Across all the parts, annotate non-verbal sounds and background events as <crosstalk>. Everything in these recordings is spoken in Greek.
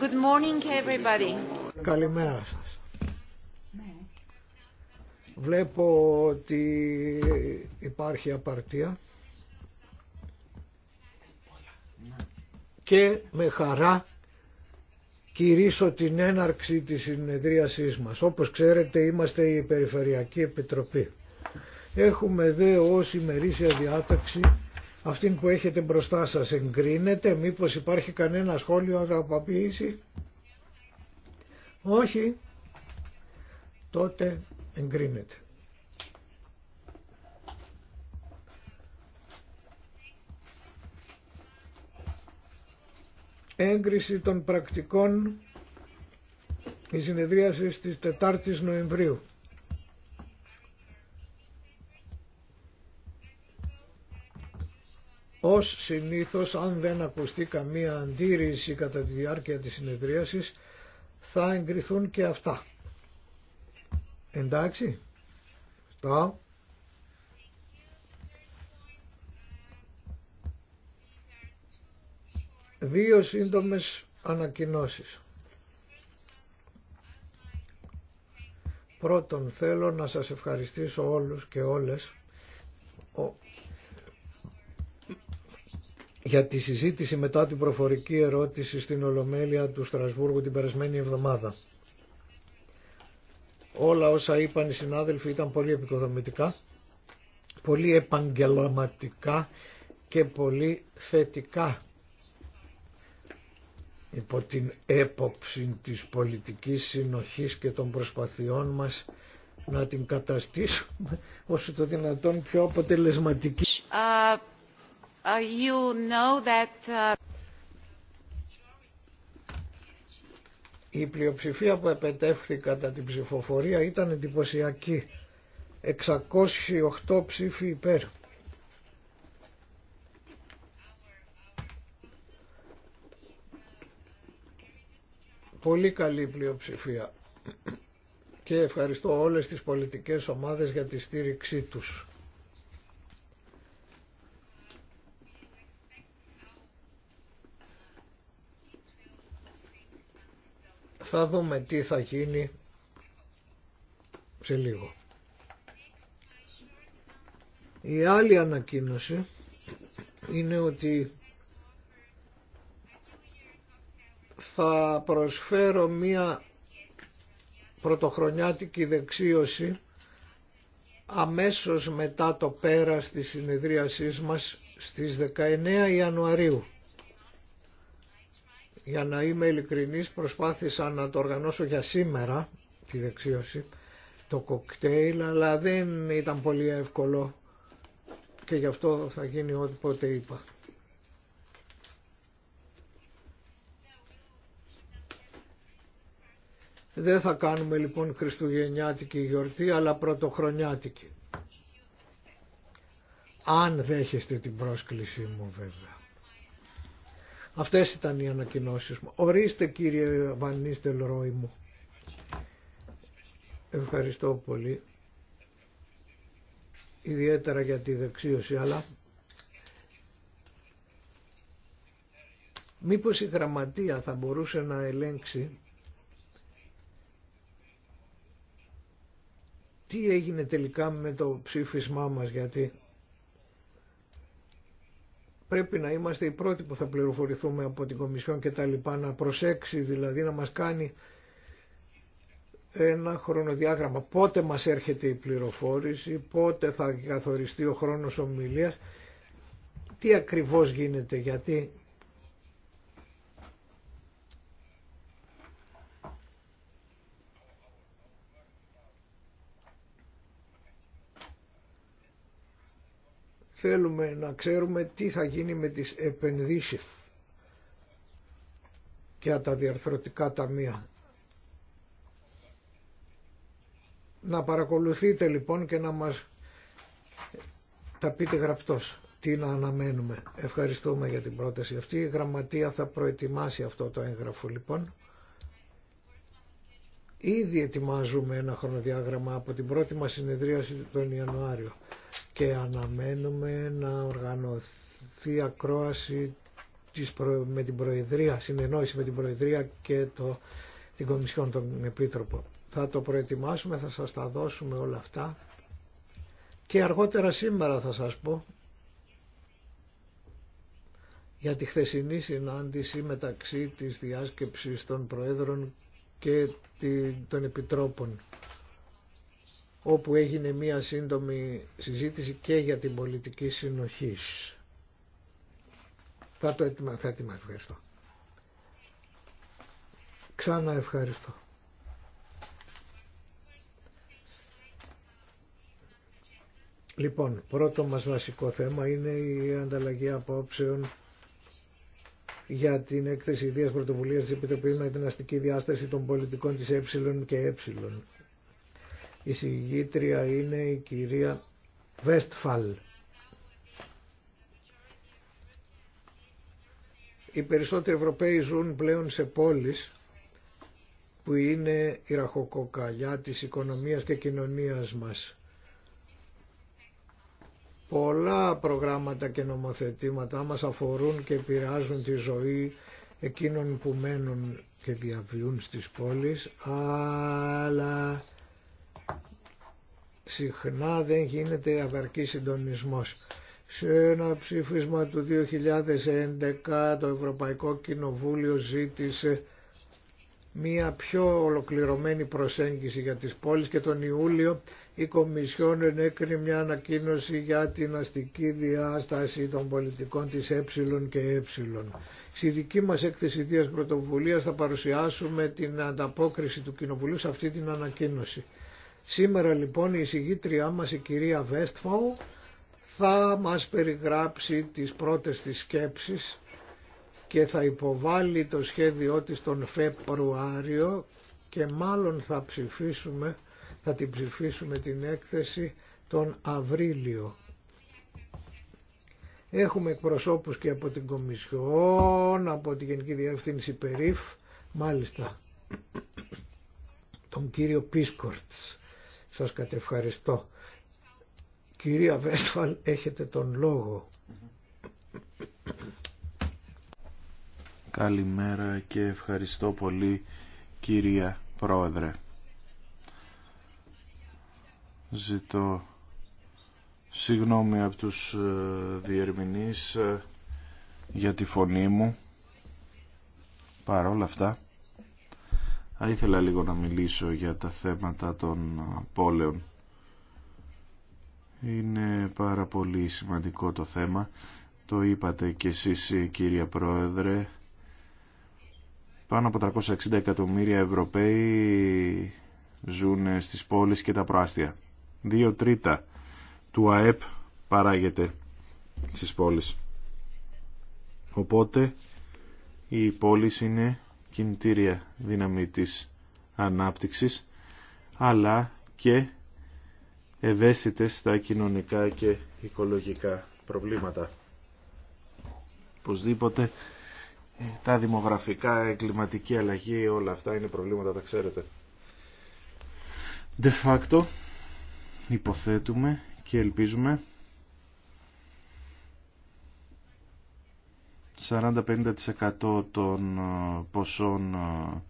Good morning everybody. Καλημέρα σας. Βλέπω ότι υπάρχει απαρτία και με χαρά κηρύσω την έναρξη της συνεδρίασής μας. Όπως ξέρετε είμαστε η Περιφερειακή Επιτροπή. Έχουμε δε ως ημερήσια διάταξη αυτήν που έχετε μπροστά σας εγκρίνεται, μήπως υπάρχει κανένα σχόλιο αγαπαποίηση. Όχι, τότε εγκρίνεται. Έγκριση των πρακτικών η συνεδρίαση της 4ης Νοεμβρίου. Ως συνήθως, αν δεν ακουστεί καμία αντίρρηση κατά τη διάρκεια της συνεδρίασης, θα εγκριθούν και αυτά. Εντάξει. Στα. Δύο σύντομες ανακοινώσεις. Πρώτον, θέλω να σας ευχαριστήσω όλους και όλες για τη συζήτηση μετά την προφορική ερώτηση στην Ολομέλεια του Στρασβούργου την περασμένη εβδομάδα. Όλα όσα είπαν οι συνάδελφοι ήταν πολύ επικοδομητικά, πολύ επαγγελματικά και πολύ θετικά υπό την έποψη της πολιτικής συνοχής και των προσπαθειών μας να την καταστήσουμε όσο το δυνατόν πιο αποτελεσματική. Uh, you know that... Uh, Η πλειοψηφία που επετεύχθη κατά την ψηφοφορία ήταν εντυπωσιακή. 608 ψήφοι υπέρ. Πολύ καλή πλειοψηφία και ευχαριστώ όλες τις πολιτικές ομάδες για τη στήριξή τους. Θα δούμε τι θα γίνει σε λίγο. Η άλλη ανακοίνωση είναι ότι θα προσφέρω μία πρωτοχρονιάτικη δεξίωση αμέσως μετά το πέρας της συνεδρίασής μας στις 19 Ιανουαρίου. Για να είμαι ειλικρινής προσπάθησα να το οργανώσω για σήμερα τη δεξίωση το κοκτέιλ αλλά δεν ήταν πολύ εύκολο και γι' αυτό θα γίνει ό,τι πότε είπα. Δεν θα κάνουμε λοιπόν Χριστουγεννιάτικη γιορτή αλλά Πρωτοχρονιάτικη. Αν δέχεστε την πρόσκλησή μου βέβαια. Αυτές ήταν οι ανακοινώσεις μου. Ορίστε κύριε Βανίστελ Ρόι μου. Ευχαριστώ πολύ. Ιδιαίτερα για τη δεξίωση, αλλά μήπως η γραμματεία θα μπορούσε να ελέγξει τι έγινε τελικά με το ψήφισμά μας, γιατί πρέπει να είμαστε οι πρώτοι που θα πληροφορηθούμε από την Κομισιόν και τα λοιπά, να προσέξει δηλαδή να μας κάνει ένα χρονοδιάγραμμα. Πότε μας έρχεται η πληροφόρηση, πότε θα καθοριστεί ο χρόνος ομιλίας, τι ακριβώς γίνεται, γιατί Θέλουμε να ξέρουμε τι θα γίνει με τις επενδύσεις για τα διαρθρωτικά ταμεία. Να παρακολουθείτε λοιπόν και να μας τα πείτε γραπτός τι να αναμένουμε. Ευχαριστούμε για την πρόταση αυτή. Η γραμματεία θα προετοιμάσει αυτό το έγγραφο λοιπόν. Ήδη ετοιμάζουμε ένα χρονοδιάγραμμα από την πρώτη μας συνεδρίαση τον Ιανουάριο και αναμένουμε να οργανωθεί ακρόαση της με την Προεδρία, συνεννόηση με την Προεδρία και το, την Κομισιόν των Επίτροπων. Θα το προετοιμάσουμε, θα σας τα δώσουμε όλα αυτά και αργότερα σήμερα θα σας πω για τη χθεσινή συνάντηση μεταξύ της διάσκεψης των Προέδρων και των Επιτρόπων όπου έγινε μία σύντομη συζήτηση και για την πολιτική συνοχή. Θα το ετοιμα... θα Ευχαριστώ. Ξανά ευχαριστώ. Λοιπόν, πρώτο μας βασικό θέμα είναι η ανταλλαγή απόψεων για την έκθεση ιδίας πρωτοβουλίας της Επιτροπής με την αστική διάσταση των πολιτικών της ε και ε. Η συγγήτρια είναι η κυρία Βέστφαλ. Οι περισσότεροι Ευρωπαίοι ζουν πλέον σε πόλεις που είναι η ραχοκοκαλιά της οικονομίας και κοινωνίας μας. Πολλά προγράμματα και νομοθετήματα μας αφορούν και επηρεάζουν τη ζωή εκείνων που μένουν και διαβιούν στις πόλεις, αλλά συχνά δεν γίνεται αυαρκή συντονισμός. Σε ένα ψήφισμα του 2011 το Ευρωπαϊκό Κοινοβούλιο ζήτησε μία πιο ολοκληρωμένη προσέγγιση για τις πόλεις και τον Ιούλιο η Κομισιόν ενέκρινε μια ανακοίνωση για την αστική διάσταση των πολιτικών της ε και ε. Στη δική μας έκθεση Δίας Πρωτοβουλίας θα παρουσιάσουμε την ανταπόκριση του Κοινοβουλίου σε αυτή την ανακοίνωση. Σήμερα λοιπόν η εισηγήτριά μας η κυρία Βέστφαου θα μας περιγράψει τις πρώτες της σκέψεις και θα υποβάλει το σχέδιό της τον Φεβρουάριο και μάλλον θα ψηφίσουμε, θα την ψηφίσουμε την έκθεση τον Απρίλιο. Έχουμε εκπροσώπους και από την Κομισιόν, από την Γενική Διεύθυνση Περίφ, μάλιστα τον κύριο Πίσκορτς. Σας κατευχαριστώ. Κυρία Βέσφαλ, έχετε τον λόγο. Καλημέρα και ευχαριστώ πολύ κυρία Πρόεδρε. Ζητώ συγγνώμη από τους ε, διερμηνείς ε, για τη φωνή μου. Παρόλα αυτά, θα ήθελα λίγο να μιλήσω για τα θέματα των ε, πόλεων. Είναι πάρα πολύ σημαντικό το θέμα. Το είπατε και εσείς κυρία Πρόεδρε πάνω από 360 εκατομμύρια Ευρωπαίοι ζουν στις πόλεις και τα προάστια. Δύο τρίτα του ΑΕΠ παράγεται στις πόλεις. Οπότε οι πόλεις είναι κινητήρια δύναμη της ανάπτυξης αλλά και ευαίσθητες στα κοινωνικά και οικολογικά προβλήματα. Οπωσδήποτε τα δημογραφικά, η κλιματική αλλαγή, όλα αυτά είναι προβλήματα, τα ξέρετε. De facto, υποθέτουμε και ελπίζουμε 40-50% των ε, ποσών ε,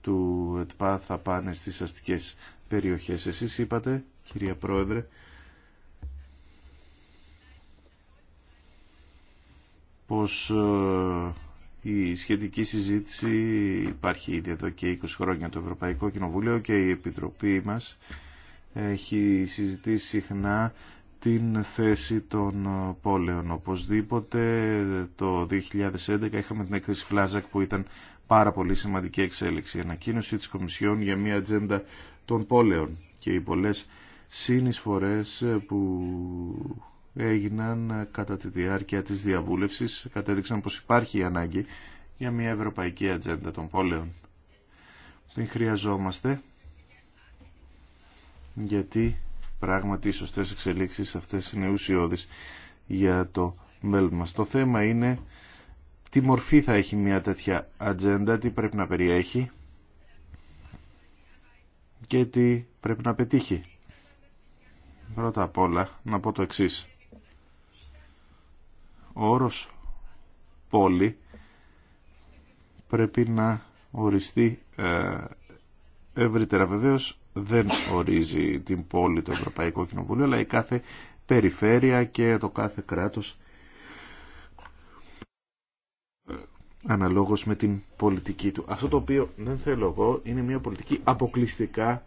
του ΕΤΠΑ θα πάνε στις αστικές περιοχές. Εσείς είπατε, κυρία Πρόεδρε, πως ε, η σχετική συζήτηση υπάρχει ήδη εδώ και 20 χρόνια το Ευρωπαϊκό Κοινοβούλιο και η Επιτροπή μας έχει συζητήσει συχνά την θέση των πόλεων. Οπωσδήποτε το 2011 είχαμε την έκθεση Φλάζακ που ήταν πάρα πολύ σημαντική εξέλιξη. Η ανακοίνωση της Κομισιόν για μια ατζέντα των πόλεων και οι πολλές συνεισφορές που έγιναν κατά τη διάρκεια της διαβούλευσης κατέδειξαν πως υπάρχει η ανάγκη για μια ευρωπαϊκή ατζέντα των πόλεων. Την χρειαζόμαστε γιατί πράγματι οι σωστές εξελίξεις αυτές είναι ουσιώδεις για το μέλλον μας. Το θέμα είναι τι μορφή θα έχει μια τέτοια ατζέντα, τι πρέπει να περιέχει και τι πρέπει να πετύχει. Πρώτα απ' όλα να πω το εξής. Ο όρος πόλη πρέπει να οριστεί ε, ευρύτερα. Βεβαίως δεν ορίζει την πόλη το Ευρωπαϊκό Κοινοβούλιο, αλλά η κάθε περιφέρεια και το κάθε κράτος ε, αναλόγως με την πολιτική του. Αυτό το οποίο δεν θέλω εγώ είναι μια πολιτική αποκλειστικά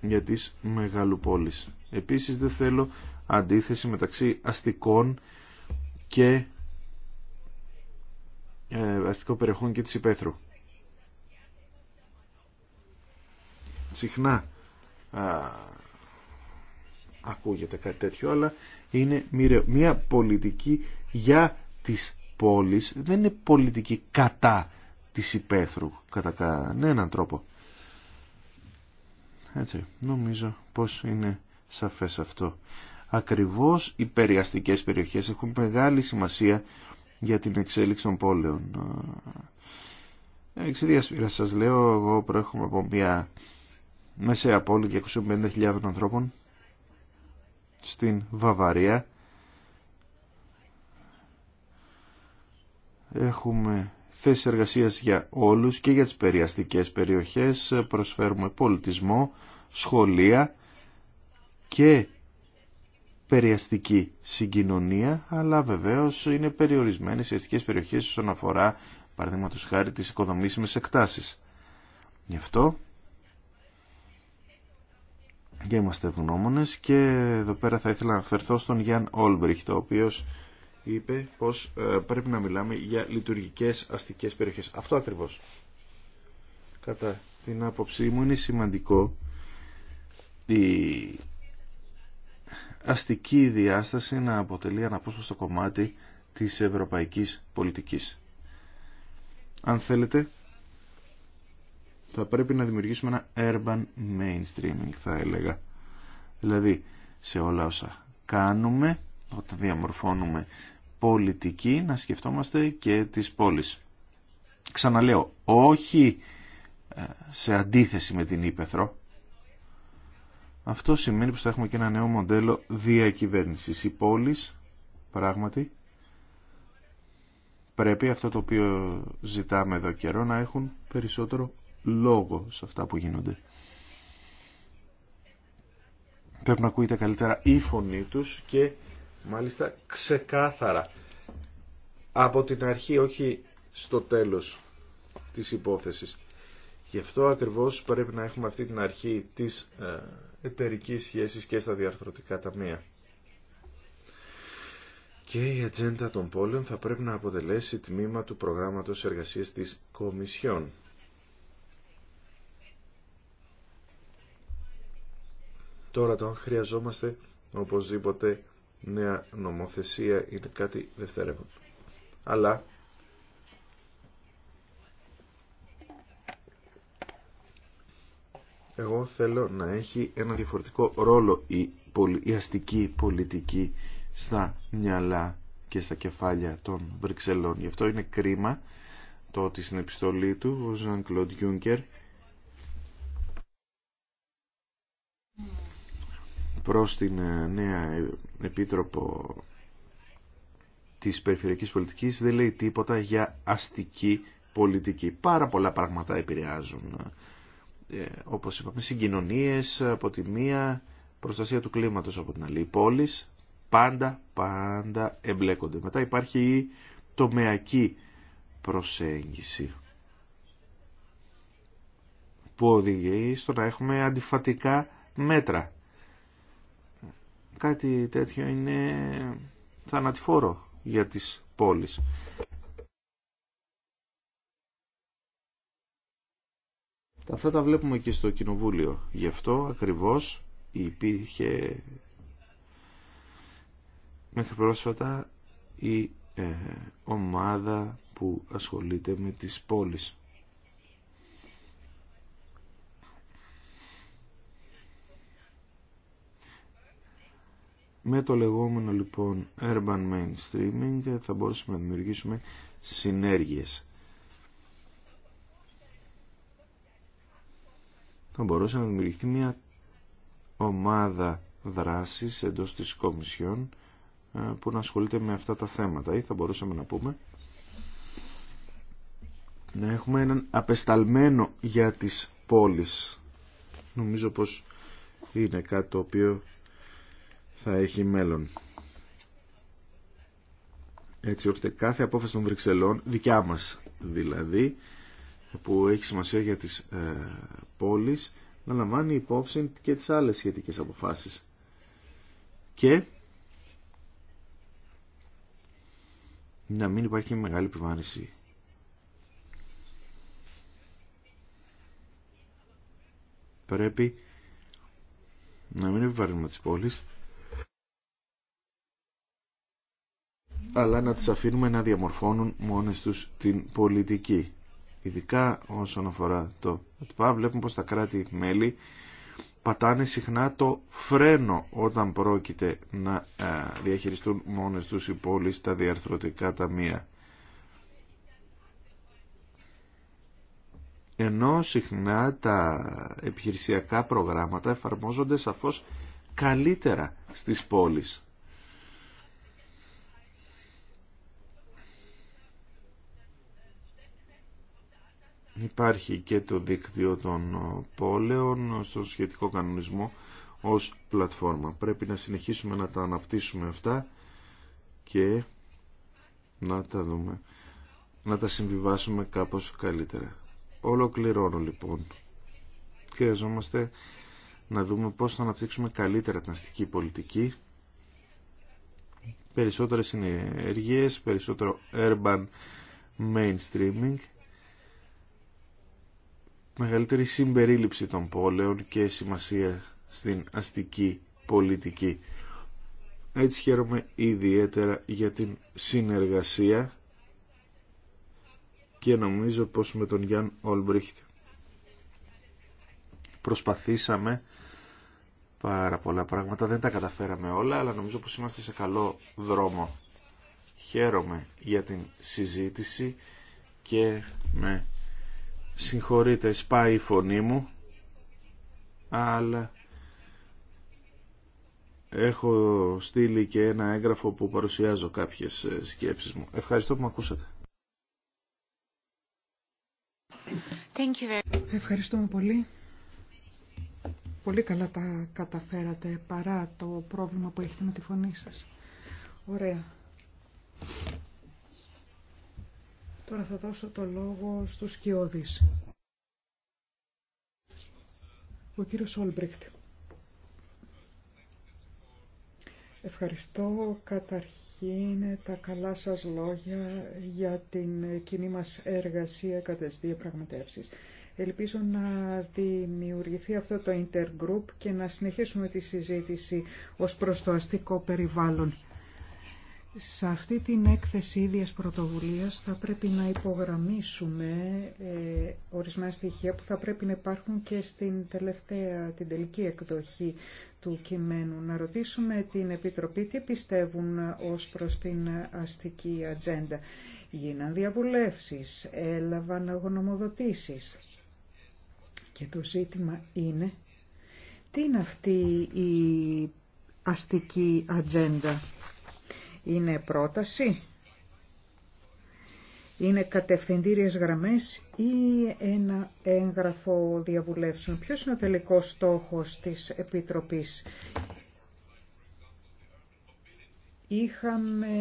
για τις μεγαλοπόλεις. Επίσης δεν θέλω αντίθεση μεταξύ αστικών και ε, αστικό περιεχόμενο και της υπαίθρου. Συχνά α, ακούγεται κάτι τέτοιο, αλλά είναι μια πολιτική για τις πόλεις, δεν είναι πολιτική κατά της υπαίθρου, κατά κανέναν τρόπο. Έτσι, νομίζω πως είναι σαφές αυτό. Ακριβώς οι περιαστικές περιοχές έχουν μεγάλη σημασία για την εξέλιξη των πόλεων. Ε, εξαιρία σφύρα σας λέω, εγώ προέρχομαι από μια μεσαία πόλη 250.000 ανθρώπων στην Βαβαρία. Έχουμε θέσει εργασίας για όλους και για τις περιαστικές περιοχές. Προσφέρουμε πολιτισμό, σχολεία και περιαστική συγκοινωνία, αλλά βεβαίως είναι περιορισμένες οι αστικές περιοχές όσον αφορά, παραδείγματο χάρη, τις οικοδομήσιμες εκτάσεις. Γι' αυτό και είμαστε ευγνώμονες και εδώ πέρα θα ήθελα να αφαιρθώ στον Γιάνν Όλμπριχ το οποίος είπε πως ε, πρέπει να μιλάμε για λειτουργικές αστικές περιοχές. Αυτό ακριβώς. Κατά την άποψή μου είναι σημαντικό η αστική διάσταση να αποτελεί αναπόσπαστο κομμάτι της ευρωπαϊκής πολιτικής. Αν θέλετε, θα πρέπει να δημιουργήσουμε ένα urban mainstreaming, θα έλεγα. Δηλαδή, σε όλα όσα κάνουμε, όταν διαμορφώνουμε πολιτική, να σκεφτόμαστε και τις πόλεις. Ξαναλέω, όχι ε, σε αντίθεση με την Ήπεθρο, αυτό σημαίνει πως θα έχουμε και ένα νέο μοντέλο διακυβέρνησης. Οι πόλεις, πράγματι, πρέπει αυτό το οποίο ζητάμε εδώ καιρό να έχουν περισσότερο λόγο σε αυτά που γίνονται. Πρέπει να ακούγεται καλύτερα η φωνή τους και μάλιστα ξεκάθαρα από την αρχή όχι στο τέλος της υπόθεσης. Γι' αυτό ακριβώς πρέπει να έχουμε αυτή την αρχή της ε, Εταιρική σχέση και στα διαρθρωτικά ταμεία. Και η ατζέντα των πόλεων θα πρέπει να αποτελέσει τμήμα του προγράμματος εργασίας της Κομισιόν. Τώρα το αν χρειαζόμαστε οπωσδήποτε νέα νομοθεσία είναι κάτι δευτερεύον. Αλλά Εγώ θέλω να έχει ένα διαφορετικό ρόλο η, αστική πολιτική στα μυαλά και στα κεφάλια των Βρυξελών. Γι' αυτό είναι κρίμα το ότι στην επιστολή του ο Ζαν Κλοντ γιουγκερ προς την ε, νέα επίτροπο της περιφερειακής πολιτικής δεν λέει τίποτα για αστική πολιτική. Πάρα πολλά πράγματα επηρεάζουν ε, ε, όπως είπαμε, συγκοινωνίες από τη μία, προστασία του κλίματος από την άλλη. Οι πόλεις πάντα, πάντα εμπλέκονται. Μετά υπάρχει η τομεακή προσέγγιση που οδηγεί στο να έχουμε αντιφατικά μέτρα. Κάτι τέτοιο είναι θανατηφόρο για τις πόλεις. Αυτά τα βλέπουμε και στο Κοινοβούλιο. Γι' αυτό ακριβώς υπήρχε μέχρι πρόσφατα η ε, ομάδα που ασχολείται με τις πόλεις. Με το λεγόμενο λοιπόν urban mainstreaming θα μπορούσαμε να δημιουργήσουμε συνέργειες θα μπορούσε να δημιουργηθεί μια ομάδα δράσης εντός της Κομισιόν ε, που να ασχολείται με αυτά τα θέματα ή θα μπορούσαμε να πούμε να έχουμε έναν απεσταλμένο για τις πόλεις νομίζω πως είναι κάτι το οποίο θα έχει μέλλον έτσι ώστε κάθε απόφαση των Βρυξελών δικιά μας δηλαδή που έχει σημασία για τις ε, πόλεις να λαμβάνει υπόψη και τις άλλες σχετικές αποφάσεις. Και να μην υπάρχει μεγάλη επιβάρηση Πρέπει να μην επιβαρύνουμε τις πόλεις αλλά να τις αφήνουμε να διαμορφώνουν μόνες τους την πολιτική ειδικά όσον αφορά το ΕΤΠΑ, βλέπουμε πως τα κράτη-μέλη πατάνε συχνά το φρένο όταν πρόκειται να ε, διαχειριστούν μόνες τους οι πόλεις τα διαρθρωτικά ταμεία. Ενώ συχνά τα επιχειρησιακά προγράμματα εφαρμόζονται σαφώς καλύτερα στις πόλεις. Υπάρχει και το δίκτυο των ε, πόλεων στο σχετικό κανονισμό ως πλατφόρμα. Πρέπει να συνεχίσουμε να τα αναπτύσσουμε αυτά και να τα δούμε, να τα συμβιβάσουμε κάπως καλύτερα. Ολοκληρώνω λοιπόν. Χρειαζόμαστε να δούμε πώς θα αναπτύξουμε καλύτερα την αστική πολιτική. Περισσότερες συνεργίες, περισσότερο urban mainstreaming μεγαλύτερη συμπερίληψη των πόλεων και σημασία στην αστική πολιτική. Έτσι χαίρομαι ιδιαίτερα για την συνεργασία και νομίζω πως με τον Γιάνν Ολμπρίχτ προσπαθήσαμε πάρα πολλά πράγματα. Δεν τα καταφέραμε όλα, αλλά νομίζω πως είμαστε σε καλό δρόμο. Χαίρομαι για την συζήτηση και με Συγχωρείτε, σπάει η φωνή μου, αλλά έχω στείλει και ένα έγγραφο που παρουσιάζω κάποιες ε, σκέψεις μου. Ευχαριστώ που με ακούσατε. Thank Ευχαριστούμε πολύ. Πολύ καλά τα καταφέρατε παρά το πρόβλημα που έχετε με τη φωνή σας. Ωραία. Τώρα θα δώσω το λόγο στους Σκιώδης. Ο κύριος Όλμπριχτ. Ευχαριστώ καταρχήν τα καλά σας λόγια για την κοινή μας εργασία κατά τις διαπραγματεύσεις. Ελπίζω να δημιουργηθεί αυτό το intergroup και να συνεχίσουμε τη συζήτηση ως προς το αστικό περιβάλλον. Σε αυτή την έκθεση ίδιας πρωτοβουλίας θα πρέπει να υπογραμμίσουμε ε, ορισμένα στοιχεία που θα πρέπει να υπάρχουν και στην τελευταία, την τελική εκδοχή του κειμένου. Να ρωτήσουμε την Επιτροπή τι πιστεύουν ως προς την αστική ατζέντα. Γίναν διαβουλεύσεις, έλαβαν γνωμοδοτήσεις και το ζήτημα είναι τι είναι αυτή η αστική ατζέντα είναι πρόταση, είναι κατευθυντήριες γραμμές ή ένα έγγραφο διαβουλεύσεων. Ποιος είναι ο τελικός στόχος της Επιτροπής. Είχαμε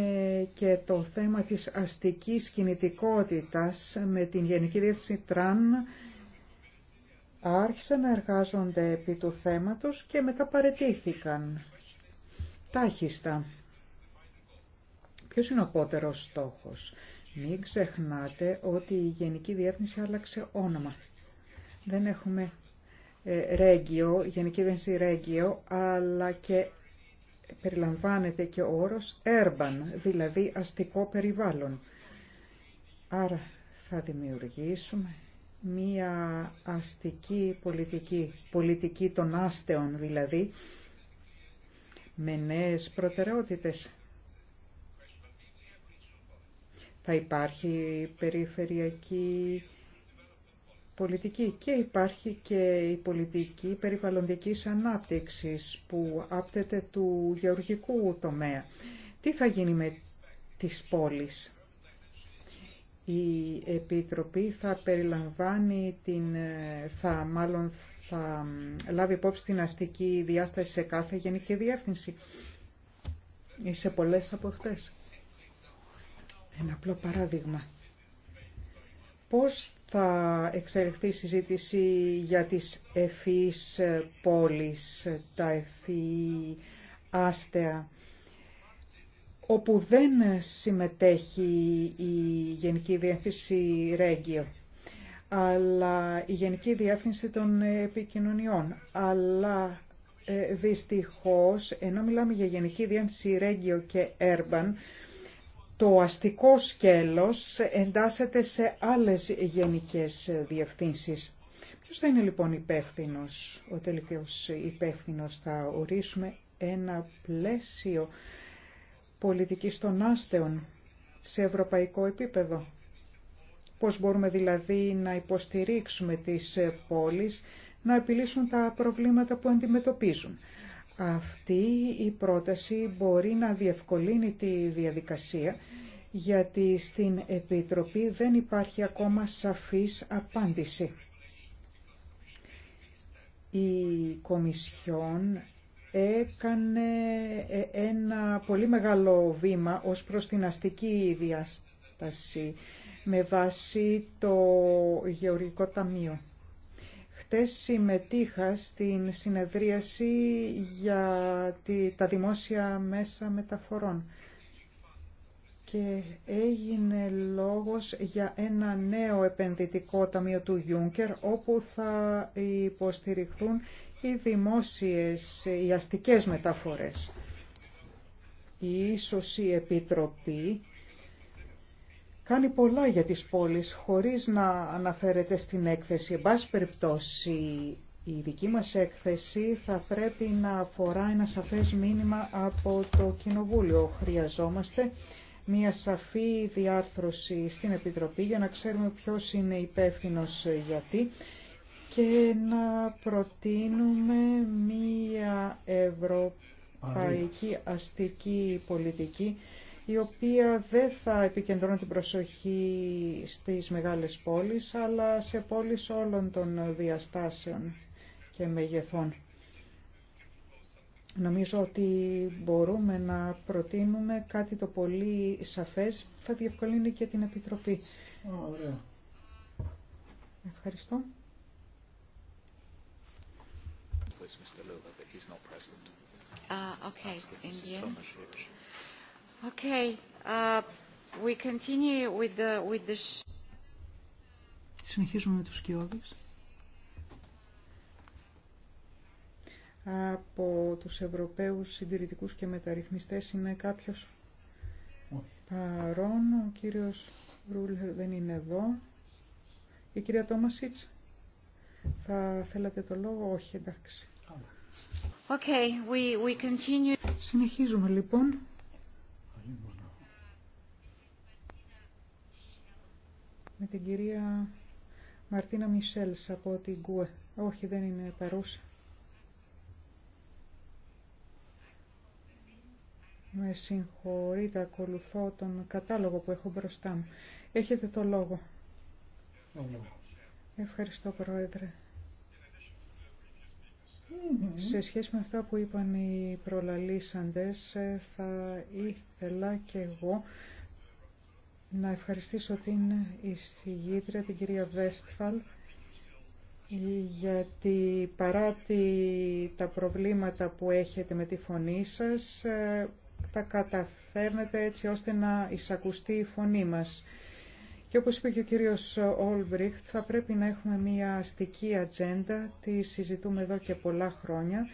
και το θέμα της αστικής κινητικότητας με την Γενική Διεύθυνση Τραν άρχισαν να εργάζονται επί του θέματος και μετά παρετήθηκαν τάχιστα. Ποιος είναι ο πότερος στόχος. Μην ξεχνάτε ότι η Γενική Διεύθυνση άλλαξε όνομα. Δεν έχουμε ε, Γενική Διεύθυνση Ρέγγιο, αλλά και περιλαμβάνεται και ο όρος urban, δηλαδή αστικό περιβάλλον. Άρα θα δημιουργήσουμε μία αστική πολιτική, πολιτική των άστεων δηλαδή, με νέες προτεραιότητες Θα υπάρχει περιφερειακή πολιτική και υπάρχει και η πολιτική περιβαλλοντικής ανάπτυξης που άπτεται του γεωργικού τομέα. Τι θα γίνει με τις πόλεις. Η Επιτροπή θα περιλαμβάνει την, θα μάλλον θα λάβει υπόψη την αστική διάσταση σε κάθε γενική διεύθυνση ή σε πολλές από αυτές. Ένα απλό παράδειγμα. Πώς θα εξελιχθεί η συζήτηση για τις ευφυείς πόλεις, τα ευφυή άστεα, όπου δεν συμμετέχει η Γενική Διεύθυνση Ρέγγιο, αλλά η Γενική Διεύθυνση των Επικοινωνιών. Αλλά ε, δυστυχώς, ενώ μιλάμε για Γενική Διεύθυνση Ρέγγιο και Έρμπαν, το αστικό σκέλος εντάσσεται σε άλλες γενικές διευθύνσεις. Ποιος θα είναι λοιπόν υπεύθυνο, ο τελικός υπεύθυνο θα ορίσουμε ένα πλαίσιο πολιτικής των άστεων σε ευρωπαϊκό επίπεδο. Πώς μπορούμε δηλαδή να υποστηρίξουμε τις πόλεις να επιλύσουν τα προβλήματα που αντιμετωπίζουν. Αυτή η πρόταση μπορεί να διευκολύνει τη διαδικασία γιατί στην Επιτροπή δεν υπάρχει ακόμα σαφής απάντηση. Η Κομισιόν έκανε ένα πολύ μεγάλο βήμα ως προς την αστική διάσταση με βάση το Γεωργικό Ταμείο. Χτες συμμετείχα στην συνεδρίαση για τα δημόσια μέσα μεταφορών και έγινε λόγος για ένα νέο επενδυτικό ταμείο του Γιούνκερ όπου θα υποστηριχθούν οι δημόσιες, οι αστικές μεταφορές. Ίσως η Επιτροπή κάνει πολλά για τις πόλεις χωρίς να αναφέρεται στην έκθεση. Εν πάση περιπτώσει, η δική μας έκθεση θα πρέπει να αφορά ένα σαφές μήνυμα από το Κοινοβούλιο. Χρειαζόμαστε μια σαφή διάρθρωση στην Επιτροπή για να ξέρουμε ποιος είναι υπεύθυνο γιατί και να προτείνουμε μια ευρωπαϊκή αστική πολιτική η οποία δεν θα επικεντρώνει την προσοχή στις μεγάλες πόλεις, αλλά σε πόλεις όλων των διαστάσεων και μεγεθών. Νομίζω ότι μπορούμε να προτείνουμε κάτι το πολύ σαφές που θα διευκολύνει και την Επιτροπή. Ωραία. Ευχαριστώ. Uh, okay. Uh, Συνεχίζουμε με τους σκιώδεις. Από τους Ευρωπαίους συντηρητικούς και μεταρρυθμιστές είναι κάποιος Όχι. παρόν. Ο κύριος Ρούλ δεν είναι εδώ. Η κυρία Τόμασίτς, θα θέλατε το λόγο. Όχι, εντάξει. Okay, we, we continue. Συνεχίζουμε λοιπόν. με την κυρία Μαρτίνα Μισελς από την ΚΟΕ. Όχι, δεν είναι παρούσα. Με συγχωρείτε, ακολουθώ τον κατάλογο που έχω μπροστά μου. Έχετε το λόγο. Ευχαριστώ, Πρόεδρε. Σε σχέση με αυτά που είπαν οι προλαλήσαντες, ε, θα ήθελα και εγώ να ευχαριστήσω την εισηγήτρια, την κυρία Βέστφαλ, γιατί παρά τα προβλήματα που έχετε με τη φωνή σας, ε, τα καταφέρνετε έτσι ώστε να εισακουστεί η φωνή μας. Και όπως είπε και ο κύριος Όλμπριχτ, θα πρέπει να έχουμε μια αστική ατζέντα, τη συζητούμε εδώ και πολλά χρόνια.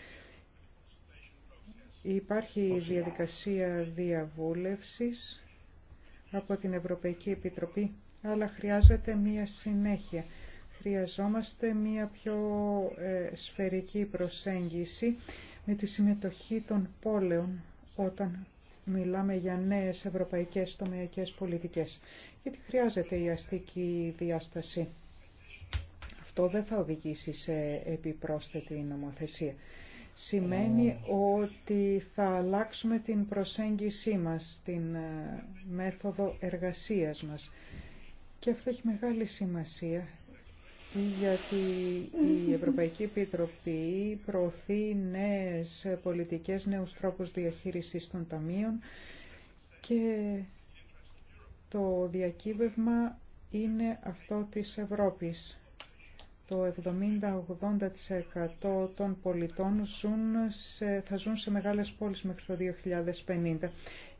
Υπάρχει διαδικασία διαβούλευσης από την Ευρωπαϊκή Επιτροπή, αλλά χρειάζεται μία συνέχεια. Χρειαζόμαστε μία πιο ε, σφαιρική προσέγγιση με τη συμμετοχή των πόλεων όταν μιλάμε για νέες ευρωπαϊκές τομεακές πολιτικές, γιατί χρειάζεται η αστική διάσταση. Αυτό δεν θα οδηγήσει σε επιπρόσθετη νομοθεσία σημαίνει ότι θα αλλάξουμε την προσέγγισή μας, την ε, μέθοδο εργασίας μας. Και αυτό έχει μεγάλη σημασία, γιατί η Ευρωπαϊκή Επιτροπή προωθεί νέες πολιτικές, νέους τρόπους διαχείρισης των ταμείων και το διακύβευμα είναι αυτό της Ευρώπης το 70-80% των πολιτών θα ζουν σε μεγάλες πόλεις μέχρι το 2050.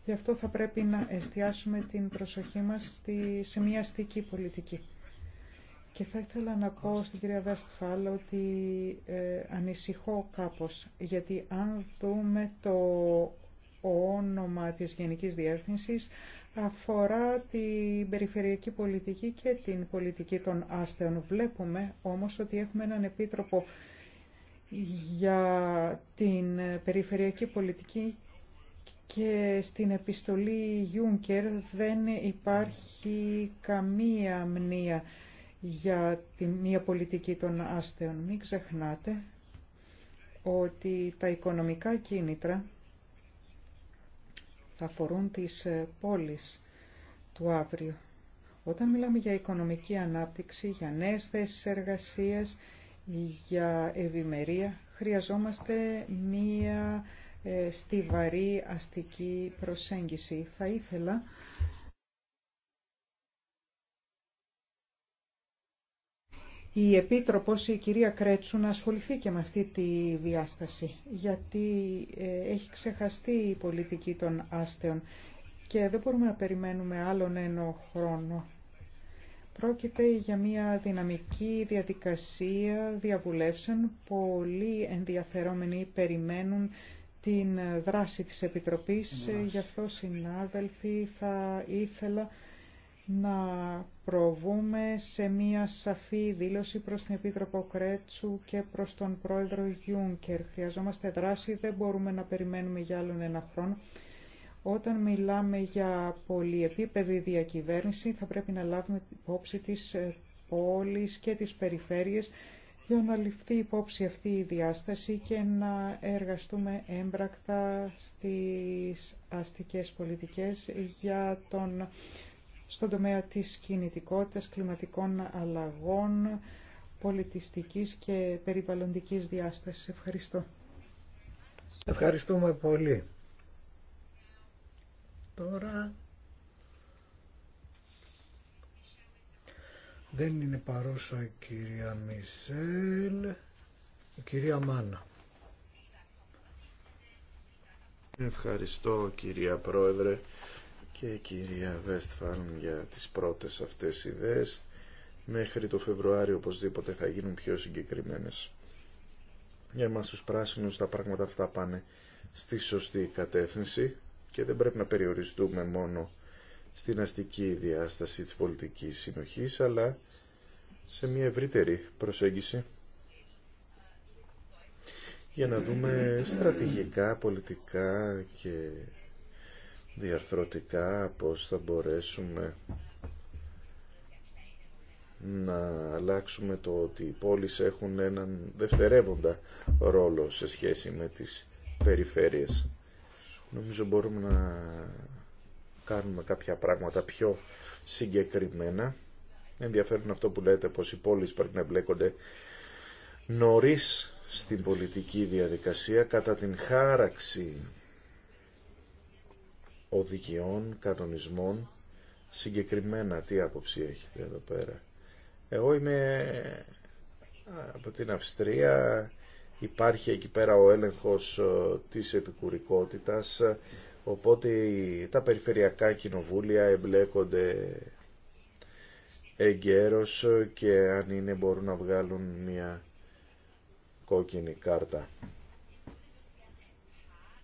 Γι' αυτό θα πρέπει να εστιάσουμε την προσοχή μας στη, σε μια αστική πολιτική. Και θα ήθελα να πω στην κυρία Βέστφαλ ότι ε, ανησυχώ κάπως, γιατί αν δούμε το όνομα της Γενικής Διεύθυνσης, αφορά την περιφερειακή πολιτική και την πολιτική των άστεων. Βλέπουμε όμως ότι έχουμε έναν επίτροπο για την περιφερειακή πολιτική και στην επιστολή Juncker δεν υπάρχει καμία μνήα για τη μία πολιτική των άστεων. Μην ξεχνάτε ότι τα οικονομικά κίνητρα θα αφορούν τις ε, πόλεις του αύριο. Όταν μιλάμε για οικονομική ανάπτυξη, για νέες θέσεις εργασίας, για ευημερία, χρειαζόμαστε μία ε, στιβαρή αστική προσέγγιση. Θα ήθελα η Επίτροπος, η κυρία Κρέτσου, να ασχοληθεί και με αυτή τη διάσταση, γιατί ε, έχει ξεχαστεί η πολιτική των άστεων και δεν μπορούμε να περιμένουμε άλλον ένα χρόνο. Πρόκειται για μια δυναμική διαδικασία διαβουλεύσεων. Πολλοί ενδιαφερόμενοι περιμένουν την δράση της Επιτροπής. Γι' αυτό, συνάδελφοι, θα ήθελα να προβούμε σε μία σαφή δήλωση προς την Επίτροπο Κρέτσου και προς τον Πρόεδρο Γιούνκερ. Χρειαζόμαστε δράση, δεν μπορούμε να περιμένουμε για άλλον ένα χρόνο. Όταν μιλάμε για πολυεπίπεδη διακυβέρνηση θα πρέπει να λάβουμε υπόψη τις πόλεις και της περιφέρειες για να ληφθεί υπόψη αυτή η διάσταση και να εργαστούμε έμπρακτα στις αστικές πολιτικές για τον στον τομέα της κινητικότητας, κλιματικών αλλαγών, πολιτιστικής και περιβαλλοντικής διάστασης. Ευχαριστώ. Ευχαριστούμε πολύ. Τώρα δεν είναι παρόσα η κυρία Μισελ, η κυρία Μάνα. Ευχαριστώ κυρία Πρόεδρε και κυρία Βέστφαλν για τις πρώτες αυτές ιδέες. Μέχρι το Φεβρουάριο οπωσδήποτε θα γίνουν πιο συγκεκριμένες. Για εμάς τους πράσινους τα πράγματα αυτά πάνε στη σωστή κατεύθυνση και δεν πρέπει να περιοριστούμε μόνο στην αστική διάσταση της πολιτικής συνοχής, αλλά σε μια ευρύτερη προσέγγιση για να δούμε στρατηγικά, πολιτικά και διαρθρωτικά πώς θα μπορέσουμε να αλλάξουμε το ότι οι πόλεις έχουν έναν δευτερεύοντα ρόλο σε σχέση με τις περιφέρειες. Νομίζω μπορούμε να κάνουμε κάποια πράγματα πιο συγκεκριμένα. Ενδιαφέρον αυτό που λέτε πως οι πόλεις πρέπει να εμπλέκονται νωρίς στην πολιτική διαδικασία κατά την χάραξη οδικιών, κανονισμών. Συγκεκριμένα τι άποψη έχετε εδώ πέρα. Εγώ είμαι από την Αυστρία, υπάρχει εκεί πέρα ο έλεγχος ε, της επικουρικότητας, οπότε τα περιφερειακά κοινοβούλια εμπλέκονται εγκαίρως και αν είναι μπορούν να βγάλουν μια κόκκινη κάρτα.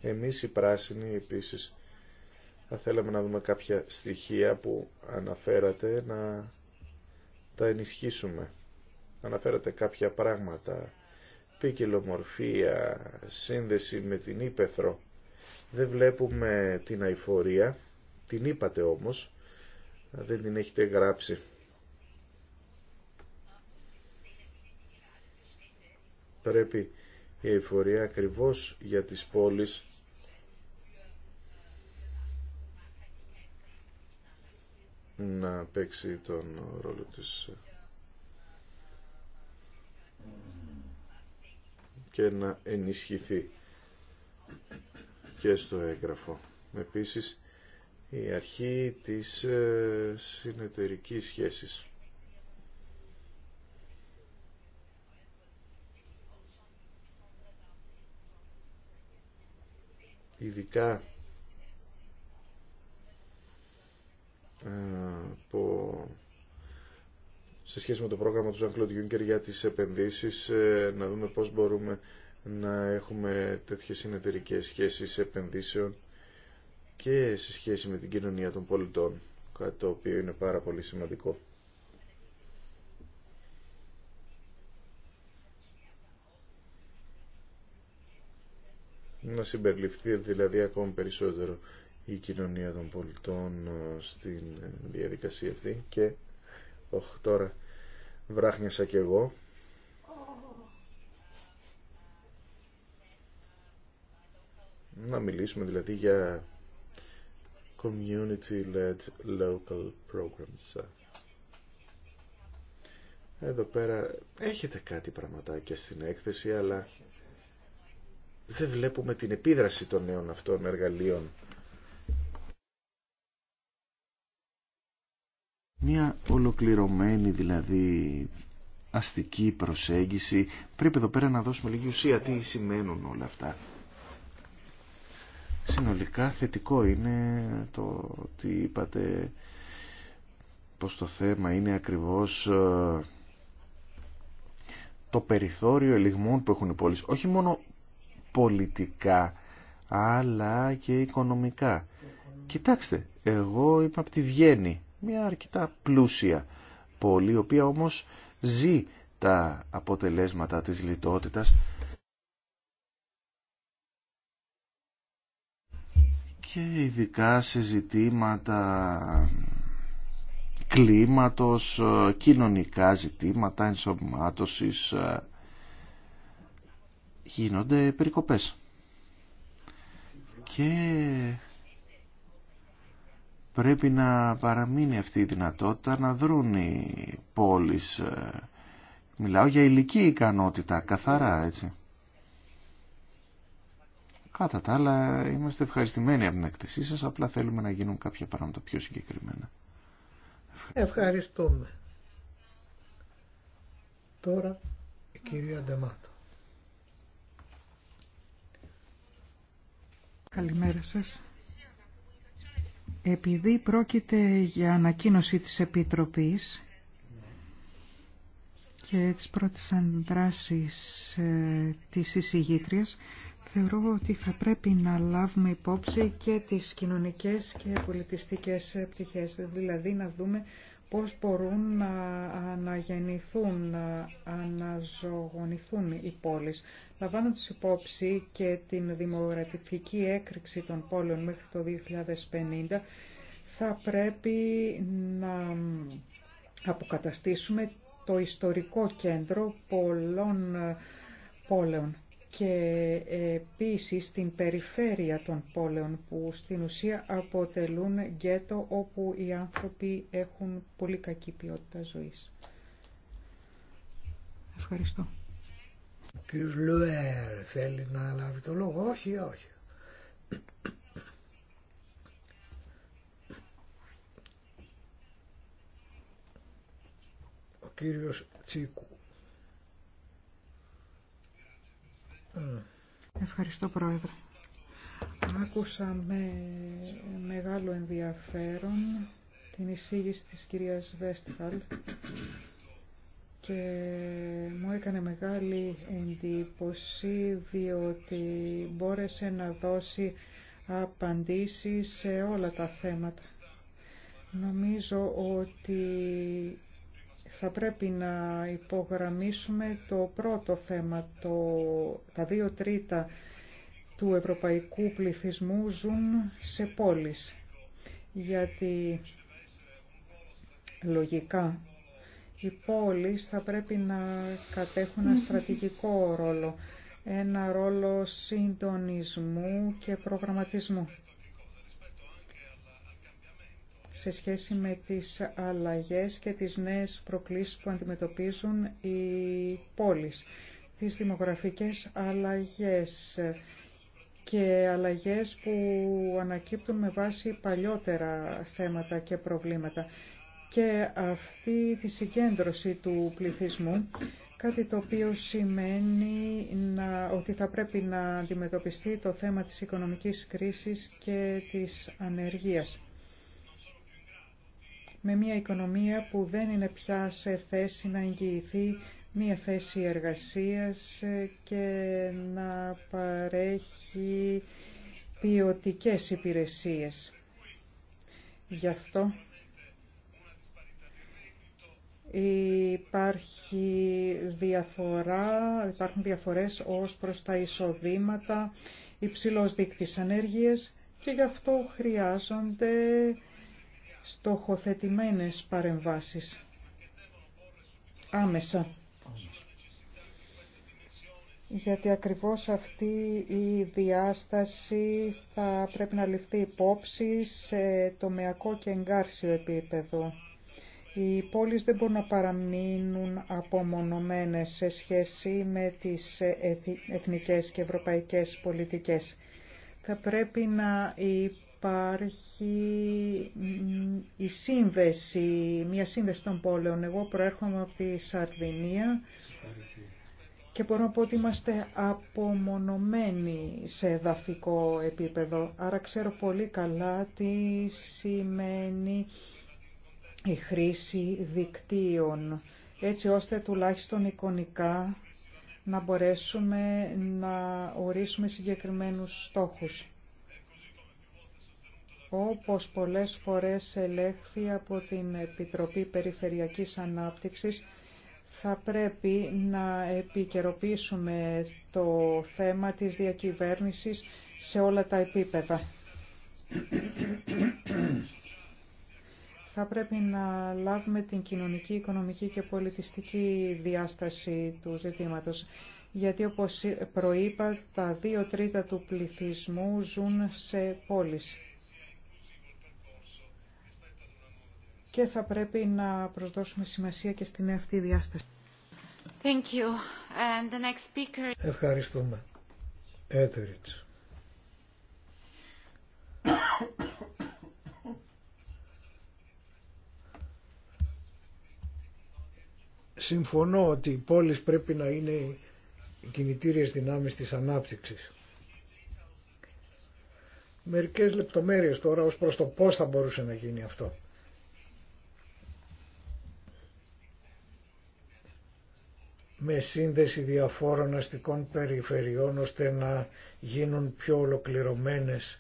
Εμείς οι πράσινοι επίσης θα θέλαμε να δούμε κάποια στοιχεία που αναφέρατε να τα ενισχύσουμε. Αναφέρατε κάποια πράγματα, ποικιλομορφία, σύνδεση με την ύπεθρο. Δεν βλέπουμε την αηφορία, την είπατε όμως, δεν την έχετε γράψει. Πρέπει η αηφορία ακριβώς για τις πόλεις να παίξει τον ρόλο της και να ενισχυθεί και στο έγγραφο. Επίσης, η αρχή της ε, συνεταιρικής σχέσης. Ειδικά σε σχέση με το πρόγραμμα του Jean-Claude Juncker για τις επενδύσεις, ε, να δούμε πώς μπορούμε να έχουμε τέτοιες συνεταιρικές σχέσεις επενδύσεων και σε σχέση με την κοινωνία των πολιτών, κάτι το οποίο είναι πάρα πολύ σημαντικό. Να συμπεριληφθεί δηλαδή ακόμη περισσότερο η κοινωνία των πολιτών ε, στην διαδικασία αυτή και Οχ, τώρα βράχνιασα κι εγώ. Να μιλήσουμε δηλαδή για community-led local programs. Εδώ πέρα έχετε κάτι πραγματάκια στην έκθεση, αλλά δεν βλέπουμε την επίδραση των νέων αυτών εργαλείων Μια ολοκληρωμένη δηλαδή αστική προσέγγιση. Πρέπει εδώ πέρα να δώσουμε λίγη ουσία τι σημαίνουν όλα αυτά. Συνολικά θετικό είναι το ότι είπατε πως το θέμα είναι ακριβώς ε, το περιθώριο ελιγμών που έχουν οι πόλεις. Όχι μόνο πολιτικά, αλλά και οικονομικά. Κοιτάξτε, εγώ είπα από τη Βιέννη μια αρκετά πλούσια πόλη, η οποία όμως ζει τα αποτελέσματα της λιτότητας και ειδικά σε ζητήματα κλίματος, κοινωνικά ζητήματα, ενσωμάτωσης, ε, γίνονται περικοπές. Και πρέπει να παραμείνει αυτή η δυνατότητα να δρούν οι πόλεις. Ε, μιλάω για ηλική ικανότητα, καθαρά έτσι. Κατά τα άλλα είμαστε ευχαριστημένοι από την εκτεσή σας, απλά θέλουμε να γίνουν κάποια πράγματα πιο συγκεκριμένα. Ευχαριστούμε. Τώρα η κυρία Ντεμάτο. Καλημέρα σας. Επειδή πρόκειται για ανακοίνωση της Επιτροπής και τις πρώτες αντράσεις ε, της εισηγήτριας, θεωρώ ότι θα πρέπει να λάβουμε υπόψη και τις κοινωνικές και πολιτιστικές ε, πτυχές, δηλαδή να δούμε πώς μπορούν να αναγεννηθούν, να αναζωογονηθούν οι πόλεις. Λαμβάνοντας υπόψη και την δημοκρατική έκρηξη των πόλεων μέχρι το 2050, θα πρέπει να αποκαταστήσουμε το ιστορικό κέντρο πολλών ε, πόλεων και επίσης στην περιφέρεια των πόλεων που στην ουσία αποτελούν γκέτο όπου οι άνθρωποι έχουν πολύ κακή ποιότητα ζωής. Ευχαριστώ. Κύριος Λουέρ θέλει να λάβει το λόγο. Όχι, όχι. Ο κύριος Τσίκου. Ευχαριστώ Πρόεδρε. Άκουσα με μεγάλο ενδιαφέρον την εισήγηση της κυρίας Βέστιχαλ και μου έκανε μεγάλη εντύπωση διότι μπόρεσε να δώσει απαντήσεις σε όλα τα θέματα. Νομίζω ότι θα πρέπει να υπογραμμίσουμε το πρώτο θέμα. Το, τα δύο τρίτα του ευρωπαϊκού πληθυσμού ζουν σε πόλεις. Γιατί λογικά οι πόλεις θα πρέπει να κατέχουν ένα στρατηγικό ρόλο. Ένα ρόλο συντονισμού και προγραμματισμού σε σχέση με τις αλλαγές και τις νέες προκλήσεις που αντιμετωπίζουν οι πόλεις, τις δημογραφικές αλλαγές και αλλαγές που ανακύπτουν με βάση παλιότερα θέματα και προβλήματα και αυτή τη συγκέντρωση του πληθυσμού, κάτι το οποίο σημαίνει να, ότι θα πρέπει να αντιμετωπιστεί το θέμα της οικονομικής κρίσης και της ανεργίας με μια οικονομία που δεν είναι πια σε θέση να εγγυηθεί μια θέση εργασίας και να παρέχει ποιοτικές υπηρεσίες. Γι' αυτό υπάρχει διαφορά, υπάρχουν διαφορές ως προς τα εισοδήματα, υψηλός δείκτης ανέργειας και γι' αυτό χρειάζονται στοχοθετημένες παρεμβάσεις άμεσα. Γιατί ακριβώς αυτή η διάσταση θα πρέπει να ληφθεί υπόψη σε τομεακό και εγκάρσιο επίπεδο. Οι πόλεις δεν μπορούν να παραμείνουν απομονωμένες σε σχέση με τις εθνικές και ευρωπαϊκές πολιτικές. Θα πρέπει να υπάρχει η σύνδεση, μια σύνδεση των πόλεων. Εγώ προέρχομαι από τη Σαρδινία και μπορώ να πω ότι είμαστε απομονωμένοι σε εδαφικό επίπεδο. Άρα ξέρω πολύ καλά τι σημαίνει η χρήση δικτύων, έτσι ώστε τουλάχιστον εικονικά να μπορέσουμε να ορίσουμε συγκεκριμένους στόχους. Όπως πολλές φορές ελέγχθη από την Επιτροπή Περιφερειακής Ανάπτυξης, θα πρέπει να επικαιροποιήσουμε το θέμα της διακυβέρνησης σε όλα τα επίπεδα. θα πρέπει να λάβουμε την κοινωνική, οικονομική και πολιτιστική διάσταση του ζητήματος. Γιατί όπως προείπα, τα δύο τρίτα του πληθυσμού ζουν σε πόλεις. και θα πρέπει να προσδώσουμε σημασία και στην αυτή διάσταση. Thank you. And the next speaker... Ευχαριστούμε. Έτεριτς. Συμφωνώ ότι οι πόλεις πρέπει να είναι οι κινητήριες δυνάμεις της ανάπτυξης. Μερικές λεπτομέρειες τώρα ως προς το πώς θα μπορούσε να γίνει αυτό. με σύνδεση διαφόρων αστικών περιφερειών ώστε να γίνουν πιο ολοκληρωμένες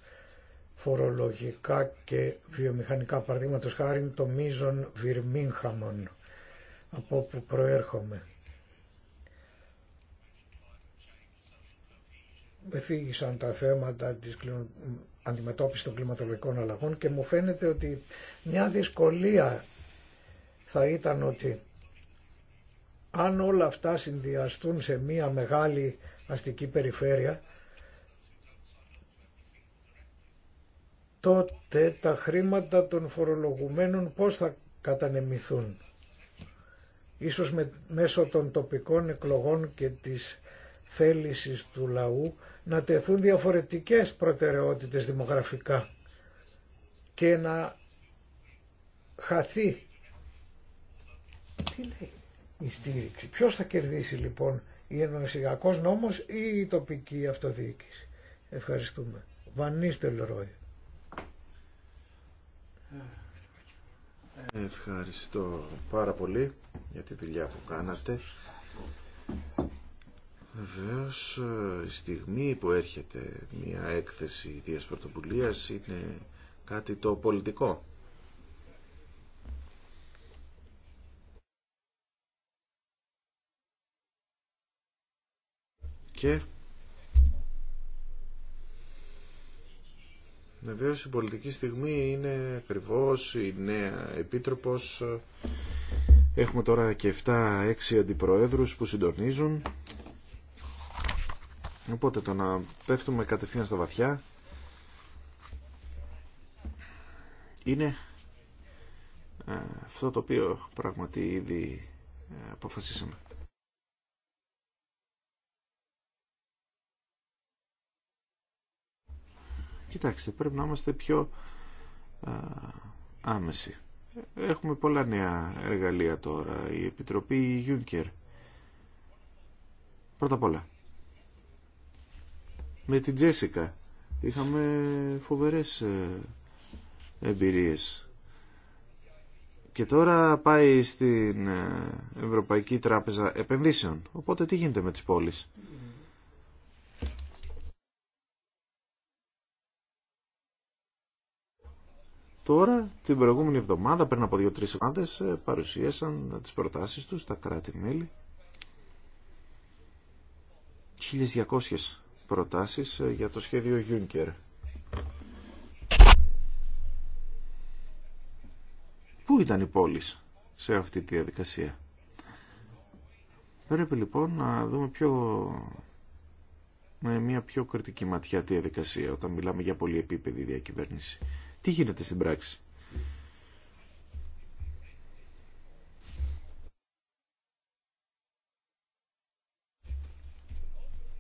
φορολογικά και βιομηχανικά. Παραδείγματο χάρη το μείζον Βυρμίνχαμον από όπου προέρχομαι. Φύγησαν τα θέματα της αντιμετώπισης των κλιματολογικών αλλαγών και μου φαίνεται ότι μια δυσκολία θα ήταν ότι αν όλα αυτά συνδυαστούν σε μία μεγάλη αστική περιφέρεια, τότε τα χρήματα των φορολογουμένων πώς θα κατανεμηθούν. Ίσως με, μέσω των τοπικών εκλογών και της θέλησης του λαού να τεθούν διαφορετικές προτεραιότητες δημογραφικά και να χαθεί. Τι η Ποιος θα κερδίσει λοιπόν η ενωσιακό νόμος ή η τοπική αυτοδιοίκηση. Ευχαριστούμε. Βανίστελ Ρόι. Ευχαριστώ πάρα πολύ για τη δουλειά που κάνατε. Βεβαίω, η στιγμή που έρχεται μια έκθεση ιδίας πρωτοβουλία είναι κάτι το πολιτικό. και Βεβαίω η πολιτική στιγμή είναι ακριβώ η νέα επίτροπος. Έχουμε τώρα και 7-6 αντιπροέδρους που συντονίζουν. Οπότε το να πέφτουμε κατευθείαν στα βαθιά είναι ε, αυτό το οποίο πραγματι ήδη ε, αποφασίσαμε. Κοιτάξτε, πρέπει να είμαστε πιο α, άμεση. Έχουμε πολλά νέα εργαλεία τώρα. Η Επιτροπή η Juncker. Πρώτα απ' όλα. Με την Τζέσικα είχαμε φοβερές ε, εμπειρίες. Και τώρα πάει στην ε, Ευρωπαϊκή Τράπεζα Επενδύσεων. Οπότε τι γίνεται με τις πόλεις. Τώρα, την προηγούμενη εβδομάδα, πριν από δύο-τρει εβδομάδες, ε, παρουσίασαν τις προτάσεις τους τα κράτη-μέλη. 1.200 προτάσεις ε, για το σχέδιο Juncker. Πού ήταν η πόλη σε αυτή τη διαδικασία. Πρέπει λοιπόν να δούμε πιο... με μια πιο κριτική ματιά τη διαδικασία όταν μιλάμε για πολυεπίπεδη διακυβέρνηση. Τι γίνεται στην πράξη.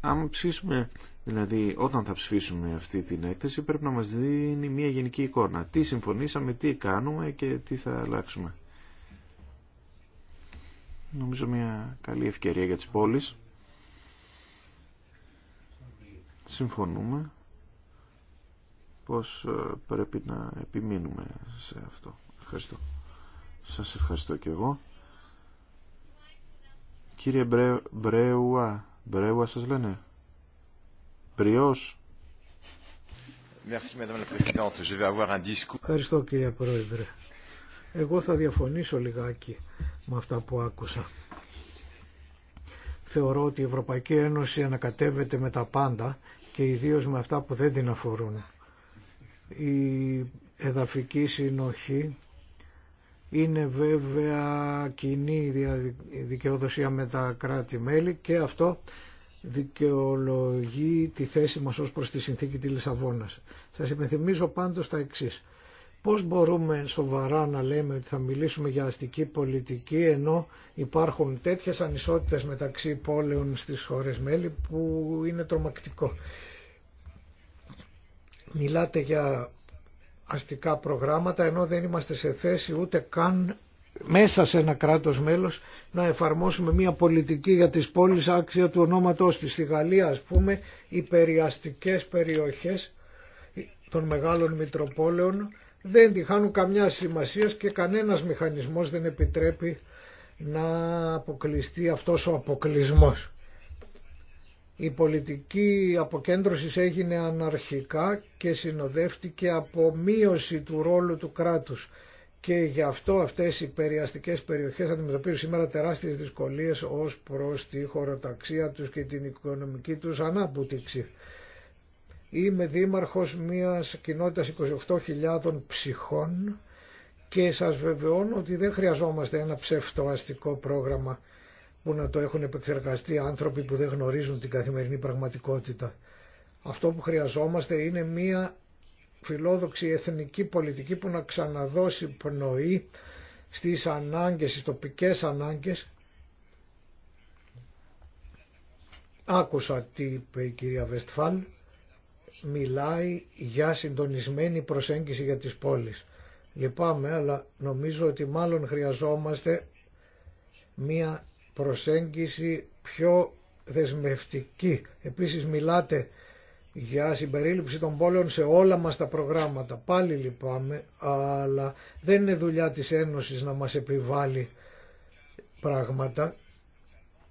Αν ψήσουμε, δηλαδή όταν θα ψηφίσουμε αυτή την έκθεση πρέπει να μας δίνει μια γενική εικόνα. Τι συμφωνήσαμε, τι κάνουμε και τι θα αλλάξουμε. Νομίζω μια καλή ευκαιρία για τις πόλεις. Συμφωνούμε πως ε, πρέπει να επιμείνουμε σε αυτό. Ευχαριστώ. Σας ευχαριστώ και εγώ. Κύριε Μπρέ, Μπρέουα, Μπρέουα σας λένε. Μπριός. Ευχαριστώ κύριε Πρόεδρε. Εγώ θα διαφωνήσω λιγάκι με αυτά που άκουσα. Θεωρώ ότι η Ευρωπαϊκή Ένωση ανακατεύεται με τα πάντα και ιδίως με αυτά που δεν την αφορούν. Η εδαφική συνοχή είναι βέβαια κοινή δικαιοδοσία με τα κράτη-μέλη και αυτό δικαιολογεί τη θέση μας ως προς τη συνθήκη της Λισαβόνας. Σας υπενθυμίζω πάντως τα εξής. Πώς μπορούμε σοβαρά να λέμε ότι θα μιλήσουμε για αστική πολιτική ενώ υπάρχουν τέτοιες ανισότητες μεταξύ πόλεων στις χώρες μέλη που είναι τρομακτικό. Μιλάτε για αστικά προγράμματα ενώ δεν είμαστε σε θέση ούτε καν μέσα σε ένα κράτος μέλος να εφαρμόσουμε μια πολιτική για τις πόλεις άξια του ονόματός της. Στη Γαλλία ας πούμε οι περιαστικές περιοχές των μεγάλων μητροπόλεων δεν τη χάνουν καμιά σημασία και κανένας μηχανισμός δεν επιτρέπει να αποκλειστεί αυτός ο αποκλεισμός. Η πολιτική αποκέντρωση έγινε αναρχικά και συνοδεύτηκε από μείωση του ρόλου του κράτους και γι' αυτό αυτές οι περιαστικές περιοχές αντιμετωπίζουν σήμερα τεράστιες δυσκολίες ως προς τη χωροταξία τους και την οικονομική τους ανάπτυξη. Είμαι δήμαρχος μιας κοινότητας 28.000 ψυχών και σας βεβαιώνω ότι δεν χρειαζόμαστε ένα ψευτοαστικό πρόγραμμα που να το έχουν επεξεργαστεί άνθρωποι που δεν γνωρίζουν την καθημερινή πραγματικότητα. Αυτό που χρειαζόμαστε είναι μία φιλόδοξη εθνική πολιτική που να ξαναδώσει πνοή στις ανάγκες, στις τοπικές ανάγκες. Άκουσα τι είπε η κυρία Βεστφάλ, μιλάει για συντονισμένη προσέγγιση για τις πόλεις. Λυπάμαι, αλλά νομίζω ότι μάλλον χρειαζόμαστε μία προσέγγιση πιο δεσμευτική. Επίσης μιλάτε για συμπερίληψη των πόλεων σε όλα μας τα προγράμματα. Πάλι λυπάμαι, αλλά δεν είναι δουλειά της Ένωσης να μας επιβάλλει πράγματα,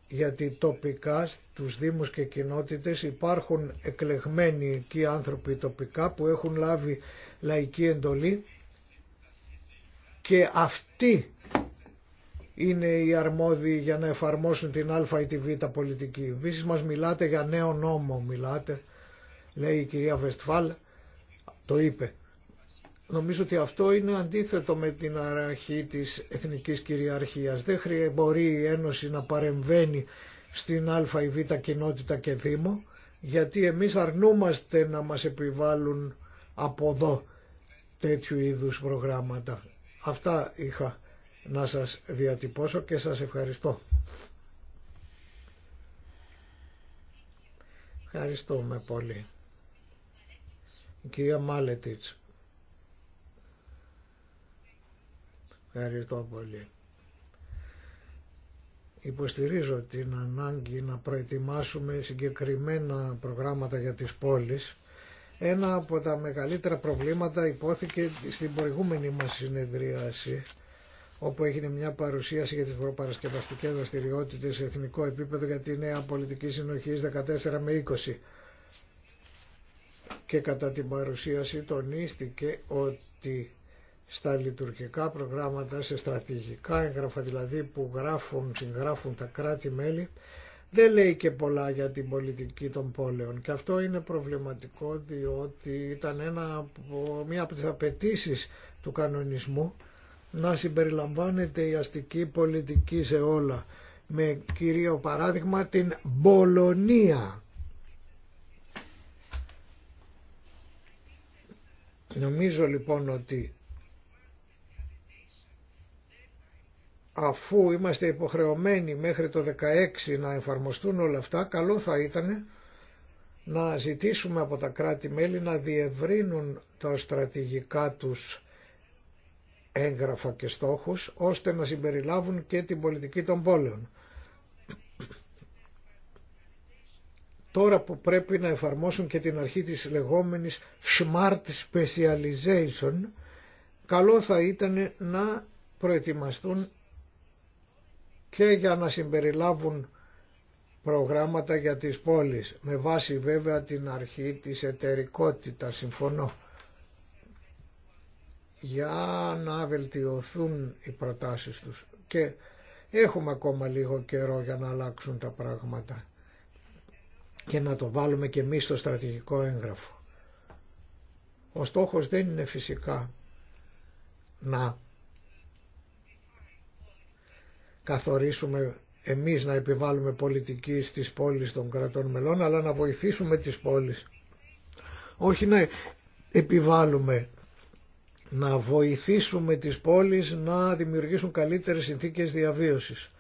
γιατί τοπικά στους Δήμους και κοινότητες υπάρχουν εκλεγμένοι εκεί άνθρωποι τοπικά που έχουν λάβει λαϊκή εντολή και αυτοί είναι οι αρμόδιοι για να εφαρμόσουν την α ή τη β πολιτική. Επίσης μας μιλάτε για νέο νόμο, μιλάτε, λέει η κυρία Βεστφάλ, το είπε. Νομίζω ότι αυτό είναι αντίθετο με την αρχή της εθνικής κυριαρχίας. Δεν μπορεί η Ένωση να παρεμβαίνει στην α ή β κοινότητα και δήμο, γιατί εμείς αρνούμαστε να μας επιβάλλουν από εδώ τέτοιου είδους προγράμματα. Αυτά είχα να σας διατυπώσω και σας ευχαριστώ. Ευχαριστούμε πολύ. Η κυρία Μάλετιτς. Ευχαριστώ πολύ. Υποστηρίζω την ανάγκη να προετοιμάσουμε συγκεκριμένα προγράμματα για τις πόλεις. Ένα από τα μεγαλύτερα προβλήματα υπόθηκε στην προηγούμενη μας συνεδρίαση όπου έγινε μια παρουσίαση για τις προπαρασκευαστικές δραστηριότητες σε εθνικό επίπεδο για τη νέα πολιτική συνοχή 14 με 20. Και κατά την παρουσίαση τονίστηκε ότι στα λειτουργικά προγράμματα, σε στρατηγικά έγγραφα δηλαδή που γράφουν, συγγράφουν τα κράτη-μέλη, δεν λέει και πολλά για την πολιτική των πόλεων και αυτό είναι προβληματικό διότι ήταν ένα, μία από τις απαιτήσει του κανονισμού να συμπεριλαμβάνεται η αστική πολιτική σε όλα. Με κυρίο παράδειγμα την Μπολονία. Νομίζω λοιπόν ότι αφού είμαστε υποχρεωμένοι μέχρι το 16 να εφαρμοστούν όλα αυτά, καλό θα ήταν να ζητήσουμε από τα κράτη-μέλη να διευρύνουν τα στρατηγικά τους έγγραφα και στόχους ώστε να συμπεριλάβουν και την πολιτική των πόλεων. Τώρα που πρέπει να εφαρμόσουν και την αρχή της λεγόμενης smart specialization, καλό θα ήταν να προετοιμαστούν και για να συμπεριλάβουν προγράμματα για τις πόλεις, με βάση βέβαια την αρχή της εταιρικότητας, συμφωνώ για να βελτιωθούν οι προτάσεις τους και έχουμε ακόμα λίγο καιρό για να αλλάξουν τα πράγματα και να το βάλουμε και εμείς στο στρατηγικό έγγραφο. Ο στόχος δεν είναι φυσικά να καθορίσουμε εμείς να επιβάλλουμε πολιτική στις πόλεις των κρατών μελών αλλά να βοηθήσουμε τις πόλεις όχι να επιβάλλουμε να βοηθήσουμε τις πόλεις να δημιουργήσουν καλύτερες συνθήκες διαβίωσης.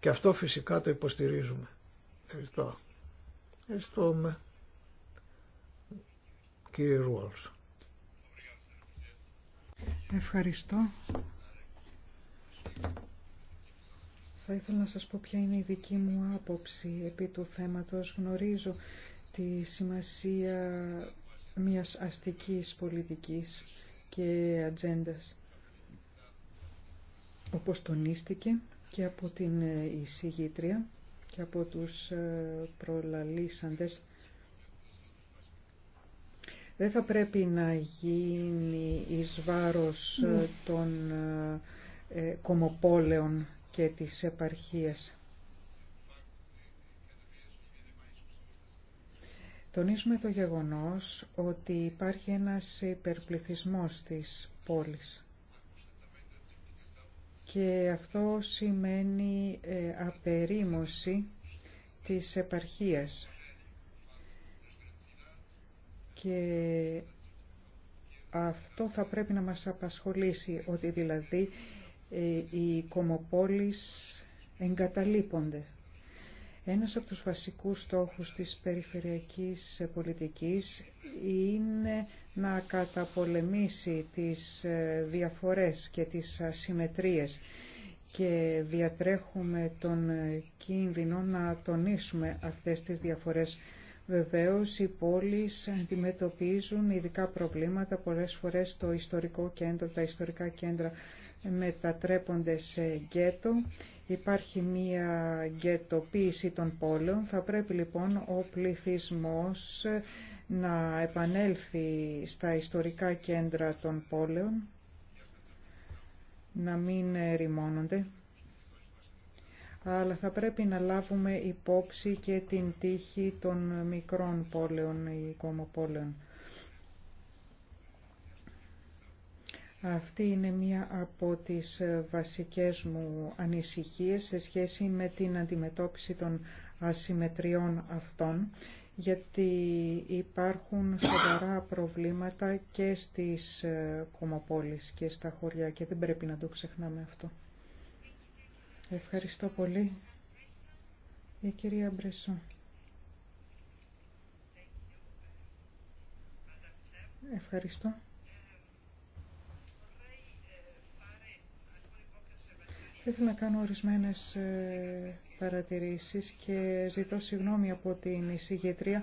Και αυτό φυσικά το υποστηρίζουμε. Ευχαριστώ. Κύριε Ρουόλς. Ευχαριστώ. Θα ήθελα να σας πω ποια είναι η δική μου άποψη επί του θέματος. Γνωρίζω τη σημασία μιας αστικής πολιτικής και ατζέντα. Όπως τονίστηκε και από την ε, εισηγήτρια και από τους ε, προλαλήσαντες, δεν θα πρέπει να γίνει εις βάρος ε, των κομοπόλεων και της επαρχίας. Τονίζουμε το γεγονός ότι υπάρχει ένας υπερπληθυσμός της πόλης και αυτό σημαίνει ε, απερίμωση της επαρχίας και αυτό θα πρέπει να μας απασχολήσει ότι δηλαδή ε, οι κομοπόλεις εγκαταλείπονται. Ένας από τους βασικούς στόχους της περιφερειακής πολιτικής είναι να καταπολεμήσει τις ε, διαφορές και τις ασυμμετρίες και διατρέχουμε τον ε, κίνδυνο να τονίσουμε αυτές τις διαφορές. Βεβαίως, οι πόλεις αντιμετωπίζουν ειδικά προβλήματα. Πολλές φορές το ιστορικό κέντρο, τα ιστορικά κέντρα μετατρέπονται σε γκέτο Υπάρχει μία γκέτοποίηση των πόλεων. Θα πρέπει λοιπόν ο πληθυσμός να επανέλθει στα ιστορικά κέντρα των πόλεων, να μην ερημώνονται. Αλλά θα πρέπει να λάβουμε υπόψη και την τύχη των μικρών πόλεων ή κομοπόλεων. Αυτή είναι μία από τις ε, βασικές μου ανησυχίες σε σχέση με την αντιμετώπιση των ασυμμετριών αυτών, γιατί υπάρχουν σοβαρά προβλήματα και στις ε, κομοπόλεις και στα χωριά και δεν πρέπει να το ξεχνάμε αυτό. Ευχαριστώ πολύ. Η κυρία Μπρεσό. Ευχαριστώ. Θέλω να κάνω ορισμένες ε, παρατηρήσεις και ζητώ συγγνώμη από την εισηγήτρια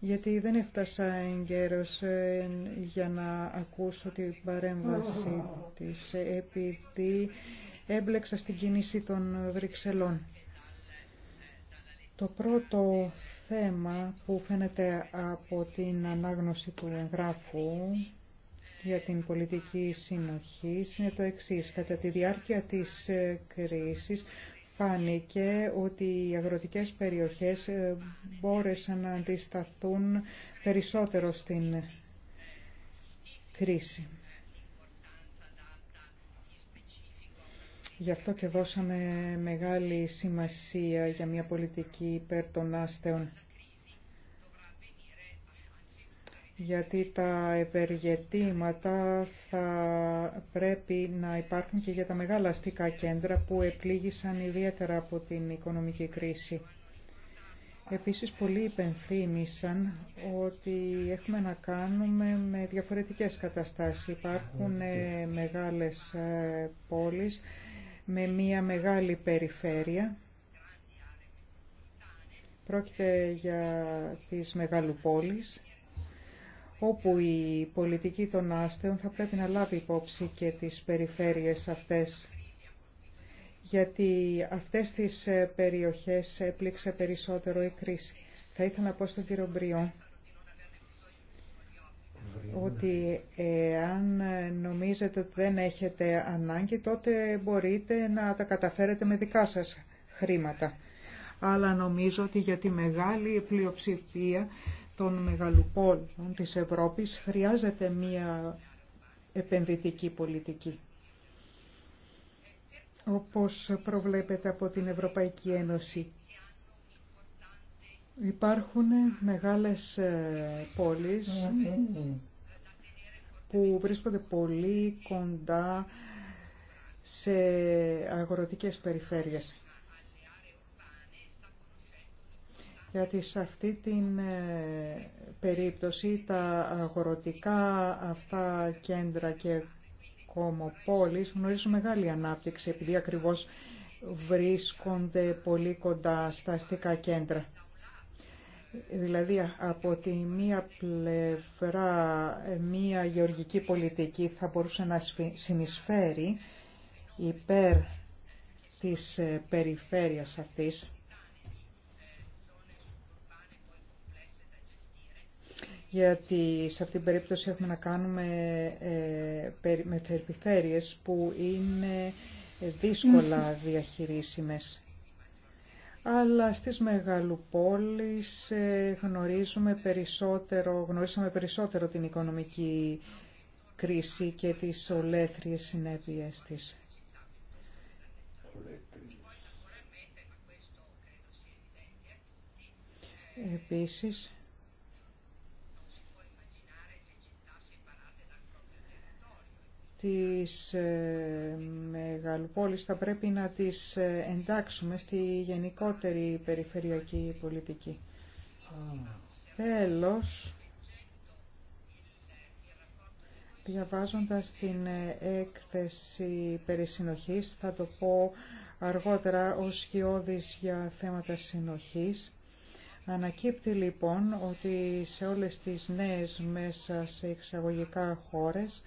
γιατί δεν έφτασα εγκαίρως ε, για να ακούσω την παρέμβαση της ε, επειδή έμπλεξα στην κίνηση των Βρυξελών. Το πρώτο θέμα που φαίνεται από την ανάγνωση του εγγράφου για την πολιτική συνοχή είναι το εξή. Κατά τη διάρκεια της ε, κρίσης φάνηκε ότι οι αγροτικές περιοχές ε, μπόρεσαν να αντισταθούν περισσότερο στην κρίση. Γι' αυτό και δώσαμε μεγάλη σημασία για μια πολιτική υπέρ των άστεων. γιατί τα ευεργετήματα θα πρέπει να υπάρχουν και για τα μεγάλα αστικά κέντρα που επλήγησαν ιδιαίτερα από την οικονομική κρίση. Επίσης, πολλοί υπενθύμησαν ότι έχουμε να κάνουμε με διαφορετικές καταστάσεις. Υπάρχουν ε, μεγάλες ε, πόλεις με μία μεγάλη περιφέρεια. Πρόκειται για τις πόλεις όπου η πολιτική των άστεων θα πρέπει να λάβει υπόψη και τις περιφέρειες αυτές γιατί αυτές τις ε, περιοχές έπληξε περισσότερο η κρίση. Θα ήθελα να πω στον κύριο Μπριό ότι εάν νομίζετε ότι δεν έχετε ανάγκη, τότε μπορείτε να τα καταφέρετε με δικά σας χρήματα. Αλλά νομίζω ότι για τη μεγάλη πλειοψηφία των μεγαλοπόλων της Ευρώπης χρειάζεται μία επενδυτική πολιτική. Όπως προβλέπεται από την Ευρωπαϊκή Ένωση, υπάρχουν μεγάλες ε, πόλεις που βρίσκονται πολύ κοντά σε αγροτικές περιφέρειες. γιατί σε αυτή την ε, περίπτωση τα αγορωτικά αυτά κέντρα και κομοπόλεις γνωρίζουν μεγάλη ανάπτυξη επειδή ακριβώς βρίσκονται πολύ κοντά στα αστικά κέντρα. Δηλαδή από τη μία πλευρά μία γεωργική πολιτική θα μπορούσε να συνεισφέρει υπέρ της ε, περιφέρειας αυτής γιατί σε αυτήν την περίπτωση έχουμε να κάνουμε ε, με που είναι δύσκολα διαχειρίσιμες. Αλλά στις μεγαλοπόλεις ε, γνωρίζουμε περισσότερο, γνωρίσαμε περισσότερο την οικονομική κρίση και τις ολέθριες συνέπειες της. Επίσης, τις ε, μεγαλοπόλεις θα πρέπει να τις ε, εντάξουμε στη γενικότερη περιφερειακή πολιτική. Τέλος, διαβάζοντας την ε, έκθεση περισυνοχής, θα το πω αργότερα ως σκιώδης για θέματα συνοχής, Ανακύπτει λοιπόν ότι σε όλες τις νέες μέσα σε εξαγωγικά χώρες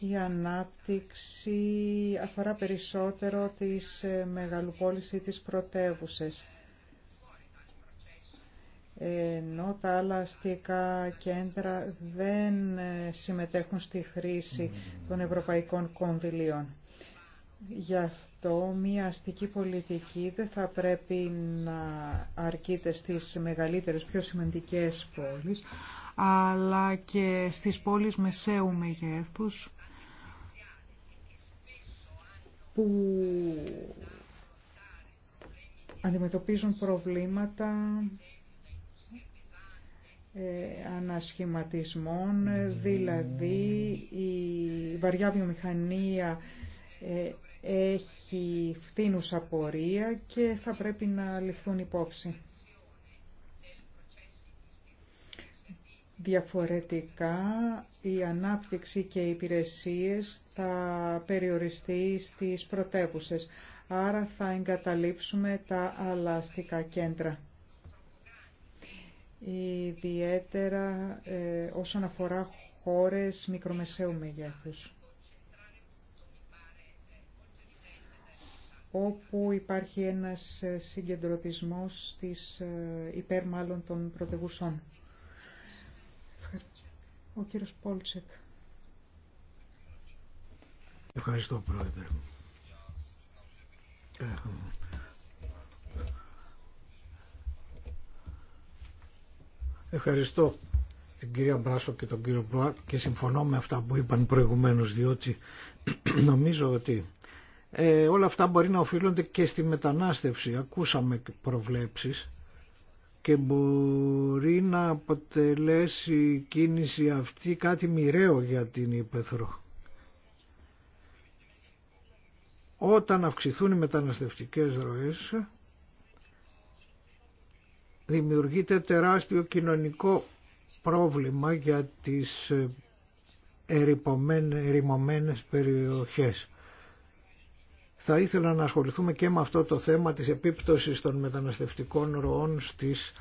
η ανάπτυξη αφορά περισσότερο τις ε, μεγαλοπόλεις ή τις πρωτεύουσες. Ενώ τα άλλα αστικά κέντρα δεν ε, συμμετέχουν στη χρήση των ευρωπαϊκών κονδυλίων. Γι' αυτό μια αστική πολιτική δεν θα πρέπει να αρκείται στις μεγαλύτερες, πιο σημαντικές πόλεις, αλλά και στις πόλεις μεσαίου μεγέθους, που αντιμετωπίζουν προβλήματα ε, ανασχηματισμών, δηλαδή η βαριά βιομηχανία ε, έχει φθήνουσα πορεία και θα πρέπει να ληφθούν υπόψη. Διαφορετικά, η ανάπτυξη και οι υπηρεσίες θα περιοριστεί στις πρωτεύουσες, άρα θα εγκαταλείψουμε τα αλλαστικά κέντρα. Ιδιαίτερα ε, όσον αφορά χώρες μικρομεσαίου μεγέθους. όπου υπάρχει ένας ε, συγκεντρωτισμός της ε, υπέρ μάλλον των πρωτεγουσών. Ο κύριος Πόλτσεκ. Ευχαριστώ πρόεδρε. Ε, ευχαριστώ την κυρία Μπράσο και τον κύριο Μπρουά και συμφωνώ με αυτά που είπαν προηγουμένως διότι <clears throat> νομίζω ότι ε, όλα αυτά μπορεί να οφείλονται και στη μετανάστευση. Ακούσαμε προβλέψεις και μπορεί να αποτελέσει η κίνηση αυτή κάτι μοιραίο για την Ήπεθρο. Όταν αυξηθούν οι μεταναστευτικές ροές δημιουργείται τεράστιο κοινωνικό πρόβλημα για τις ε, ερημωμένες περιοχές θα ήθελα να ασχοληθούμε και με αυτό το θέμα της επίπτωσης των μεταναστευτικών ροών στις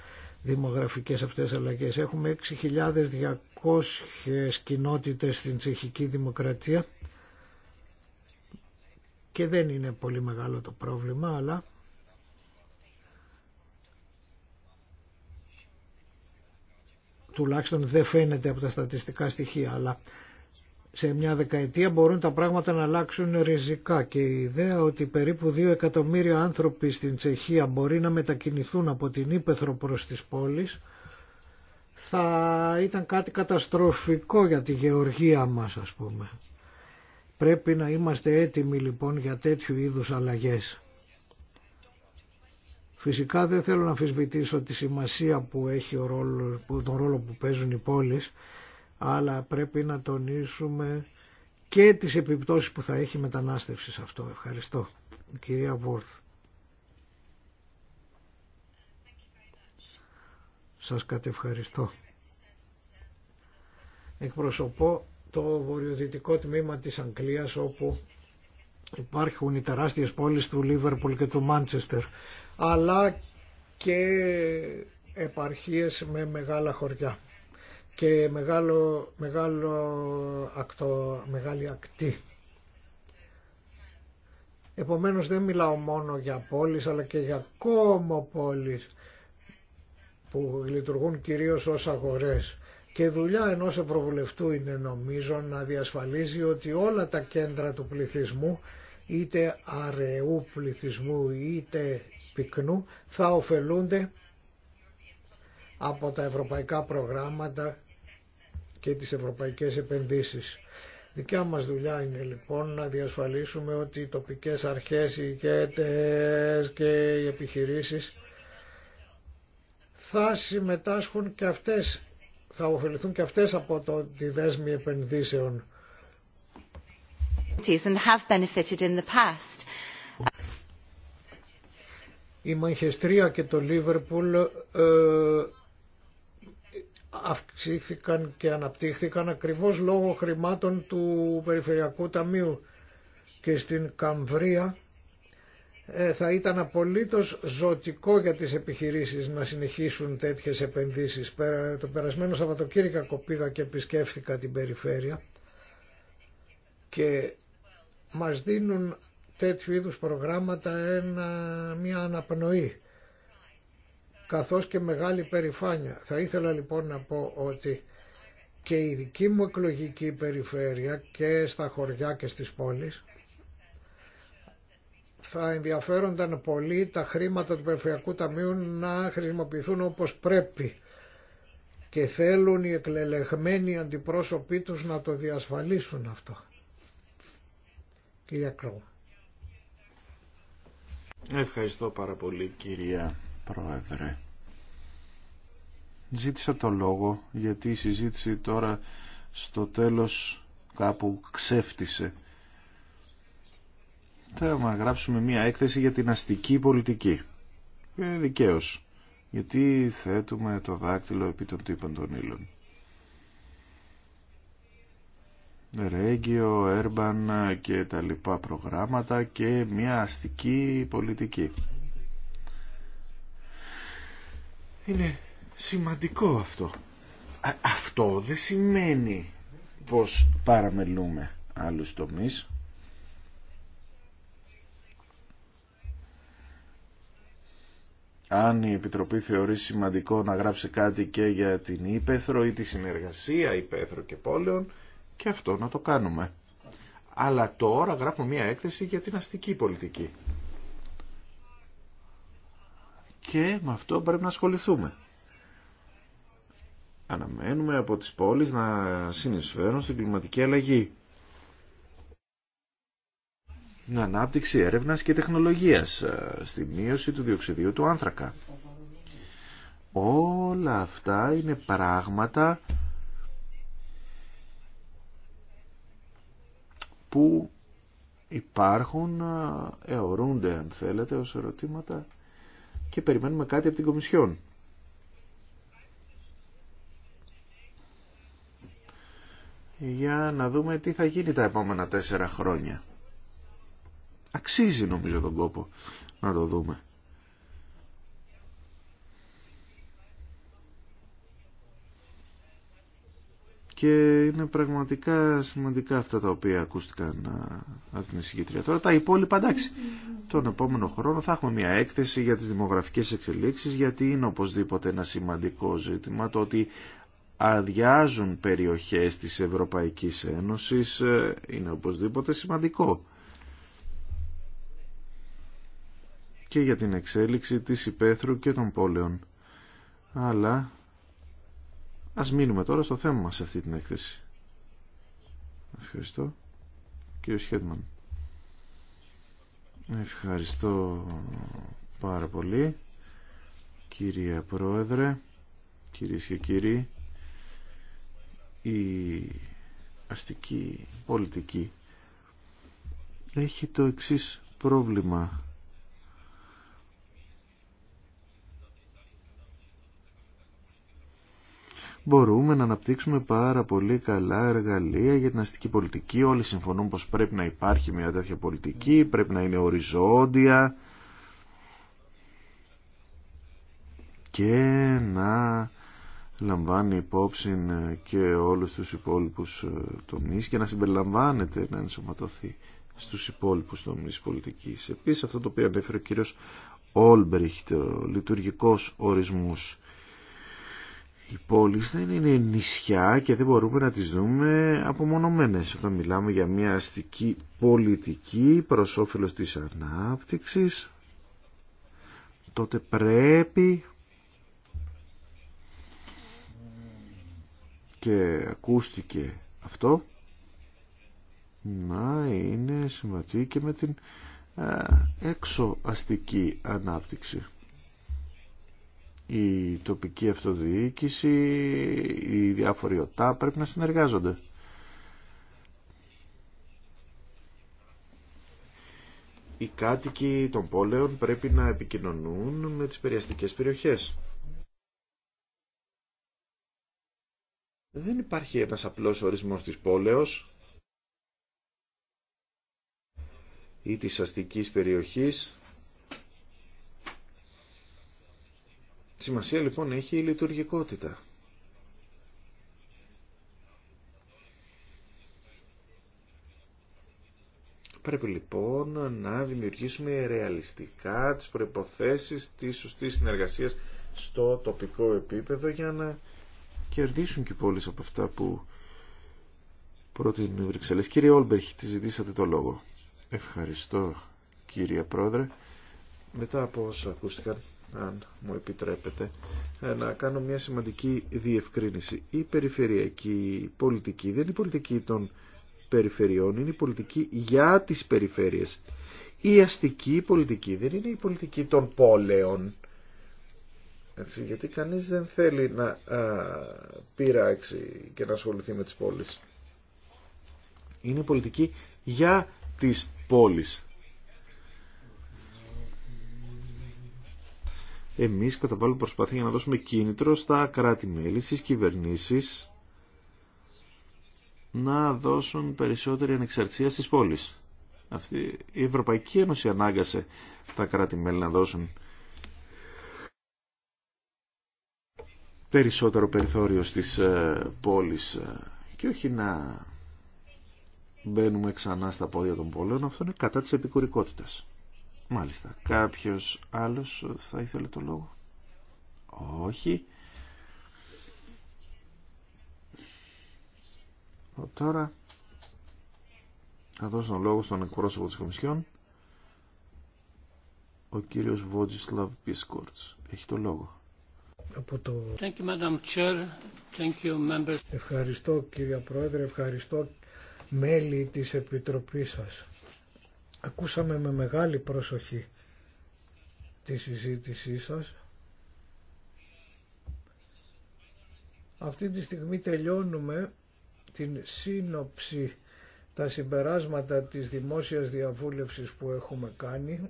δημογραφικές αυτές αλλαγές. Έχουμε 6.200 κοινότητες στην Τσεχική Δημοκρατία και δεν είναι πολύ μεγάλο το πρόβλημα, αλλά τουλάχιστον δεν φαίνεται από τα στατιστικά στοιχεία, αλλά σε μια δεκαετία μπορούν τα πράγματα να αλλάξουν ριζικά και η ιδέα ότι περίπου 2 εκατομμύρια άνθρωποι στην Τσεχία μπορεί να μετακινηθούν από την Ήπεθρο προς τις πόλεις θα ήταν κάτι καταστροφικό για τη γεωργία μας ας πούμε. Πρέπει να είμαστε έτοιμοι λοιπόν για τέτοιου είδους αλλαγές. Φυσικά δεν θέλω να αμφισβητήσω τη σημασία που έχει ο ρόλο, τον ρόλο που παίζουν οι πόλεις αλλά πρέπει να τονίσουμε και τις επιπτώσεις που θα έχει η μετανάστευση σε αυτό. Ευχαριστώ. κυρία Βόρθ. Σας κατευχαριστώ. Εκπροσωπώ το βορειοδυτικό τμήμα της Αγγλίας όπου υπάρχουν οι τεράστιες πόλεις του Λίβερπουλ και του Μάντσεστερ αλλά και επαρχίες με μεγάλα χωριά και μεγάλο, μεγάλο ακτο, μεγάλη ακτή. Επομένως δεν μιλάω μόνο για πόλεις αλλά και για πόλεις που λειτουργούν κυρίως ως αγορές. Και δουλειά ενός ευρωβουλευτού είναι νομίζω να διασφαλίζει ότι όλα τα κέντρα του πληθυσμού είτε αραιού πληθυσμού είτε πυκνού θα ωφελούνται από τα ευρωπαϊκά προγράμματα και τις ευρωπαϊκές επενδύσεις. Δικιά μας δουλειά είναι λοιπόν να διασφαλίσουμε ότι οι τοπικές αρχές, οι ηγέτες και οι επιχειρήσεις θα συμμετάσχουν και αυτές, θα ωφεληθούν και αυτές από το, τη δέσμη επενδύσεων. Η Μανχεστρία και το Λίβερπουλ ε, αυξήθηκαν και αναπτύχθηκαν ακριβώς λόγω χρημάτων του Περιφερειακού Ταμείου και στην Καμβρία ε, θα ήταν απολύτως ζωτικό για τις επιχειρήσεις να συνεχίσουν τέτοιες επενδύσεις. Το περασμένο Σαββατοκύριακο πήγα και επισκέφθηκα την περιφέρεια και μας δίνουν τέτοιου είδους προγράμματα ένα, μια αναπνοή καθώς και μεγάλη περηφάνεια. Θα ήθελα λοιπόν να πω ότι και η δική μου εκλογική περιφέρεια και στα χωριά και στις πόλεις θα ενδιαφέρονταν πολύ τα χρήματα του Περιφερειακού Ταμείου να χρησιμοποιηθούν όπως πρέπει και θέλουν οι εκλελεγμένοι αντιπρόσωποι τους να το διασφαλίσουν αυτό. Κυρία Κρό. Ευχαριστώ πάρα πολύ κυρία Πρόεδρε. Ζήτησα το λόγο γιατί η συζήτηση τώρα στο τέλος κάπου ξέφτησε. Θα γράψουμε μία έκθεση για την αστική πολιτική. Ε, δικαίως. Γιατί θέτουμε το δάκτυλο επί των τύπων των ήλων. Ρέγγιο, Έρμπαν και τα λοιπά προγράμματα και μια αστική πολιτική. Είναι σημαντικό αυτό. αυτό δεν σημαίνει πως παραμελούμε άλλους τομείς. Αν η Επιτροπή θεωρεί σημαντικό να γράψει κάτι και για την Ήπεθρο ή τη συνεργασία Ήπεθρο και πόλεων, και αυτό να το κάνουμε. Αλλά τώρα γράφουμε μία έκθεση για την αστική πολιτική και με αυτό πρέπει να ασχοληθούμε. Αναμένουμε από τις πόλεις να συνεισφέρουν στην κλιματική αλλαγή. Την ανάπτυξη έρευνας και τεχνολογίας, ε, στη μείωση του διοξιδίου του άνθρακα. Όλα αυτά είναι πράγματα που υπάρχουν, εωρούνται αν θέλετε ως ερωτήματα και περιμένουμε κάτι από την Κομισιόν. Για να δούμε τι θα γίνει τα επόμενα τέσσερα χρόνια. Αξίζει νομίζω τον κόπο να το δούμε. και είναι πραγματικά σημαντικά αυτά τα οποία ακούστηκαν από την εισηγητρία. Τώρα τα υπόλοιπα εντάξει. Τον επόμενο χρόνο θα έχουμε μια έκθεση για τις δημογραφικές εξελίξεις γιατί είναι οπωσδήποτε ένα σημαντικό ζήτημα το ότι αδειάζουν περιοχές της Ευρωπαϊκής Ένωσης ε, είναι οπωσδήποτε σημαντικό. Και για την εξέλιξη της υπαίθρου και των πόλεων. Αλλά Ας μείνουμε τώρα στο θέμα μας σε αυτή την έκθεση. Ευχαριστώ. Κύριο Σχέντμαν. Ευχαριστώ πάρα πολύ. κύριε Πρόεδρε, κυρίες και κύριοι, η αστική πολιτική έχει το εξής πρόβλημα μπορούμε να αναπτύξουμε πάρα πολύ καλά εργαλεία για την αστική πολιτική. Όλοι συμφωνούν πως πρέπει να υπάρχει μια τέτοια πολιτική, πρέπει να είναι οριζόντια και να λαμβάνει υπόψη και όλους τους υπόλοιπους ε, τομείς και να συμπεριλαμβάνεται να ενσωματωθεί στους υπόλοιπους τομείς πολιτικής. Επίσης αυτό το οποίο ανέφερε ο κύριος Όλμπριχτ, ο λειτουργικός ορισμός οι πόλεις δεν είναι νησιά και δεν μπορούμε να τις δούμε απομονωμένες όταν μιλάμε για μια αστική πολιτική προς όφελος της ανάπτυξης τότε πρέπει και ακούστηκε αυτό να είναι σημαντική και με την ε, έξω αστική ανάπτυξη η τοπική αυτοδιοίκηση, οι διάφοροι οτά πρέπει να συνεργάζονται. Οι κάτοικοι των πόλεων πρέπει να επικοινωνούν με τις περιαστικές περιοχές. Δεν υπάρχει ένας απλός ορισμός της πόλεως ή της αστικής περιοχής Σημασία λοιπόν έχει η λειτουργικότητα. Πρέπει λοιπόν να δημιουργήσουμε ρεαλιστικά τις προϋποθέσεις της σωστής συνεργασίας στο τοπικό επίπεδο για να κερδίσουν και πόλεις από αυτά που πρότεινε Βρυξέλλες. Κύριε Όλμπερχ, τη ζητήσατε το λόγο. Ευχαριστώ κύριε Πρόεδρε. Μετά από όσα ακούστηκαν αν μου επιτρέπετε, ε, να κάνω μια σημαντική διευκρίνηση. Η περιφερειακή πολιτική δεν είναι η πολιτική των περιφερειών, είναι η πολιτική για τις περιφέρειες. Η αστική πολιτική δεν είναι η πολιτική των πόλεων. Έτσι, γιατί κανείς δεν θέλει να α, πειράξει και να ασχοληθεί με τις πόλεις. Είναι η πολιτική για τις πόλεις. εμείς καταβάλουμε προσπάθεια για να δώσουμε κίνητρο στα κράτη-μέλη, στις κυβερνήσεις, να δώσουν περισσότερη ανεξαρτησία στις πόλεις. Αυτή, η Ευρωπαϊκή Ένωση ανάγκασε τα κράτη-μέλη να δώσουν περισσότερο περιθώριο στις ε, πόλεις ε, και όχι να μπαίνουμε ξανά στα πόδια των πόλεων. Αυτό είναι κατά της επικουρικότητας. Μάλιστα. Κάποιος άλλος θα ήθελε το λόγο. Όχι. Τώρα θα δώσω το λόγο στον εκπρόσωπο της Κομισιόν. Ο κύριος Βότζισλαβ Πίσκορτς. Έχει το λόγο. Από Thank you, Madam Chair. Thank you, Ευχαριστώ κύριε Πρόεδρε, ευχαριστώ μέλη της Επιτροπής σας. Ακούσαμε με μεγάλη προσοχή τη συζήτησή σας. Αυτή τη στιγμή τελειώνουμε την σύνοψη τα συμπεράσματα της δημόσιας διαβούλευσης που έχουμε κάνει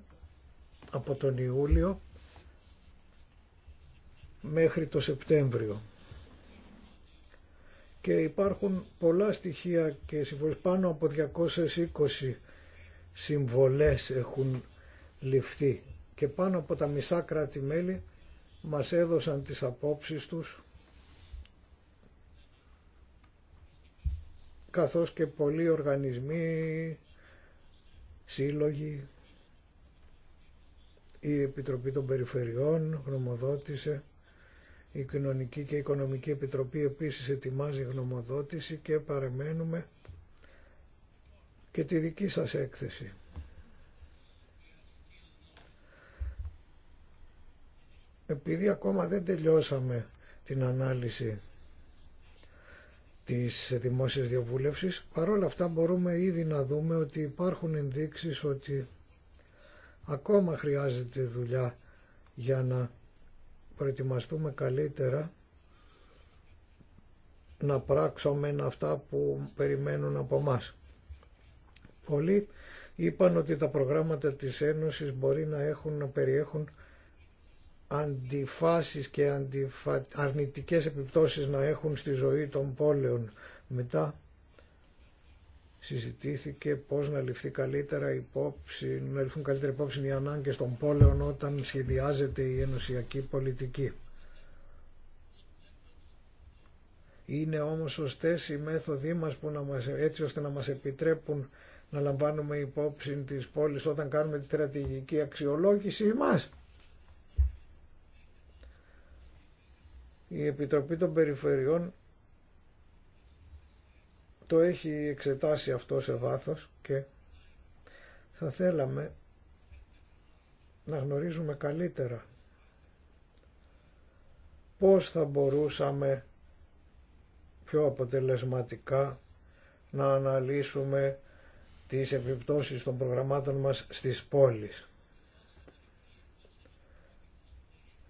από τον Ιούλιο μέχρι το Σεπτέμβριο. Και υπάρχουν πολλά στοιχεία και συμβολές πάνω από 220 συμβολές έχουν ληφθεί και πάνω από τα μισά κράτη-μέλη μας έδωσαν τις απόψεις τους καθώς και πολλοί οργανισμοί, σύλλογοι, η Επιτροπή των Περιφερειών γνωμοδότησε, η Κοινωνική και Οικονομική Επιτροπή επίσης ετοιμάζει γνωμοδότηση και παραμένουμε και τη δική σας έκθεση. Επειδή ακόμα δεν τελειώσαμε την ανάλυση της δημόσιας διαβούλευσης, παρόλα αυτά μπορούμε ήδη να δούμε ότι υπάρχουν ενδείξεις ότι ακόμα χρειάζεται δουλειά για να προετοιμαστούμε καλύτερα να πράξουμε αυτά που περιμένουν από μας. Πολλοί είπαν ότι τα προγράμματα της Ένωσης μπορεί να έχουν να περιέχουν αντιφάσεις και αντιφα... αρνητικές επιπτώσεις να έχουν στη ζωή των πόλεων. Μετά συζητήθηκε πώς να ληφθεί καλύτερα υπόψη, να ληφθούν καλύτερα υπόψη οι ανάγκες των πόλεων όταν σχεδιάζεται η ενωσιακή πολιτική. Είναι όμως σωστές οι μέθοδοι μας που να μας, έτσι ώστε να μας επιτρέπουν να λαμβάνουμε υπόψη της πόλης όταν κάνουμε τη στρατηγική αξιολόγηση μας. Η Επιτροπή των Περιφερειών το έχει εξετάσει αυτό σε βάθος και θα θέλαμε να γνωρίζουμε καλύτερα πώς θα μπορούσαμε πιο αποτελεσματικά να αναλύσουμε τις επιπτώσεις των προγραμμάτων μας στις πόλεις.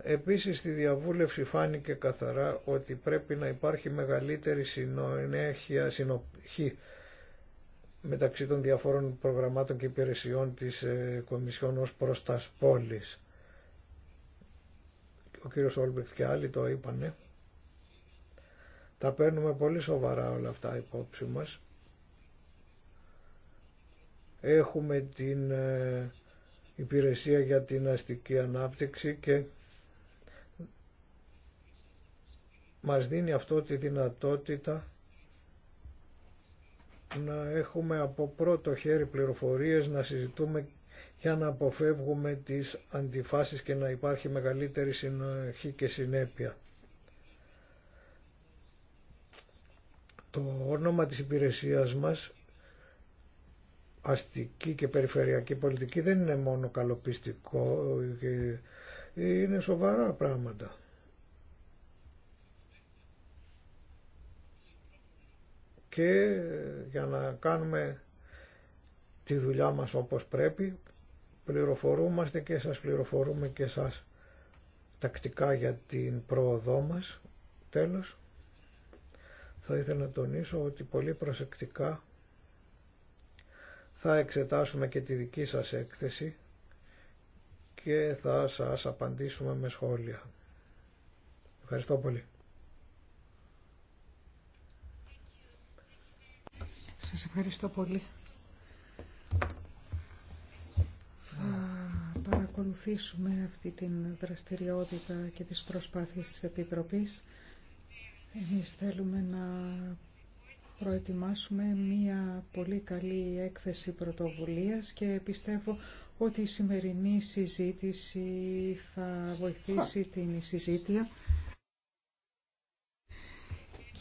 Επίσης στη διαβούλευση φάνηκε καθαρά ότι πρέπει να υπάρχει μεγαλύτερη συνέχεια, συνοχή μεταξύ των διαφόρων προγραμμάτων και υπηρεσιών της ε, Κομισιόν ως προς τα πόλεις. Ο κύριος Όλμπεκτ και άλλοι το είπανε. Τα παίρνουμε πολύ σοβαρά όλα αυτά υπόψη μας Έχουμε την ε, υπηρεσία για την αστική ανάπτυξη και μας δίνει αυτό τη δυνατότητα να έχουμε από πρώτο χέρι πληροφορίες, να συζητούμε για να αποφεύγουμε τις αντιφάσεις και να υπάρχει μεγαλύτερη συνοχή και συνέπεια. Το όνομα της υπηρεσίας μας αστική και περιφερειακή πολιτική δεν είναι μόνο καλοπιστικό, είναι σοβαρά πράγματα. Και για να κάνουμε τη δουλειά μας όπως πρέπει, πληροφορούμαστε και σας πληροφορούμε και σας τακτικά για την πρόοδό μας. Τέλος, θα ήθελα να τονίσω ότι πολύ προσεκτικά θα εξετάσουμε και τη δική σας έκθεση και θα σας απαντήσουμε με σχόλια. Ευχαριστώ πολύ. Σας ευχαριστώ πολύ. Θα παρακολουθήσουμε αυτή την δραστηριότητα και τις προσπάθειες της Επιτροπής. Εμείς θέλουμε να προετοιμάσουμε μία πολύ καλή έκθεση πρωτοβουλίας και πιστεύω ότι η σημερινή συζήτηση θα βοηθήσει την συζήτηση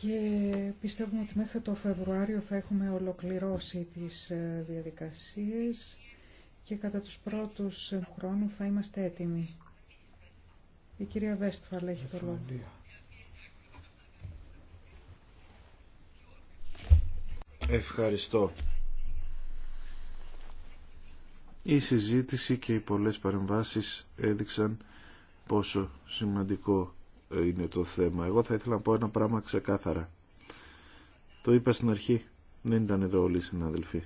και πιστεύουμε ότι μέχρι το Φεβρουάριο θα έχουμε ολοκληρώσει τις ε, διαδικασίες και κατά τους πρώτους χρόνου θα είμαστε έτοιμοι. Η κυρία Βέστφαλ έχει το λόγο. Ευχαριστώ. Η συζήτηση και οι πολλές παρεμβάσεις έδειξαν πόσο σημαντικό είναι το θέμα. Εγώ θα ήθελα να πω ένα πράγμα ξεκάθαρα. Το είπα στην αρχή. Δεν ήταν εδώ όλοι οι συνάδελφοι.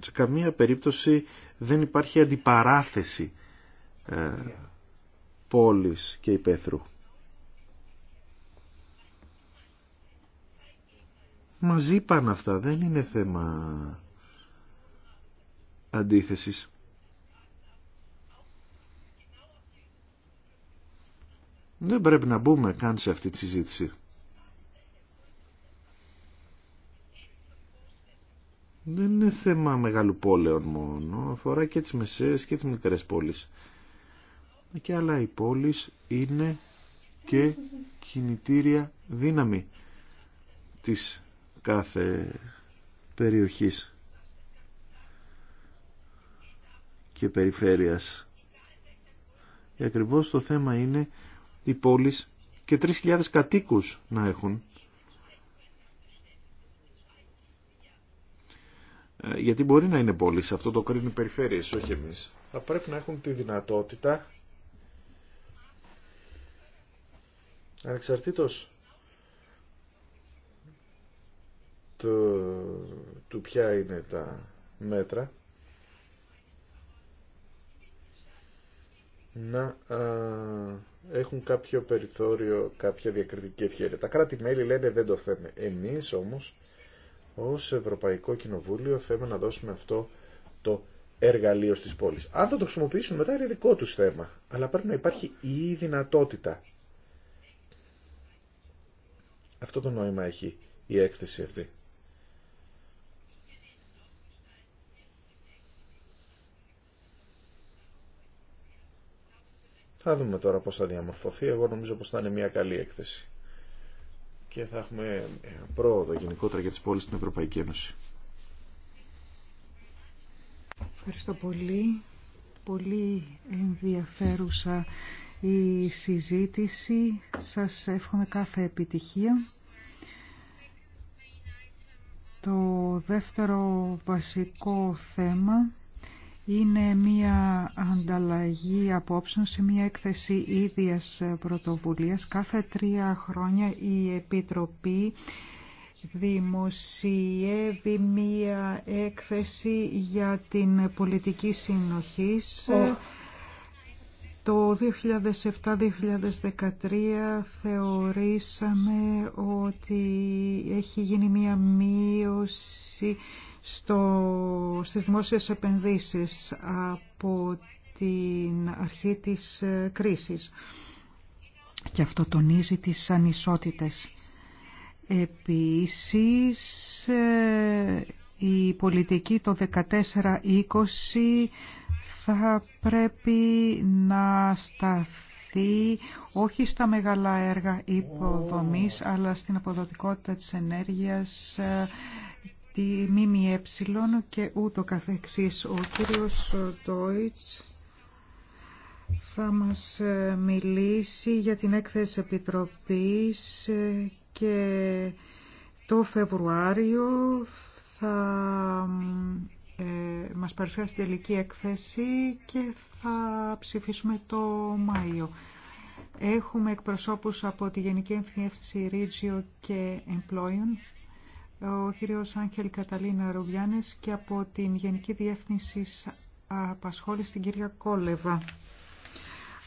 Σε καμία περίπτωση δεν υπάρχει αντιπαράθεση ε, πόλης και υπαίθρου. Μαζί πάνε αυτά, δεν είναι θέμα αντίθεσης. Δεν πρέπει να μπούμε καν σε αυτή τη συζήτηση. Δεν είναι θέμα μεγάλου πόλεων μόνο, αφορά και τις μεσαίες και τις μικρές πόλεις και άλλα οι πόλεις είναι και κινητήρια δύναμη της κάθε περιοχής και περιφέρειας. Και ακριβώς το θέμα είναι οι πόλεις και 3.000 κατοίκους να έχουν. Ε, γιατί μπορεί να είναι πόλεις, αυτό το κρίνει όχι εμείς. Θα πρέπει να έχουν τη δυνατότητα ανεξαρτήτως του, ποια είναι τα μέτρα να έχουν κάποιο περιθώριο, κάποια διακριτική ευχαίρεια. Τα κράτη-μέλη λένε δεν το θέμε. Εμείς όμως ως Ευρωπαϊκό Κοινοβούλιο θέλουμε να δώσουμε αυτό το εργαλείο στις πόλεις. Αν θα το χρησιμοποιήσουν μετά είναι δικό τους θέμα, αλλά πρέπει να υπάρχει η δυνατότητα αυτό το νόημα έχει η έκθεση αυτή. Θα δούμε τώρα πώς θα διαμορφωθεί. Εγώ νομίζω πως θα είναι μια καλή έκθεση. Και θα έχουμε πρόοδο γενικότερα για τις πόλεις στην Ευρωπαϊκή Ένωση. Ευχαριστώ πολύ. Πολύ ενδιαφέρουσα η συζήτηση. Σας εύχομαι κάθε επιτυχία. Το δεύτερο βασικό θέμα είναι μία ανταλλαγή απόψεων σε μία έκθεση ίδιας πρωτοβουλίας. Κάθε τρία χρόνια η Επιτροπή δημοσιεύει μία έκθεση για την πολιτική συνοχής το 2007-2013 θεωρήσαμε ότι έχει γίνει μία μείωση στο, στις δημόσιες επενδύσεις από την αρχή της κρίσης. Και αυτό τονίζει τις ανισότητες. Επίσης, ε, η πολιτική το 2014 20 θα πρέπει να σταθεί όχι στα μεγάλα έργα υποδομής, αλλά στην αποδοτικότητα της ενέργειας, τη ΜΜΕ και ούτω καθεξής. Ο κύριος Ντόιτς θα μας ε, μιλήσει για την έκθεση επιτροπής ε, και το Φεβρουάριο θα ε, μας παρουσιάσει την τελική έκθεση και θα ψηφίσουμε το Μάιο. Έχουμε εκπροσώπους από τη Γενική Ευθυνεύθυνση Ρίτζιο και Εμπλόιον, ο κύριος Άγγελ Καταλίνα Ρουβιάνες και από την Γενική Διεύθυνση Απασχόληση την κυρία Κόλεβα.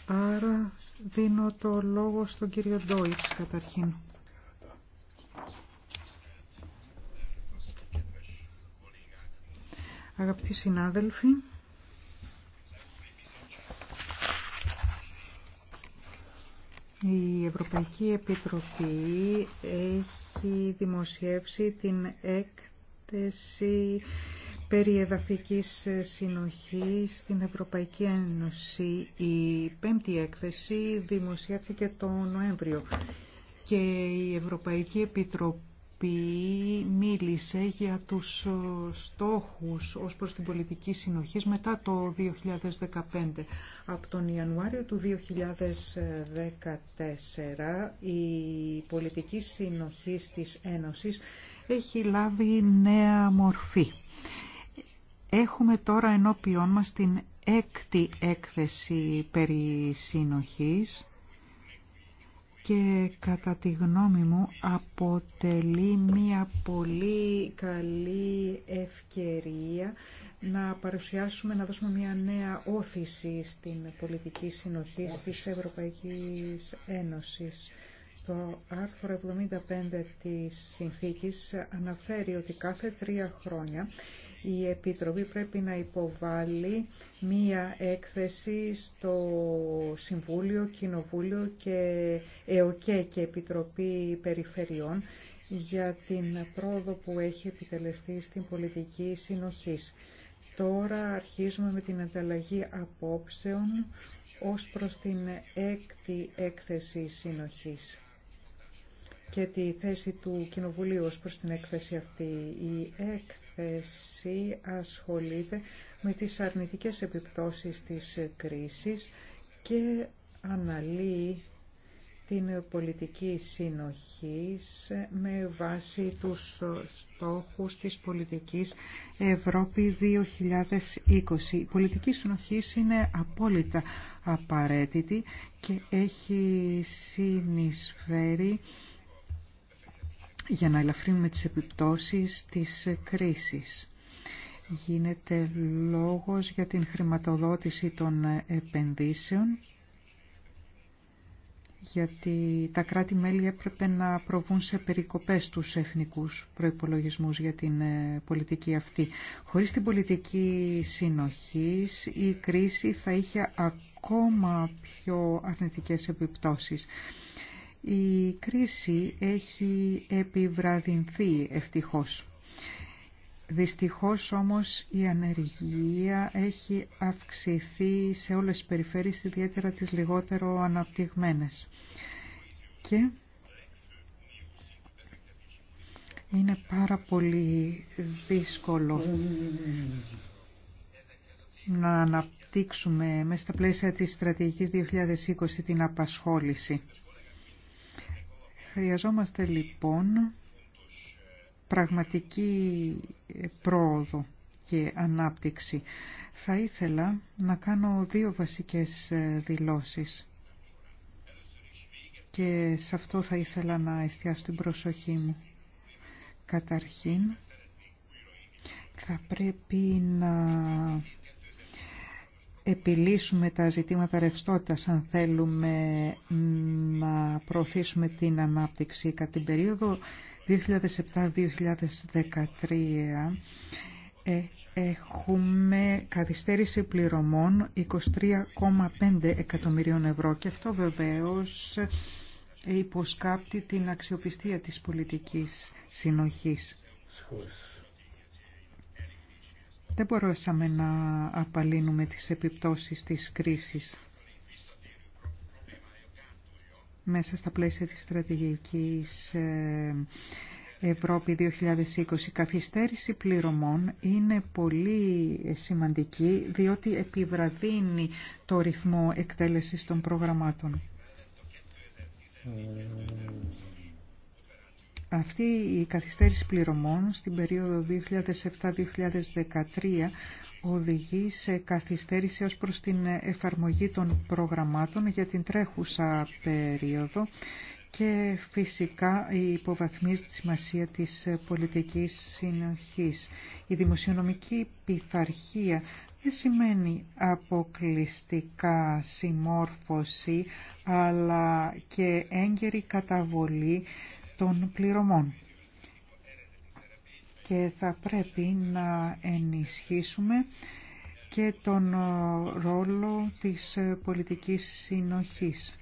Άρα δίνω το λόγο στον κύριο Ντόιτς καταρχήν. Αγαπητοί συνάδελφοι, η Ευρωπαϊκή Επιτροπή έχει δημοσιεύσει την έκθεση περί εδαφικής συνοχής στην Ευρωπαϊκή Ένωση. Η πέμπτη έκθεση δημοσιεύθηκε το Νοέμβριο και η Ευρωπαϊκή Επιτροπή οποία μίλησε για τους ε, στόχους ως προς την πολιτική συνοχής μετά το 2015. Από τον Ιανουάριο του 2014 η πολιτική συνοχή της Ένωσης έχει λάβει νέα μορφή. Έχουμε τώρα ενώπιόν μας την έκτη έκθεση περί συνοχής και κατά τη γνώμη μου αποτελεί μια πολύ καλή ευκαιρία να παρουσιάσουμε, να δώσουμε μια νέα όθηση στην πολιτική συνοχή της Ευρωπαϊκής Ένωσης. Το άρθρο 75 της συνθήκης αναφέρει ότι κάθε τρία χρόνια η Επιτροπή πρέπει να υποβάλει μία έκθεση στο Συμβούλιο, Κοινοβούλιο και ΕΟΚΕ και Επιτροπή Περιφερειών για την πρόοδο που έχει επιτελεστεί στην πολιτική συνοχής. Τώρα αρχίζουμε με την ανταλλαγή απόψεων ως προς την έκτη έκθεση συνοχής και τη θέση του Κοινοβουλίου ως προς την έκθεση αυτή. Η έκ εσύ ασχολείται με τις αρνητικές επιπτώσεις της κρίσης και αναλύει την πολιτική συνοχής με βάση τους στόχους της πολιτικής Ευρώπη 2020. Η πολιτική συνοχή είναι απόλυτα απαραίτητη και έχει συνεισφέρει για να ελαφρύνουμε τις επιπτώσεις της κρίσης. Γίνεται λόγος για την χρηματοδότηση των επενδύσεων γιατί τα κράτη-μέλη έπρεπε να προβούν σε περικοπές τους εθνικούς προϋπολογισμούς για την ε, πολιτική αυτή. Χωρίς την πολιτική συνοχής η κρίση θα είχε ακόμα πιο αρνητικές επιπτώσεις. Η κρίση έχει επιβραδυνθεί ευτυχώς. Δυστυχώς όμως η ανεργία έχει αυξηθεί σε όλες τις περιφέρειες, ιδιαίτερα τις λιγότερο αναπτυγμένες. Και είναι πάρα πολύ δύσκολο να αναπτύξουμε μέσα στα πλαίσια της στρατηγικής 2020 την απασχόληση. Χρειαζόμαστε λοιπόν πραγματική πρόοδο και ανάπτυξη. Θα ήθελα να κάνω δύο βασικές ε, δηλώσεις και σε αυτό θα ήθελα να εστιάσω την προσοχή μου. Καταρχήν, θα πρέπει να επιλύσουμε τα ζητήματα ρευστότητας αν θέλουμε να προωθήσουμε την ανάπτυξη κατά την περίοδο 2007-2013 ε, έχουμε καθυστέρηση πληρωμών 23,5 εκατομμυρίων ευρώ και αυτό βεβαίως υποσκάπτει την αξιοπιστία της πολιτικής συνοχής δεν μπορούσαμε να απαλύνουμε τις επιπτώσεις της κρίσης μέσα στα πλαίσια της στρατηγικής ε, Ευρώπη 2020. Η καθυστέρηση πληρωμών είναι πολύ σημαντική διότι επιβραδύνει το ρυθμό εκτέλεσης των προγραμμάτων. Ε, αυτή η καθυστέρηση πληρωμών στην περίοδο 2007-2013 οδηγεί σε καθυστέρηση ως προς την εφαρμογή των προγραμμάτων για την τρέχουσα περίοδο και φυσικά η υποβαθμίζει τη σημασία της πολιτικής συνοχής. Η δημοσιονομική πειθαρχία δεν σημαίνει αποκλειστικά συμμόρφωση αλλά και έγκαιρη καταβολή των πληρωμών. Και θα πρέπει να ενισχύσουμε και τον ρόλο της πολιτικής συνοχής.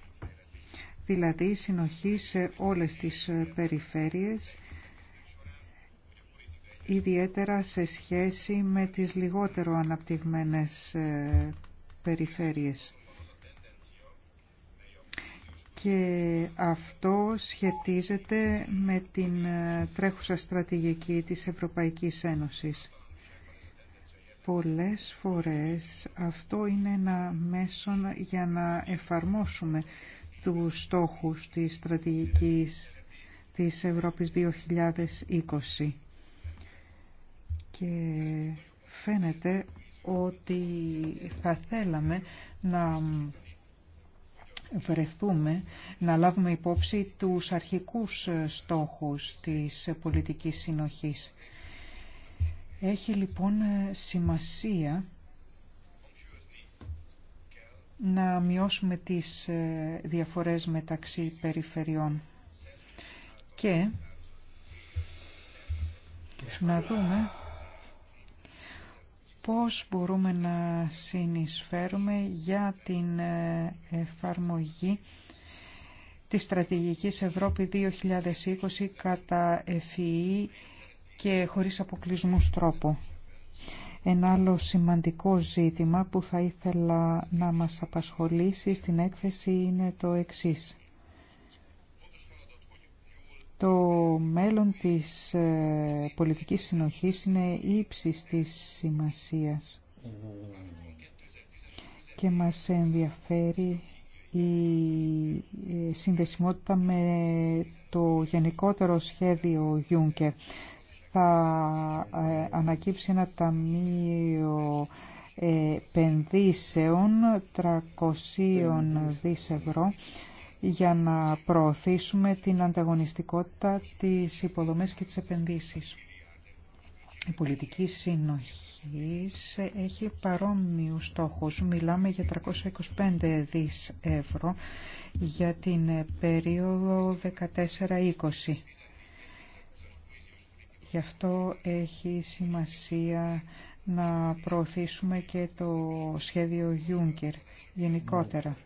Δηλαδή συνοχή σε όλες τις περιφέρειες, ιδιαίτερα σε σχέση με τις λιγότερο αναπτυγμένες ε, περιφέρειες και αυτό σχετίζεται με την ε, τρέχουσα στρατηγική της Ευρωπαϊκής Ένωσης. Πολλές φορές αυτό είναι ένα μέσο για να εφαρμόσουμε τους στόχους της στρατηγικής της Ευρώπης 2020. Και φαίνεται ότι θα θέλαμε να βρεθούμε να λάβουμε υπόψη τους αρχικούς ε, στόχους της πολιτικής συνοχής. Έχει λοιπόν ε, σημασία να μειώσουμε τις ε, διαφορές μεταξύ περιφερειών και να δούμε πώς μπορούμε να συνεισφέρουμε για την ε, εφαρμογή της στρατηγικής Ευρώπη 2020 κατά ευφυή e e και χωρίς αποκλεισμούς τρόπο. Ένα άλλο σημαντικό ζήτημα που θα ήθελα να μας απασχολήσει στην έκθεση είναι το εξής. Το μέλλον της ε, πολιτικής συνοχής είναι ύψης της σημασίας και μας ενδιαφέρει η ε, συνδεσιμότητα με το γενικότερο σχέδιο Juncker. Θα ε, ανακύψει ένα ταμείο επενδύσεων 300 δις ευρώ για να προωθήσουμε την ανταγωνιστικότητα της υποδομής και της επενδύσεις. Η πολιτική συνοχή έχει παρόμοιους στόχους. Μιλάμε για 325 δις ευρώ για την περίοδο 14-20. Γι' αυτό έχει σημασία να προωθήσουμε και το σχέδιο Juncker γενικότερα.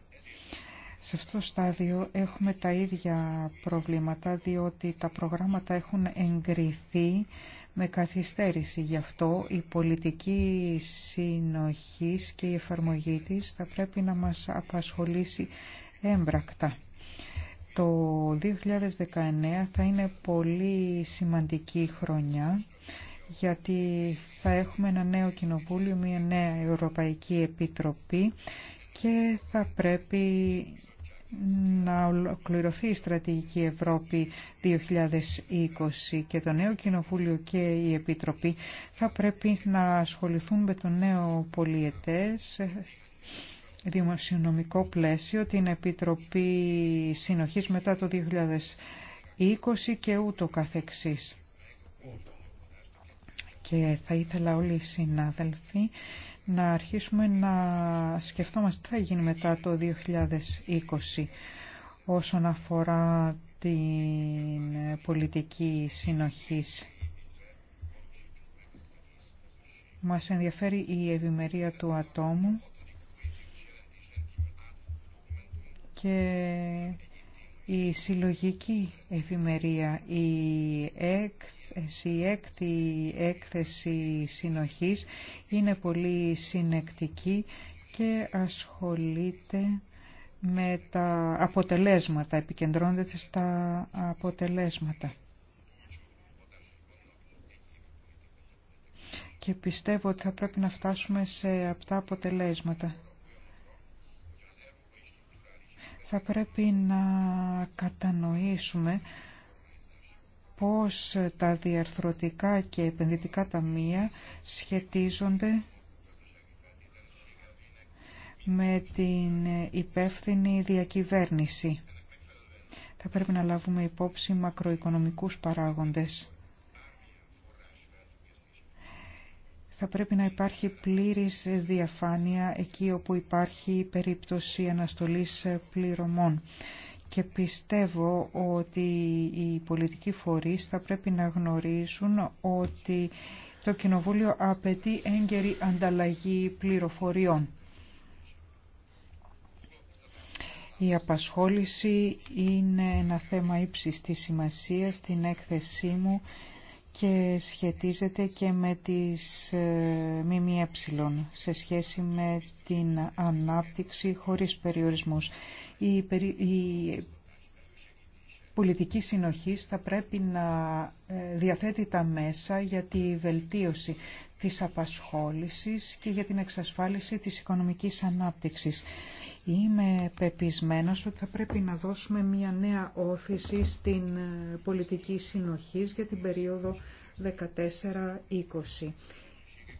Σε αυτό το στάδιο έχουμε τα ίδια προβλήματα διότι τα προγράμματα έχουν εγκριθεί με καθυστέρηση. Γι' αυτό η πολιτική συνοχής και η εφαρμογή της θα πρέπει να μας απασχολήσει έμπρακτα. Το 2019 θα είναι πολύ σημαντική χρονιά γιατί θα έχουμε ένα νέο κοινοβούλιο, μια νέα Ευρωπαϊκή Επιτροπή και θα πρέπει να ολοκληρωθεί η Στρατηγική Ευρώπη 2020 και το νέο Κοινοβούλιο και η Επιτροπή θα πρέπει να ασχοληθούν με το νέο πολιετές δημοσιονομικό πλαίσιο, την Επιτροπή Συνοχής μετά το 2020 και ούτω καθεξής. Και θα ήθελα όλοι οι συνάδελφοι να αρχίσουμε να σκεφτόμαστε τι θα γίνει μετά το 2020 όσον αφορά την πολιτική συνοχής. Μας ενδιαφέρει η ευημερία του ατόμου και η συλλογική ευημερία, η έκ η έκτη έκθεση συνοχής είναι πολύ συνεκτική και ασχολείται με τα αποτελέσματα, επικεντρώνεται στα αποτελέσματα. Και πιστεύω ότι θα πρέπει να φτάσουμε σε αυτά αποτελέσματα. Θα πρέπει να κατανοήσουμε πώς τα διαρθρωτικά και επενδυτικά ταμεία σχετίζονται με την υπεύθυνη διακυβέρνηση. Θα πρέπει να λάβουμε υπόψη μακροοικονομικούς παράγοντες. Θα πρέπει να υπάρχει πλήρης διαφάνεια εκεί όπου υπάρχει περίπτωση αναστολής πληρωμών και πιστεύω ότι οι πολιτικοί φορείς θα πρέπει να γνωρίζουν ότι το Κοινοβούλιο απαιτεί έγκαιρη ανταλλαγή πληροφοριών. Η απασχόληση είναι ένα θέμα ύψης της σημασίας στην έκθεσή μου και σχετίζεται και με τις ε, ΜΜΕ σε σχέση με την ανάπτυξη χωρίς περιορισμούς η πολιτική συνοχή θα πρέπει να ε, διαθέτει τα μέσα για τη βελτίωση της απασχόλησης και για την εξασφάλιση της οικονομικής ανάπτυξης. Είμαι πεπισμένος ότι θα πρέπει να δώσουμε μια νέα όθηση στην ε, πολιτική συνοχής για την περίοδο 14-20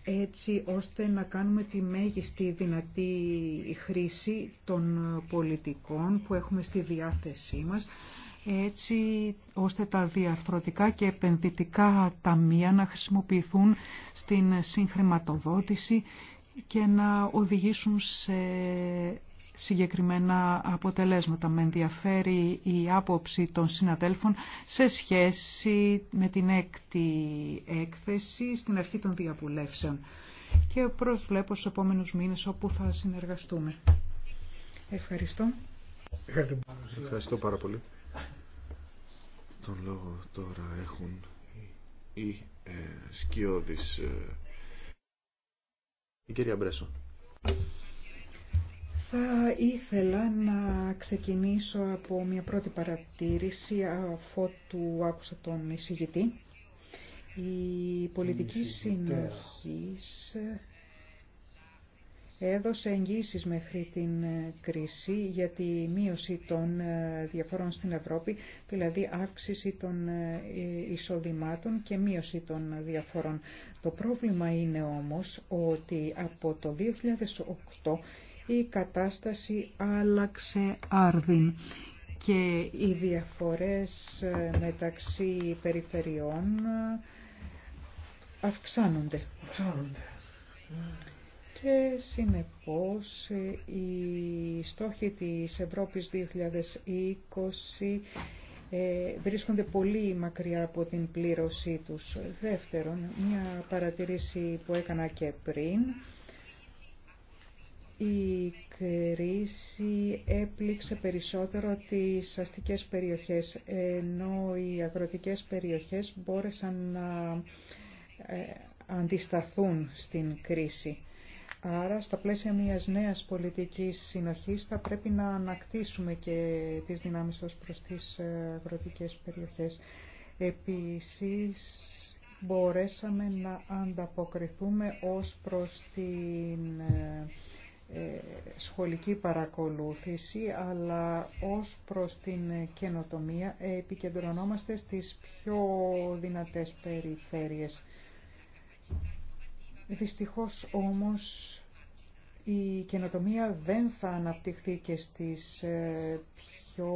έτσι ώστε να κάνουμε τη μέγιστη δυνατή χρήση των πολιτικών που έχουμε στη διάθεσή μας, έτσι ώστε τα διαρθρωτικά και επενδυτικά ταμεία να χρησιμοποιηθούν στην συγχρηματοδότηση και να οδηγήσουν σε συγκεκριμένα αποτελέσματα. Με ενδιαφέρει η άποψη των συναδέλφων σε σχέση με την έκτη έκθεση στην αρχή των διαβουλεύσεων και προσβλέπω στους επόμενους μήνες όπου θα συνεργαστούμε. Ευχαριστώ. Ευχαριστώ πάρα πολύ. Τον λόγο τώρα έχουν οι ε, σκιώδεις. Ε, η κυρία Μπρέσο. Θα ήθελα να ξεκινήσω από μια πρώτη παρατήρηση του άκουσα τον εισηγητή. Η πολιτική συνοχή έδωσε με μέχρι την κρίση για τη μείωση των διαφορών στην Ευρώπη, δηλαδή αύξηση των εισοδημάτων και μείωση των διαφορών. Το πρόβλημα είναι όμως ότι από το 2008 η κατάσταση άλλαξε άρδιν και οι διαφορές ε, μεταξύ περιφερειών ε, αυξάνονται. αυξάνονται. Και συνεπώς ε, οι στόχοι της Ευρώπης 2020 βρίσκονται πολύ μακριά από την πλήρωσή τους. Δεύτερον, μια παρατηρήση που έκανα και πριν, η κρίση έπληξε περισσότερο τις αστικές περιοχές, ενώ οι αγροτικές περιοχές μπόρεσαν να ε, αντισταθούν στην κρίση. Άρα, στα πλαίσια μιας νέας πολιτικής συνοχής θα πρέπει να ανακτήσουμε και τις δυνάμεις ως προς τις ε, αγροτικές περιοχές. Επίσης, μπορέσαμε να ανταποκριθούμε ως προς την ε, ε, σχολική παρακολούθηση, αλλά ως προς την καινοτομία επικεντρωνόμαστε στις πιο δυνατές περιφέρειες. Δυστυχώς όμως η καινοτομία δεν θα αναπτυχθεί και στις ε, πιο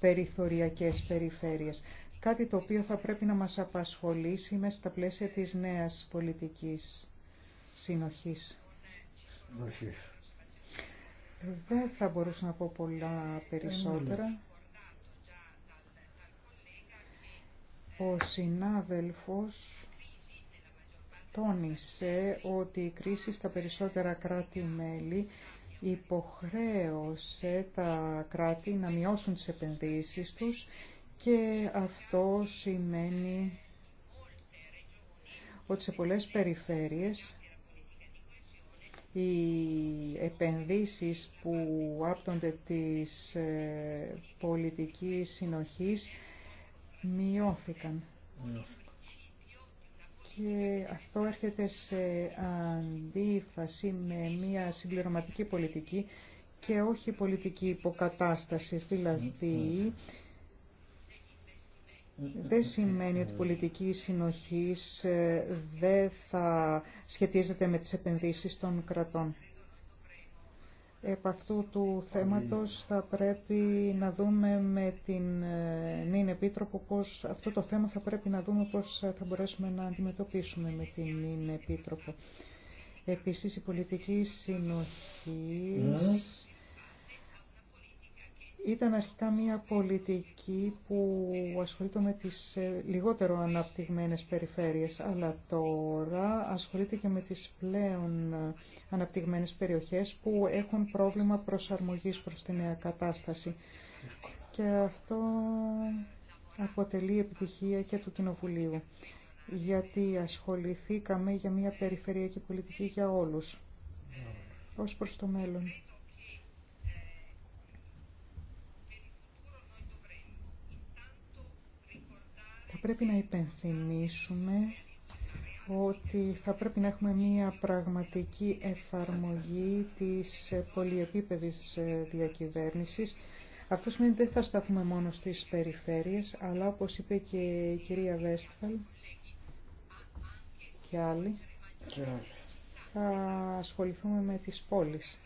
περιθωριακές περιφέρειες. Κάτι το οποίο θα πρέπει να μας απασχολήσει μέσα στα πλαίσια της νέας πολιτικής συνοχής. συνοχής. Δεν θα μπορούσα να πω πολλά περισσότερα. Ο συνάδελφος τόνισε ότι η κρίση στα περισσότερα κράτη-μέλη υποχρέωσε τα κράτη να μειώσουν τις επενδύσεις τους και αυτό σημαίνει ότι σε πολλές περιφέρειες οι επενδύσεις που άπτονται της ε, πολιτικής συνοχής μειώθηκαν. Και αυτό έρχεται σε αντίφαση με μια συμπληρωματική πολιτική και όχι πολιτική υποκατάστασης, δηλαδή ναι, ναι δεν σημαίνει ότι η πολιτική συνοχής ε, δεν θα σχετίζεται με τις επενδύσεις των κρατών. Επ' αυτού του θέματος θα πρέπει να δούμε με την ε, νυν Επίτροπο πώς αυτό το θέμα θα πρέπει να δούμε πώς θα μπορέσουμε να αντιμετωπίσουμε με την νυν Επίτροπο. Επίσης η πολιτική συνοχής ναι ήταν αρχικά μια πολιτική που ασχολείται με τις ε, λιγότερο αναπτυγμένες περιφέρειες, αλλά τώρα ασχολείται και με τις πλέον αναπτυγμένες περιοχές που έχουν πρόβλημα προσαρμογής προς τη νέα κατάσταση. Και αυτό αποτελεί επιτυχία και του Κοινοβουλίου, γιατί ασχοληθήκαμε για μια περιφερειακή πολιτική για όλους, ως προς το μέλλον. πρέπει να υπενθυμίσουμε ότι θα πρέπει να έχουμε μία πραγματική εφαρμογή της πολυεπίπεδης διακυβέρνησης. Αυτό σημαίνει δεν θα σταθούμε μόνο στις περιφέρειες, αλλά όπως είπε και η κυρία Βέστφαλ και άλλοι, θα ασχοληθούμε με τις πόλεις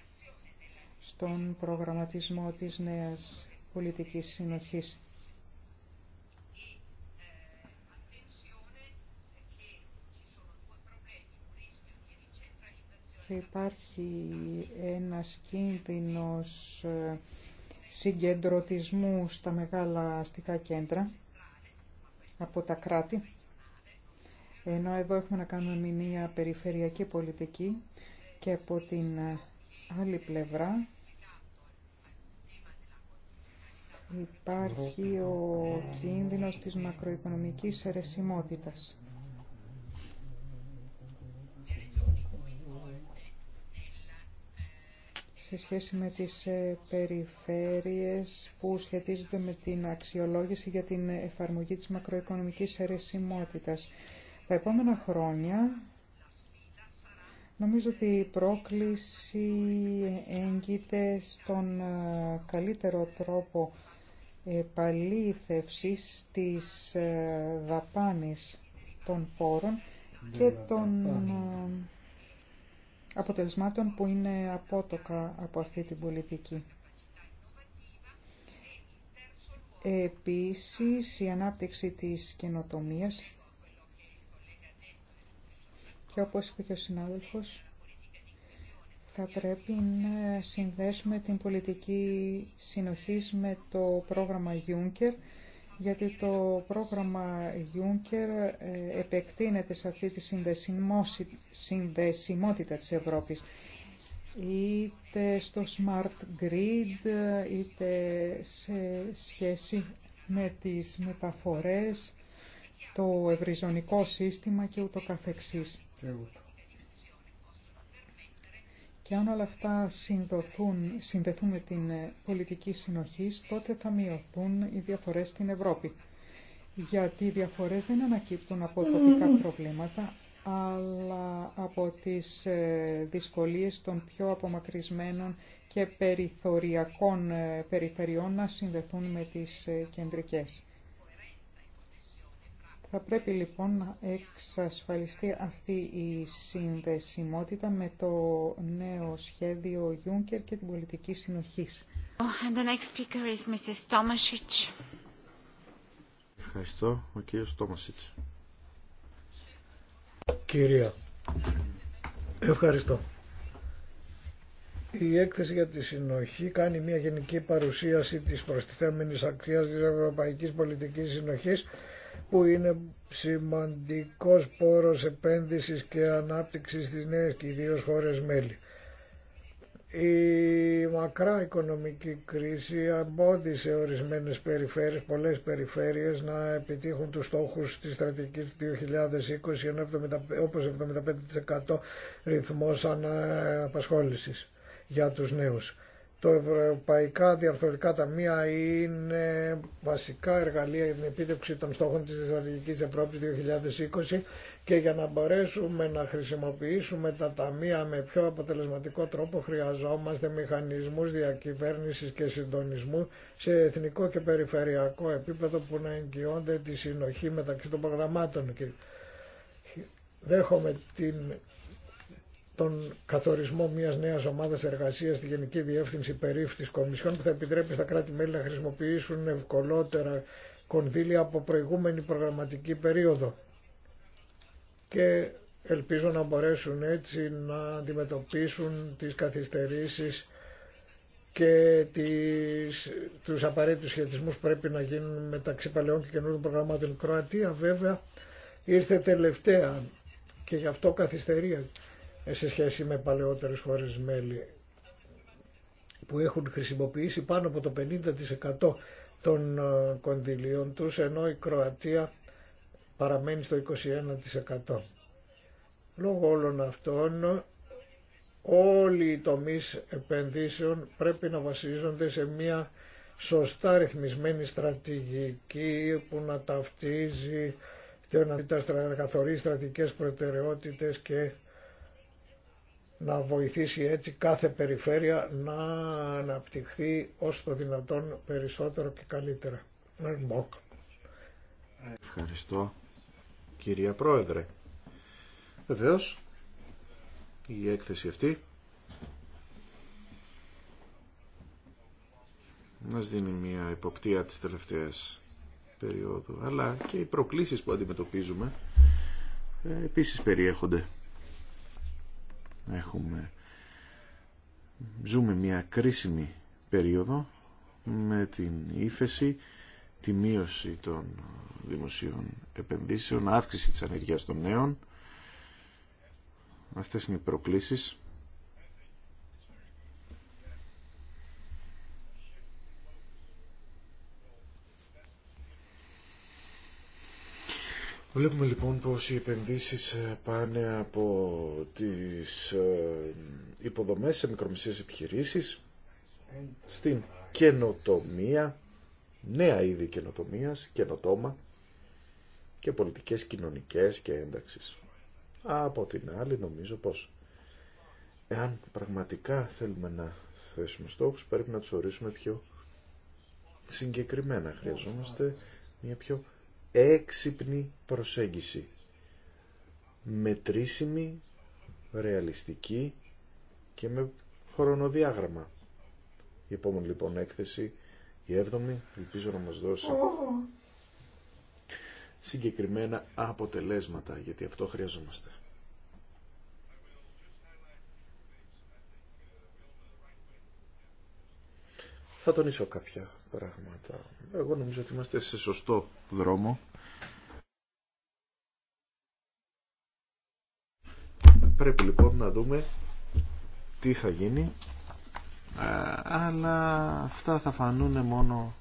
στον προγραμματισμό της νέας πολιτικής συνοχής. υπάρχει ένας κίνδυνος ε, συγκεντρωτισμού στα μεγάλα αστικά κέντρα από τα κράτη, ενώ εδώ έχουμε να κάνουμε μια περιφερειακή πολιτική και από την ε, άλλη πλευρά υπάρχει ο κίνδυνος της μακροοικονομικής αιρεσιμότητας. σε σχέση με τις ε, περιφέρειες που σχετίζονται με την αξιολόγηση για την εφαρμογή της μακροοικονομικής αιρεσιμότητας. Τα επόμενα χρόνια νομίζω ότι η πρόκληση έγκυται στον ε, καλύτερο τρόπο επαλήθευσης της ε, δαπάνης των πόρων και των αποτελεσμάτων που είναι απότοκα από αυτή την πολιτική. Επίσης, η ανάπτυξη της καινοτομίας και όπως είπε και ο συνάδελφος, θα πρέπει να συνδέσουμε την πολιτική συνοχής με το πρόγραμμα Juncker γιατί το πρόγραμμα Juncker ε, επεκτείνεται σε αυτή τη συνδεσιμότητα της Ευρώπης είτε στο smart grid, είτε σε σχέση με τις μεταφορές, το ευρυζωνικό σύστημα και ούτω καθεξής. Και αν όλα αυτά συνδεθούν με την ε, πολιτική συνοχή, τότε θα μειωθούν οι διαφορές στην Ευρώπη. Γιατί οι διαφορές δεν ανακύπτουν από τοπικά προβλήματα, αλλά από τις ε, δυσκολίες των πιο απομακρυσμένων και περιθωριακών ε, περιφερειών να συνδεθούν με τις κεντρικές. Θα πρέπει λοιπόν να εξασφαλιστεί αυτή η συνδεσιμότητα με το νέο σχέδιο Juncker και την πολιτική συνοχής. Oh, and the next speaker is Mrs. Tomasic. Ευχαριστώ. Ο κύριος Τόμασιτς. Κυρία, ευχαριστώ. Η έκθεση για τη συνοχή κάνει μια γενική παρουσίαση της προστιθέμενης αξίας της ευρωπαϊκής πολιτικής συνοχής που είναι σημαντικός πόρος επένδυσης και ανάπτυξης στις νέες και ιδίως χώρες μέλη. Η μακρά οικονομική κρίση εμπόδισε ορισμένες περιφέρειες, πολλές περιφέρειες να επιτύχουν τους στόχους της στρατηγικής του 2020 ενώ όπως 75% ρυθμός αναπασχόλησης για τους νέους. Το Ευρωπαϊκά Διαρθρωτικά Ταμεία είναι βασικά εργαλεία για την επίτευξη των στόχων της ευρωπαϊκής Ευρώπης 2020 και για να μπορέσουμε να χρησιμοποιήσουμε τα ταμεία με πιο αποτελεσματικό τρόπο χρειαζόμαστε μηχανισμούς διακυβέρνησης και συντονισμού σε εθνικό και περιφερειακό επίπεδο που να εγγυώνται τη συνοχή μεταξύ των προγραμμάτων. την τον καθορισμό μιας νέας ομάδας εργασίας στη Γενική Διεύθυνση Περίφτη της Κομισιόν που θα επιτρέπει στα κράτη-μέλη να χρησιμοποιήσουν ευκολότερα κονδύλια από προηγούμενη προγραμματική περίοδο. Και ελπίζω να μπορέσουν έτσι να αντιμετωπίσουν τις καθυστερήσεις και τις, τους απαραίτητους σχετισμούς πρέπει να γίνουν μεταξύ παλαιών και καινούριων προγραμμάτων. Η Κροατία βέβαια ήρθε τελευταία και γι' αυτό καθυστερία. Ε, σε σχέση με παλαιότερες χώρες μέλη που έχουν χρησιμοποιήσει πάνω από το 50% των ε, κονδυλίων τους ενώ η Κροατία παραμένει στο 21%. Λόγω όλων αυτών όλοι οι τομείς επενδύσεων πρέπει να βασίζονται σε μια σωστά ρυθμισμένη στρατηγική που να ταυτίζει και να καθορίζει στρατηγικές προτεραιότητες και να βοηθήσει έτσι κάθε περιφέρεια να αναπτυχθεί ως το δυνατόν περισσότερο και καλύτερα. Ευχαριστώ κυρία Πρόεδρε. Βεβαίω, η έκθεση αυτή μας δίνει μια υποπτία της τελευταίας περίοδου, αλλά και οι προκλήσεις που αντιμετωπίζουμε ε, επίσης περιέχονται Έχουμε... Ζούμε μια κρίσιμη περίοδο με την ύφεση, τη μείωση των δημοσίων επενδύσεων, αύξηση της ανεργίας των νέων. Αυτές είναι οι προκλήσεις Βλέπουμε λοιπόν πως οι επενδύσεις ε, πάνε από τις ε, υποδομές σε μικρομεσαίες επιχειρήσεις, στην καινοτομία, νέα είδη καινοτομίας, καινοτόμα και πολιτικές κοινωνικές και ένταξης. Από την άλλη νομίζω πως εάν πραγματικά θέλουμε να θέσουμε στόχους πρέπει να τους ορίσουμε πιο συγκεκριμένα. Χρειαζόμαστε μια πιο έξυπνη προσέγγιση. Μετρήσιμη, ρεαλιστική και με χρονοδιάγραμμα. Η επόμενη λοιπόν έκθεση, η έβδομη, ελπίζω να μας δώσει συγκεκριμένα αποτελέσματα, γιατί αυτό χρειαζόμαστε. θα τονίσω κάποια πράγματα. Εγώ νομίζω ότι είμαστε σε σωστό δρόμο. Πρέπει λοιπόν να δούμε τι θα γίνει, ε, αλλά αυτά θα φανούν μόνο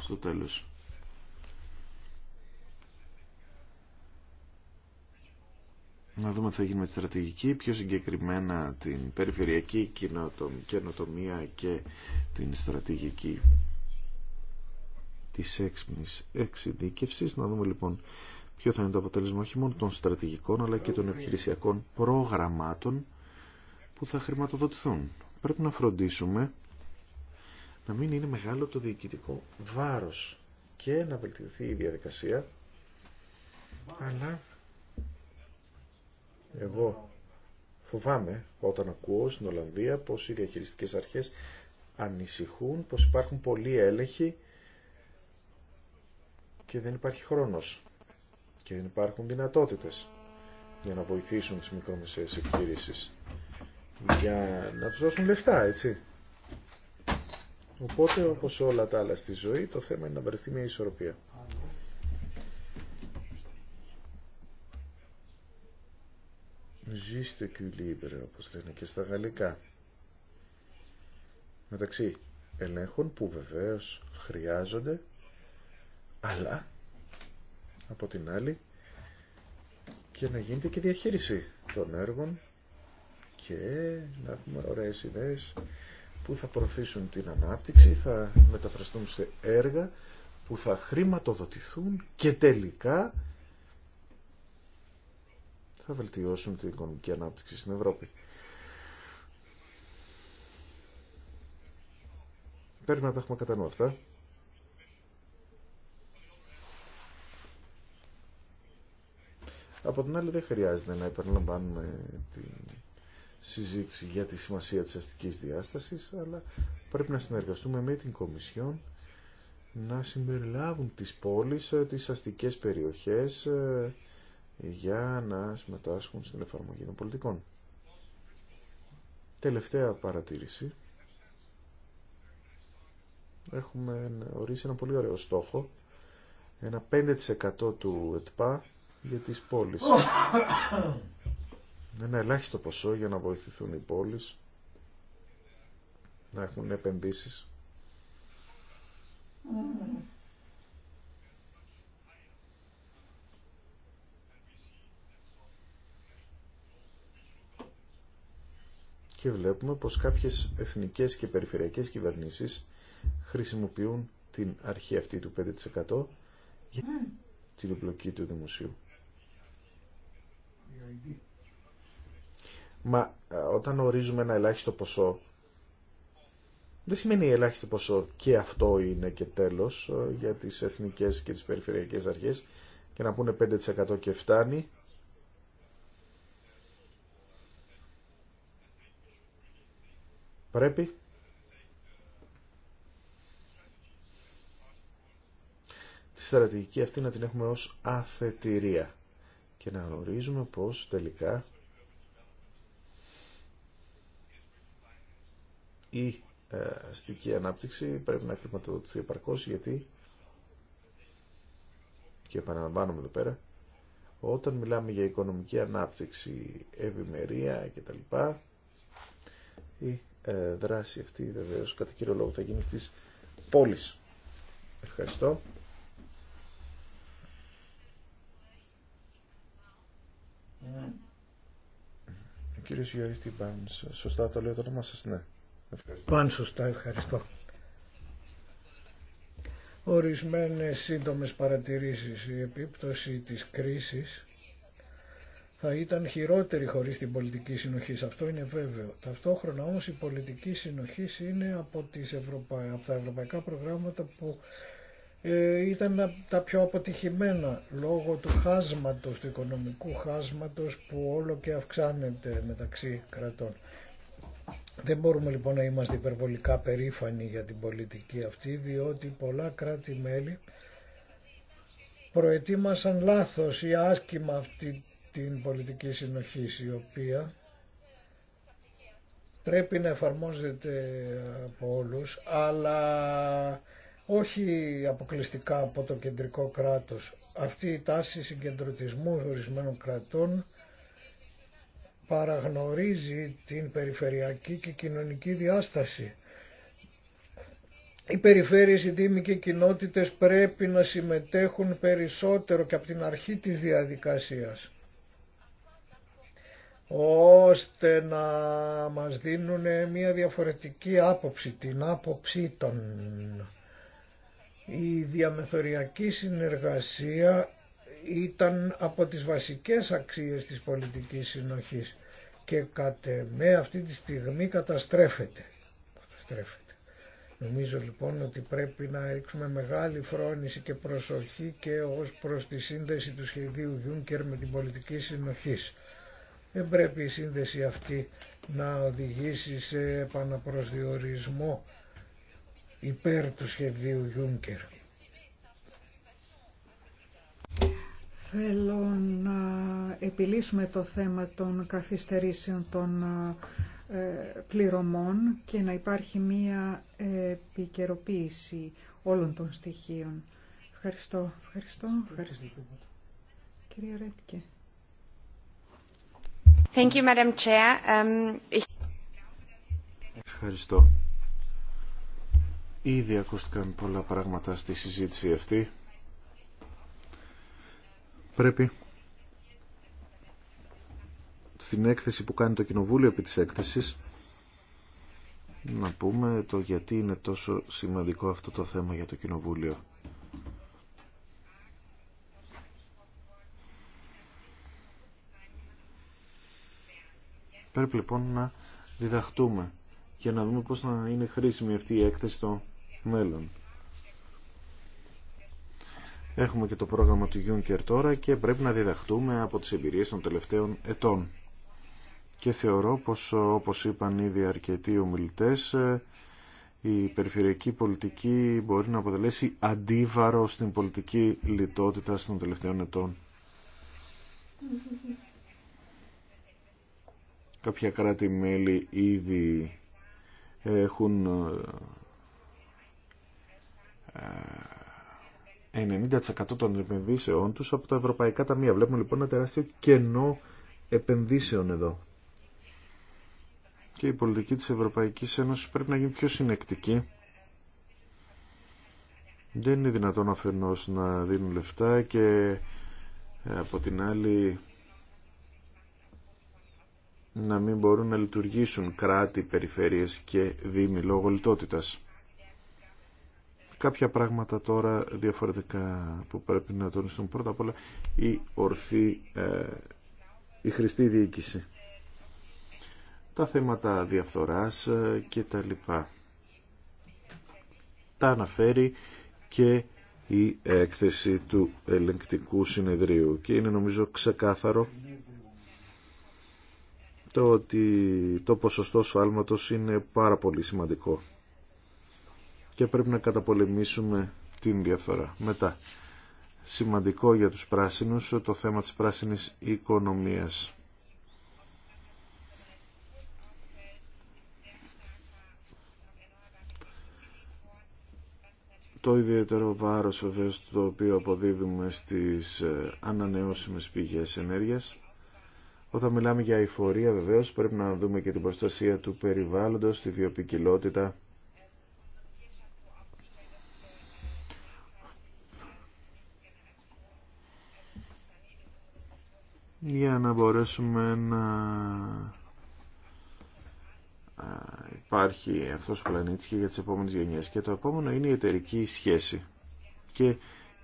στο τέλος. Να δούμε τι θα γίνει με τη στρατηγική, πιο συγκεκριμένα την περιφερειακή καινοτομία και την στρατηγική της έξυπνης εξειδίκευσης. Να δούμε λοιπόν ποιο θα είναι το αποτέλεσμα όχι μόνο των στρατηγικών αλλά και των επιχειρησιακών προγραμμάτων που θα χρηματοδοτηθούν. Πρέπει να φροντίσουμε να μην είναι μεγάλο το διοικητικό βάρος και να βελτιωθεί η διαδικασία αλλά εγώ φοβάμαι όταν ακούω στην Ολλανδία πως οι διαχειριστικές αρχές ανησυχούν πως υπάρχουν πολλοί έλεγχοι και δεν υπάρχει χρόνος και δεν υπάρχουν δυνατότητες για να βοηθήσουν τις μικρομεσαίες επιχειρήσεις για να τους δώσουν λεφτά, έτσι. Οπότε, όπως όλα τα άλλα στη ζωή, το θέμα είναι να βρεθεί μια ισορροπία. και κουλίμπρε όπως λένε και στα γαλλικά. Μεταξύ ελέγχων που βεβαίως χρειάζονται, αλλά από την άλλη και να γίνεται και διαχείριση των έργων και να έχουμε ωραίες ιδέες που θα προωθήσουν την ανάπτυξη, θα μεταφραστούν σε έργα που θα χρηματοδοτηθούν και τελικά θα βελτιώσουν την οικονομική ανάπτυξη στην Ευρώπη. Πρέπει να τα έχουμε κατά νου αυτά. Από την άλλη δεν χρειάζεται να επαναλαμβάνουμε τη συζήτηση για τη σημασία της αστικής διάστασης, αλλά πρέπει να συνεργαστούμε με την Κομισιόν να συμπεριλάβουν τις πόλεις, ε, τις αστικές περιοχές, ε, για να συμμετάσχουν στην εφαρμογή των πολιτικών. Τελευταία παρατήρηση. Έχουμε ορίσει ένα πολύ ωραίο στόχο. Ένα 5% του ΕΤΠΑ για τις πόλεις. Ένα ελάχιστο ποσό για να βοηθηθούν οι πόλεις να έχουν επενδύσεις. και βλέπουμε πως κάποιες εθνικές και περιφερειακές κυβερνήσεις χρησιμοποιούν την αρχή αυτή του 5% για την εμπλοκή του δημοσίου. Μα ε, όταν ορίζουμε ένα ελάχιστο ποσό, δεν σημαίνει ελάχιστο ποσό και αυτό είναι και τέλος ε, για τις εθνικές και τις περιφερειακές αρχές και να πούνε 5% και φτάνει Πρέπει τη στρατηγική αυτή να την έχουμε ως αφετηρία και να γνωρίζουμε πως τελικά η ε, αστική ανάπτυξη πρέπει να χρηματοδοτηθεί επαρκώς γιατί και επαναλαμβάνουμε εδώ πέρα όταν μιλάμε για οικονομική ανάπτυξη, ευημερία κτλ η ε, δράση αυτή βεβαίω κατά κύριο λόγο θα γίνει στις πόλεις. Ευχαριστώ. Ο κύριος Γιώργη σωστά το λέω το όνομά σας, ναι. Πάν σωστά, ευχαριστώ. Ορισμένες σύντομες παρατηρήσεις. Η επίπτωση της κρίσης θα ήταν χειρότερη χωρίς την πολιτική συνοχή. Αυτό είναι βέβαιο. Ταυτόχρονα όμως η πολιτική συνοχή είναι από, τις Ευρωπα... τα ευρωπαϊκά προγράμματα που ε, ήταν τα πιο αποτυχημένα λόγω του χάσματος, του οικονομικού χάσματος που όλο και αυξάνεται μεταξύ κρατών. Δεν μπορούμε λοιπόν να είμαστε υπερβολικά περήφανοι για την πολιτική αυτή διότι πολλά κράτη-μέλη προετοίμασαν λάθος ή άσκημα αυτή την πολιτική συνοχή η οποία πρέπει να εφαρμόζεται από όλους αλλά όχι αποκλειστικά από το κεντρικό κράτος. Αυτή η τάση συγκεντρωτισμού ορισμένων κρατών παραγνωρίζει την περιφερειακή και κοινωνική διάσταση. Οι περιφέρειες, οι δήμοι και οι κοινότητες πρέπει να συμμετέχουν περισσότερο και από την αρχή της διαδικασίας ώστε να μας δίνουν μια διαφορετική άποψη, την άποψή των. Η διαμεθοριακή συνεργασία ήταν από τις βασικές αξίες της πολιτικής συνοχής και κατ' μέ αυτή τη στιγμή καταστρέφεται. καταστρέφεται. Νομίζω λοιπόν ότι πρέπει να ρίξουμε μεγάλη φρόνηση και προσοχή και ως προς τη σύνδεση του σχεδίου Γιούνκερ με την πολιτική συνοχής. Δεν πρέπει η σύνδεση αυτή να οδηγήσει σε επαναπροσδιορισμό υπέρ του σχεδίου Γιούνκερ. Θέλω να επιλύσουμε το θέμα των καθυστερήσεων των ε, πληρωμών και να υπάρχει μία επικαιροποίηση όλων των στοιχείων. Ευχαριστώ. Ευχαριστώ. Ευχαριστώ. Κυρία Um, Ευχαριστώ. Ήδη ακούστηκαν πολλά πράγματα στη συζήτηση αυτή. Πρέπει στην έκθεση που κάνει το Κοινοβούλιο επί της έκθεσης να πούμε το γιατί είναι τόσο σημαντικό αυτό το θέμα για το Κοινοβούλιο. Πρέπει λοιπόν να διδαχτούμε και να δούμε πώς να είναι χρήσιμη αυτή η έκθεση στο μέλλον. Έχουμε και το πρόγραμμα του Juncker τώρα και πρέπει να διδαχτούμε από τις εμπειρίες των τελευταίων ετών. Και θεωρώ πως, όπως είπαν ήδη αρκετοί ομιλητές, η περιφερειακή πολιτική μπορεί να αποτελέσει αντίβαρο στην πολιτική λιτότητα των τελευταίων ετών. Κάποια κράτη-μέλη ήδη έχουν 90% ε, ε, των επενδύσεών τους από τα ευρωπαϊκά ταμεία. Βλέπουμε λοιπόν ένα τεράστιο κενό επενδύσεων εδώ. Και η πολιτική της Ευρωπαϊκής Ένωσης πρέπει να γίνει πιο συνεκτική. Δεν είναι δυνατόν αφενός να δίνουν λεφτά και ε, από την άλλη να μην μπορούν να λειτουργήσουν κράτη, περιφέρειες και δήμοι λόγω λιτότητας. Κάποια πράγματα τώρα διαφορετικά που πρέπει να τονιστούν. Πρώτα απ' όλα η ορθή, ε, η χρηστή διοίκηση. Τα θέματα διαφθοράς ε, και τα λοιπά. Τα αναφέρει και η έκθεση του ελεγκτικού συνεδρίου και είναι νομίζω ξεκάθαρο το ότι το ποσοστό σφάλματος είναι πάρα πολύ σημαντικό και πρέπει να καταπολεμήσουμε την διαφορά. Μετά, σημαντικό για τους πράσινους το θέμα της πράσινης οικονομίας. Το ιδιαίτερο βάρος βεβαίως το οποίο αποδίδουμε στις ε, ανανεώσιμες πηγές ενέργειας όταν μιλάμε για αηφορία βεβαίως πρέπει να δούμε και την προστασία του περιβάλλοντος, τη βιοπικιλότητα. Για να μπορέσουμε να υπάρχει αυτός ο πλανήτης και για τις επόμενες γενιές. Και το επόμενο είναι η εταιρική σχέση και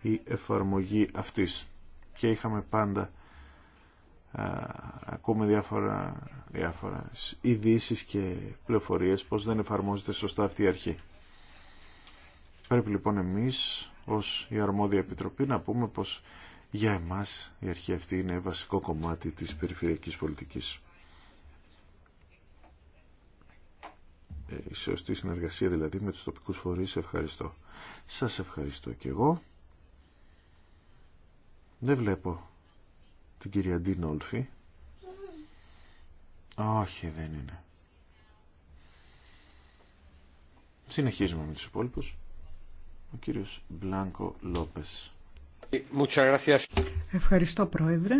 η εφαρμογή αυτής. Και είχαμε πάντα ακούμε διάφορα, διάφορα ειδήσει και πληροφορίες πως δεν εφαρμόζεται σωστά αυτή η αρχή. Πρέπει λοιπόν εμείς ως η αρμόδια επιτροπή να πούμε πως για εμάς η αρχή αυτή είναι βασικό κομμάτι της περιφερειακής πολιτικής. Ε, η σωστή συνεργασία δηλαδή με τους τοπικούς φορείς ευχαριστώ. Σας ευχαριστώ και εγώ. Δεν βλέπω την κυρία Ντίνολφη. Όχι, δεν είναι. Συνεχίζουμε με τους υπόλοιπους. Ο κύριος Μπλάνκο Λόπες. Ευχαριστώ, Πρόεδρε.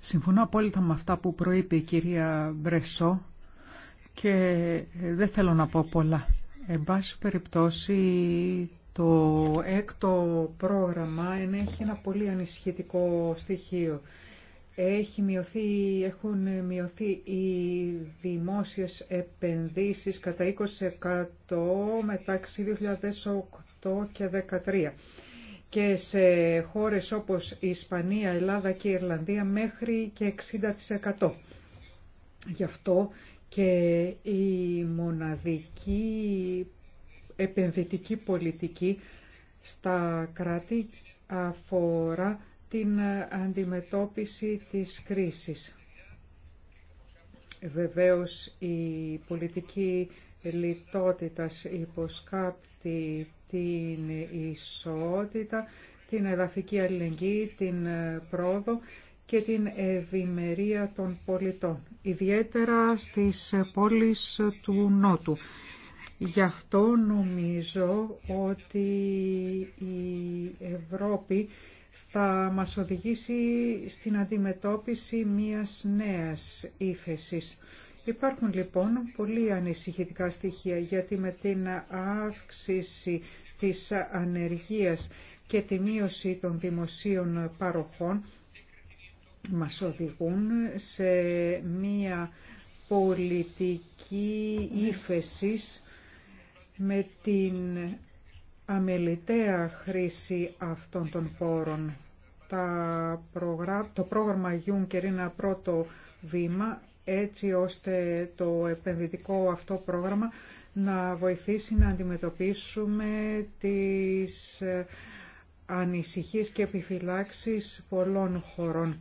Συμφωνώ απόλυτα με αυτά που προείπε η κυρία Μπρεσό και δεν θέλω να πω πολλά. Εν πάση περιπτώσει το έκτο πρόγραμμα έχει ένα πολύ ανησυχητικό στοιχείο. Έχει μειωθεί, έχουν μειωθεί οι δημόσιες επενδύσεις κατά 20% μεταξύ 2008 και 2013 και σε χώρες όπως η Ισπανία, Ελλάδα και η Ιρλανδία μέχρι και 60%. Γι' αυτό και η μοναδική επενδυτική πολιτική στα κράτη αφορά την αντιμετώπιση της κρίσης. Βεβαίως η πολιτική λιτότητας υποσκάπτει την ισότητα, την εδαφική αλληλεγγύη, την πρόοδο και την ευημερία των πολιτών, ιδιαίτερα στις πόλεις του Νότου. Γι' αυτό νομίζω ότι η Ευρώπη θα μας οδηγήσει στην αντιμετώπιση μιας νέας ύφεσης. Υπάρχουν λοιπόν πολύ ανησυχητικά στοιχεία γιατί με την αύξηση της ανεργίας και τη μείωση των δημοσίων παροχών μας οδηγούν σε μία πολιτική ύφεσης με την αμεληταία χρήση αυτών των πόρων. Τα Το πρόγραμμα Juncker είναι ένα πρώτο βήμα έτσι ώστε το επενδυτικό αυτό πρόγραμμα να βοηθήσει να αντιμετωπίσουμε τις ε, ανησυχίες και επιφυλάξεις πολλών χωρών.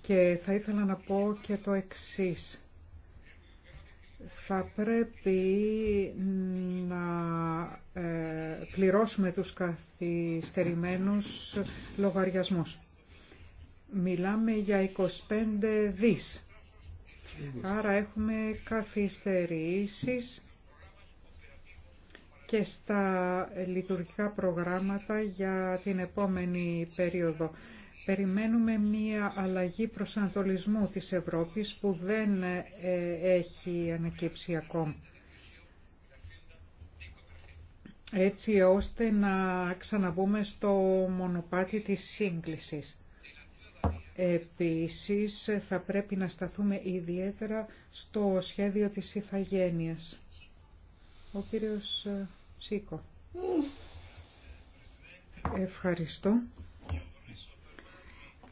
Και θα ήθελα να πω και το εξής θα πρέπει να ε, πληρώσουμε τους καθυστερημένους λογαριασμούς. Μιλάμε για 25 δις. Άρα έχουμε καθυστερήσεις και στα λειτουργικά προγράμματα για την επόμενη περίοδο. Περιμένουμε μία αλλαγή προσανατολισμού της Ευρώπης που δεν ε, έχει ανακύψει ακόμα. Έτσι ώστε να ξαναμπούμε στο μονοπάτι της σύγκλησης. Επίσης θα πρέπει να σταθούμε ιδιαίτερα στο σχέδιο της ηθαγένειας. Ο κύριος ε, Σίκο. Ευχαριστώ.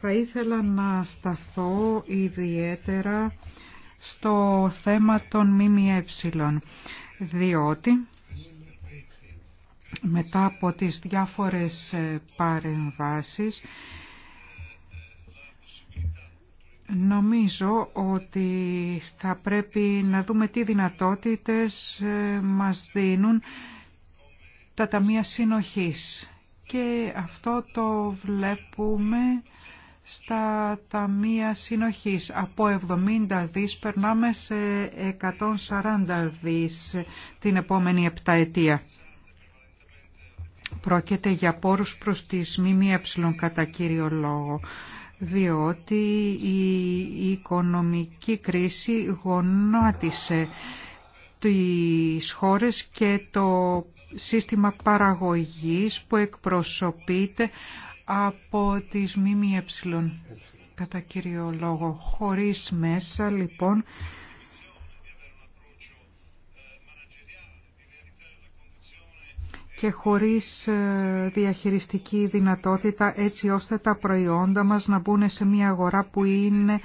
Θα ήθελα να σταθώ ιδιαίτερα στο θέμα των ΜΜΕ, διότι μετά από τις διάφορες παρεμβάσεις Νομίζω ότι θα πρέπει να δούμε τι δυνατότητες ε, μας δίνουν τα Ταμεία Συνοχής. Και αυτό το βλέπουμε στα ταμεία συνοχής. Από 70 δις περνάμε σε 140 δις την επόμενη επταετία. Πρόκειται για πόρους προς τις ΜΜΕ κατά κύριο λόγο, διότι η οικονομική κρίση γονάτισε τις χώρες και το σύστημα παραγωγής που εκπροσωπείται από τις ΜΜΕ κατά κύριο λόγο. Χωρίς μέσα λοιπόν και χωρίς ε, διαχειριστική δυνατότητα έτσι ώστε τα προϊόντα μας να μπουν σε μια αγορά που είναι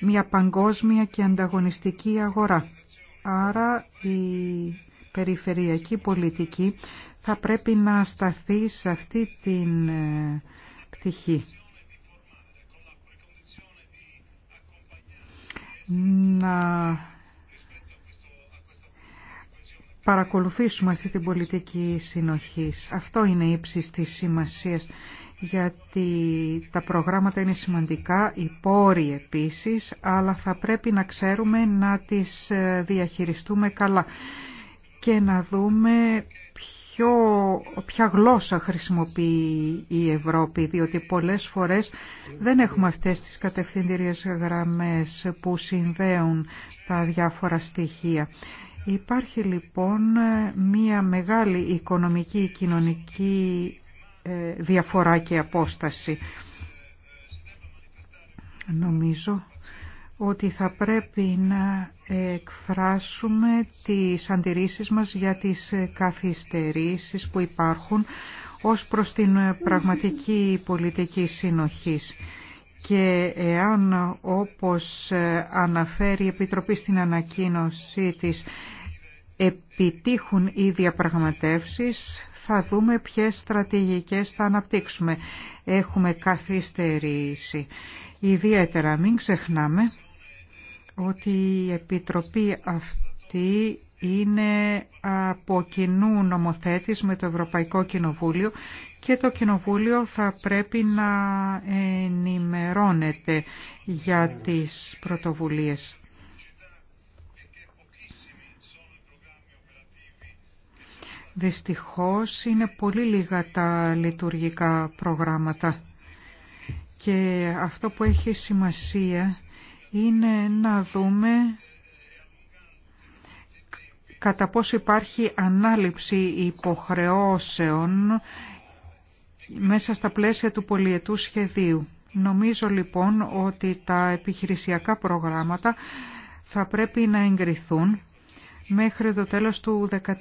μια παγκόσμια και ανταγωνιστική αγορά. Άρα η περιφερειακή πολιτική θα πρέπει να σταθεί σε αυτή την ε, πτυχή. Να παρακολουθήσουμε αυτή την πολιτική συνοχής. Αυτό είναι ύψη της σημασίας γιατί τα προγράμματα είναι σημαντικά, οι πόροι επίσης, αλλά θα πρέπει να ξέρουμε να τις ε, διαχειριστούμε καλά και να δούμε ποιο, ποια γλώσσα χρησιμοποιεί η Ευρώπη, διότι πολλές φορές δεν έχουμε αυτές τις κατευθυντηρίες γραμμές που συνδέουν τα διάφορα στοιχεία. Υπάρχει λοιπόν μία μεγάλη οικονομική και κοινωνική ε, διαφορά και απόσταση. Νομίζω ότι θα πρέπει να εκφράσουμε τις αντιρρήσεις μας για τις καθυστερήσεις που υπάρχουν ως προς την πραγματική πολιτική συνοχής. Και εάν όπως αναφέρει η Επιτροπή στην ανακοίνωσή της επιτύχουν οι διαπραγματεύσεις, θα δούμε ποιες στρατηγικές θα αναπτύξουμε. Έχουμε καθυστερήσει. Ιδιαίτερα μην ξεχνάμε ότι η Επιτροπή αυτή είναι από κοινού νομοθέτης με το Ευρωπαϊκό Κοινοβούλιο και το Κοινοβούλιο θα πρέπει να ενημερώνεται για τις πρωτοβουλίες. Δυστυχώς είναι πολύ λίγα τα λειτουργικά προγράμματα και αυτό που έχει σημασία είναι να δούμε κατά πώς υπάρχει ανάληψη υποχρεώσεων μέσα στα πλαίσια του πολιετού σχεδίου. Νομίζω λοιπόν ότι τα επιχειρησιακά προγράμματα θα πρέπει να εγκριθούν μέχρι το τέλος του 2014.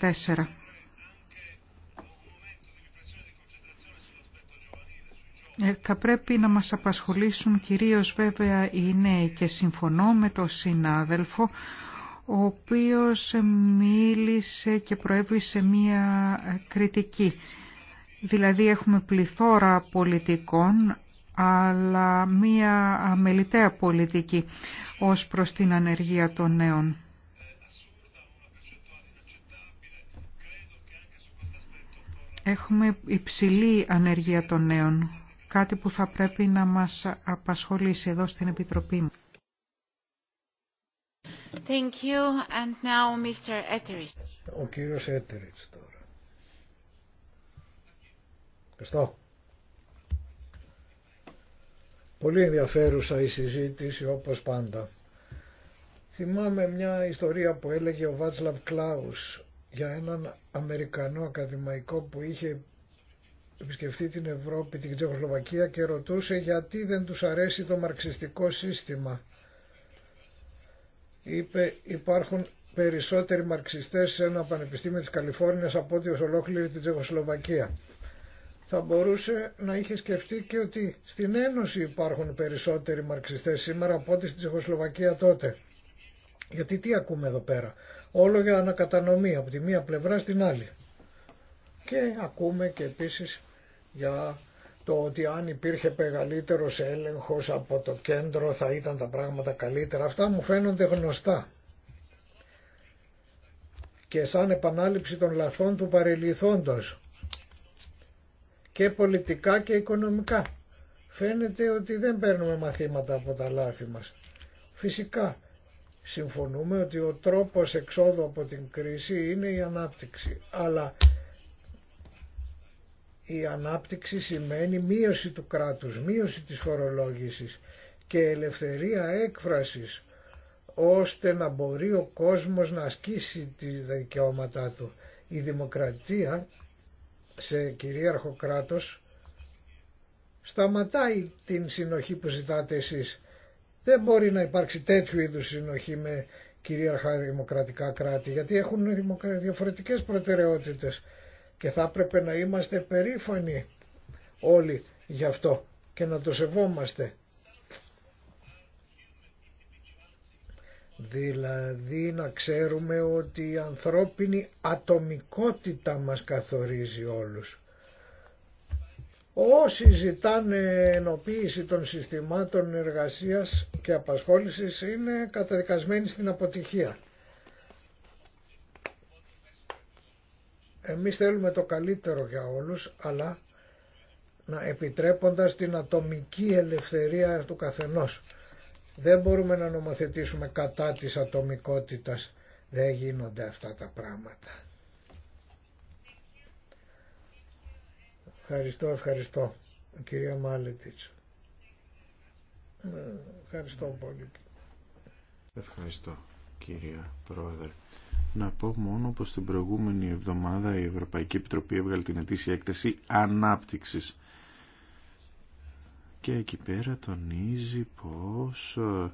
Ε, θα πρέπει να μας απασχολήσουν κυρίως βέβαια οι νέοι και συμφωνώ με τον συνάδελφο ο οποίος μίλησε και προέβησε μία κριτική. Δηλαδή έχουμε πληθώρα πολιτικών αλλά μία αμεληταία πολιτική ως προς την ανεργία των νέων. Έχουμε υψηλή ανεργία των νέων κάτι που θα πρέπει να μας απασχολήσει εδώ στην Επιτροπή μου. Thank you. And now Mr. Ο κύριος Έτεριτς τώρα. Ευχαριστώ. Πολύ ενδιαφέρουσα η συζήτηση όπως πάντα. Θυμάμαι μια ιστορία που έλεγε ο Βάτσλαβ Κλάους για έναν Αμερικανό ακαδημαϊκό που είχε επισκεφτεί την Ευρώπη, την Τσεχοσλοβακία και ρωτούσε γιατί δεν τους αρέσει το μαρξιστικό σύστημα. Είπε υπάρχουν περισσότεροι μαρξιστές σε ένα πανεπιστήμιο της Καλιφόρνιας από ό,τι ως ολόκληρη την Τσεχοσλοβακία. Θα μπορούσε να είχε σκεφτεί και ότι στην Ένωση υπάρχουν περισσότεροι μαρξιστές σήμερα από ό,τι στην Τσεχοσλοβακία τότε. Γιατί τι ακούμε εδώ πέρα. Όλο για ανακατανομή από τη μία πλευρά στην άλλη. Και ακούμε και επίσης για το ότι αν υπήρχε μεγαλύτερος έλεγχος από το κέντρο θα ήταν τα πράγματα καλύτερα. Αυτά μου φαίνονται γνωστά και σαν επανάληψη των λαθών του παρελθόντος και πολιτικά και οικονομικά. Φαίνεται ότι δεν παίρνουμε μαθήματα από τα λάθη μας. Φυσικά, συμφωνούμε ότι ο τρόπος εξόδου από την κρίση είναι η ανάπτυξη, αλλά η ανάπτυξη σημαίνει μείωση του κράτους, μείωση της φορολόγησης και ελευθερία έκφρασης ώστε να μπορεί ο κόσμος να ασκήσει τη δικαιώματά του. Η δημοκρατία σε κυρίαρχο κράτος σταματάει την συνοχή που ζητάτε εσείς. Δεν μπορεί να υπάρξει τέτοιου είδους συνοχή με κυρίαρχα δημοκρατικά κράτη γιατί έχουν διαφορετικές προτεραιότητες και θα έπρεπε να είμαστε περήφανοι όλοι γι' αυτό και να το σεβόμαστε. Δηλαδή να ξέρουμε ότι η ανθρώπινη ατομικότητα μας καθορίζει όλους. Όσοι ζητάνε ενοποίηση των συστημάτων εργασίας και απασχόλησης είναι καταδικασμένοι στην αποτυχία. Εμείς θέλουμε το καλύτερο για όλους, αλλά να επιτρέποντας την ατομική ελευθερία του καθενός. Δεν μπορούμε να νομοθετήσουμε κατά της ατομικότητας. Δεν γίνονται αυτά τα πράγματα. Ευχαριστώ, ευχαριστώ. Κυρία Μάλετιτς. Ευχαριστώ πολύ. Ευχαριστώ, κυρία Πρόεδρε να πω μόνο πως την προηγούμενη εβδομάδα η Ευρωπαϊκή Επιτροπή έβγαλε την ετήσια έκθεση ανάπτυξης. Και εκεί πέρα τονίζει πως ε,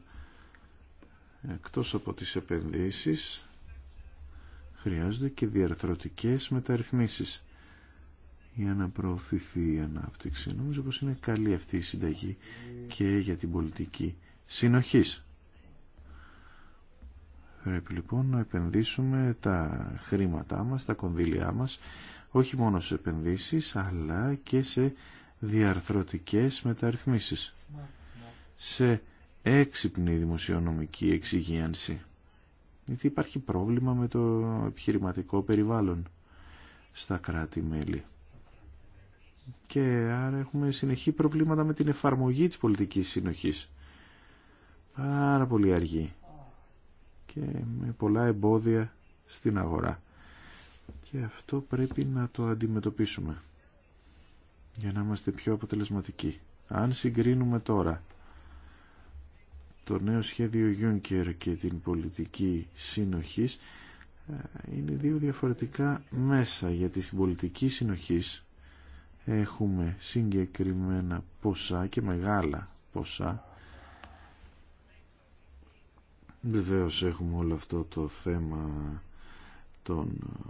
εκτός από τις επενδύσεις χρειάζονται και διαρθρωτικές μεταρρυθμίσεις για να προωθηθεί η ανάπτυξη. Νομίζω πως είναι καλή αυτή η συνταγή και για την πολιτική συνοχής. Πρέπει λοιπόν να επενδύσουμε τα χρήματά μας, τα κονδύλια μας, όχι μόνο σε επενδύσεις, αλλά και σε διαρθρωτικές μεταρρυθμίσεις. Σε έξυπνη δημοσιονομική εξυγίανση. Γιατί υπάρχει πρόβλημα με το επιχειρηματικό περιβάλλον στα κράτη-μέλη. Και άρα έχουμε συνεχή προβλήματα με την εφαρμογή της πολιτικής συνοχής. Πάρα πολύ αργή και με πολλά εμπόδια στην αγορά. Και αυτό πρέπει να το αντιμετωπίσουμε για να είμαστε πιο αποτελεσματικοί. Αν συγκρίνουμε τώρα το νέο σχέδιο Juncker και την πολιτική συνοχής ε, είναι δύο διαφορετικά μέσα γιατί στην πολιτική συνοχής έχουμε συγκεκριμένα ποσά και μεγάλα ποσά Βεβαίως έχουμε όλο αυτό το θέμα των ε,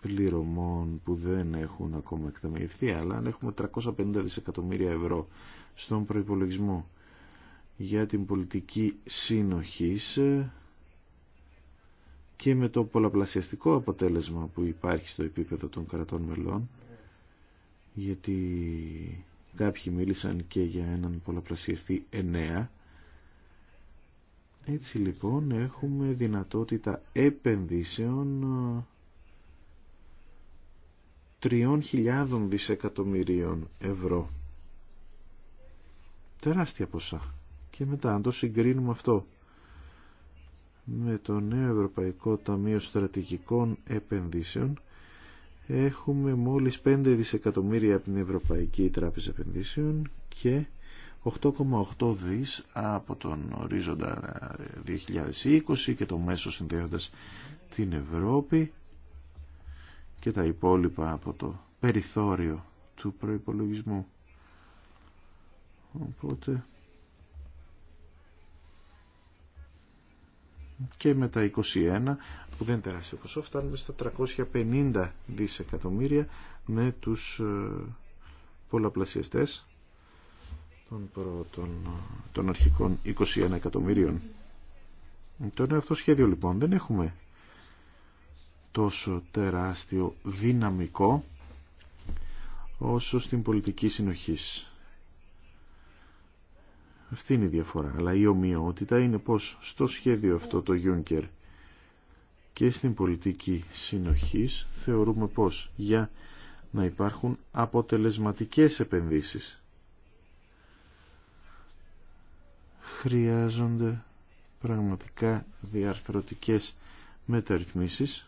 πληρωμών που δεν έχουν ακόμα εκταμιευθεί, αλλά αν έχουμε 350 δισεκατομμύρια ευρώ στον προϋπολογισμό για την πολιτική σύνοχης ε, και με το πολλαπλασιαστικό αποτέλεσμα που υπάρχει στο επίπεδο των κρατών μελών, γιατί κάποιοι μίλησαν και για έναν πολλαπλασιαστή 9, έτσι λοιπόν έχουμε δυνατότητα επενδύσεων 3.000 ε, δισεκατομμυρίων ευρώ. Τεράστια ποσά. Και μετά αν το συγκρίνουμε αυτό με το νέο Ευρωπαϊκό Ταμείο Στρατηγικών Επενδύσεων έχουμε μόλις 5 δισεκατομμύρια από την Ευρωπαϊκή Τράπεζα Επενδύσεων και 8,8 δις από τον ορίζοντα 2020 ε, και το μέσο συνδέοντας την Ευρώπη και τα υπόλοιπα από το περιθώριο του προϋπολογισμού. Οπότε και με τα 21 που δεν τεράστιο ποσό φτάνουμε στα 350 δισεκατομμύρια με τους ε, πολλαπλασιαστές των, πρώτων, των αρχικών 21 εκατομμυρίων. Το νέο αυτό σχέδιο λοιπόν δεν έχουμε τόσο τεράστιο δυναμικό όσο στην πολιτική συνοχής. Αυτή είναι η διαφορά. Αλλά η ομοιότητα είναι πως στο σχέδιο αυτό το Juncker και στην πολιτική συνοχής θεωρούμε πως για να υπάρχουν αποτελεσματικές επενδύσεις χρειάζονται πραγματικά διαρθρωτικές μεταρρυθμίσεις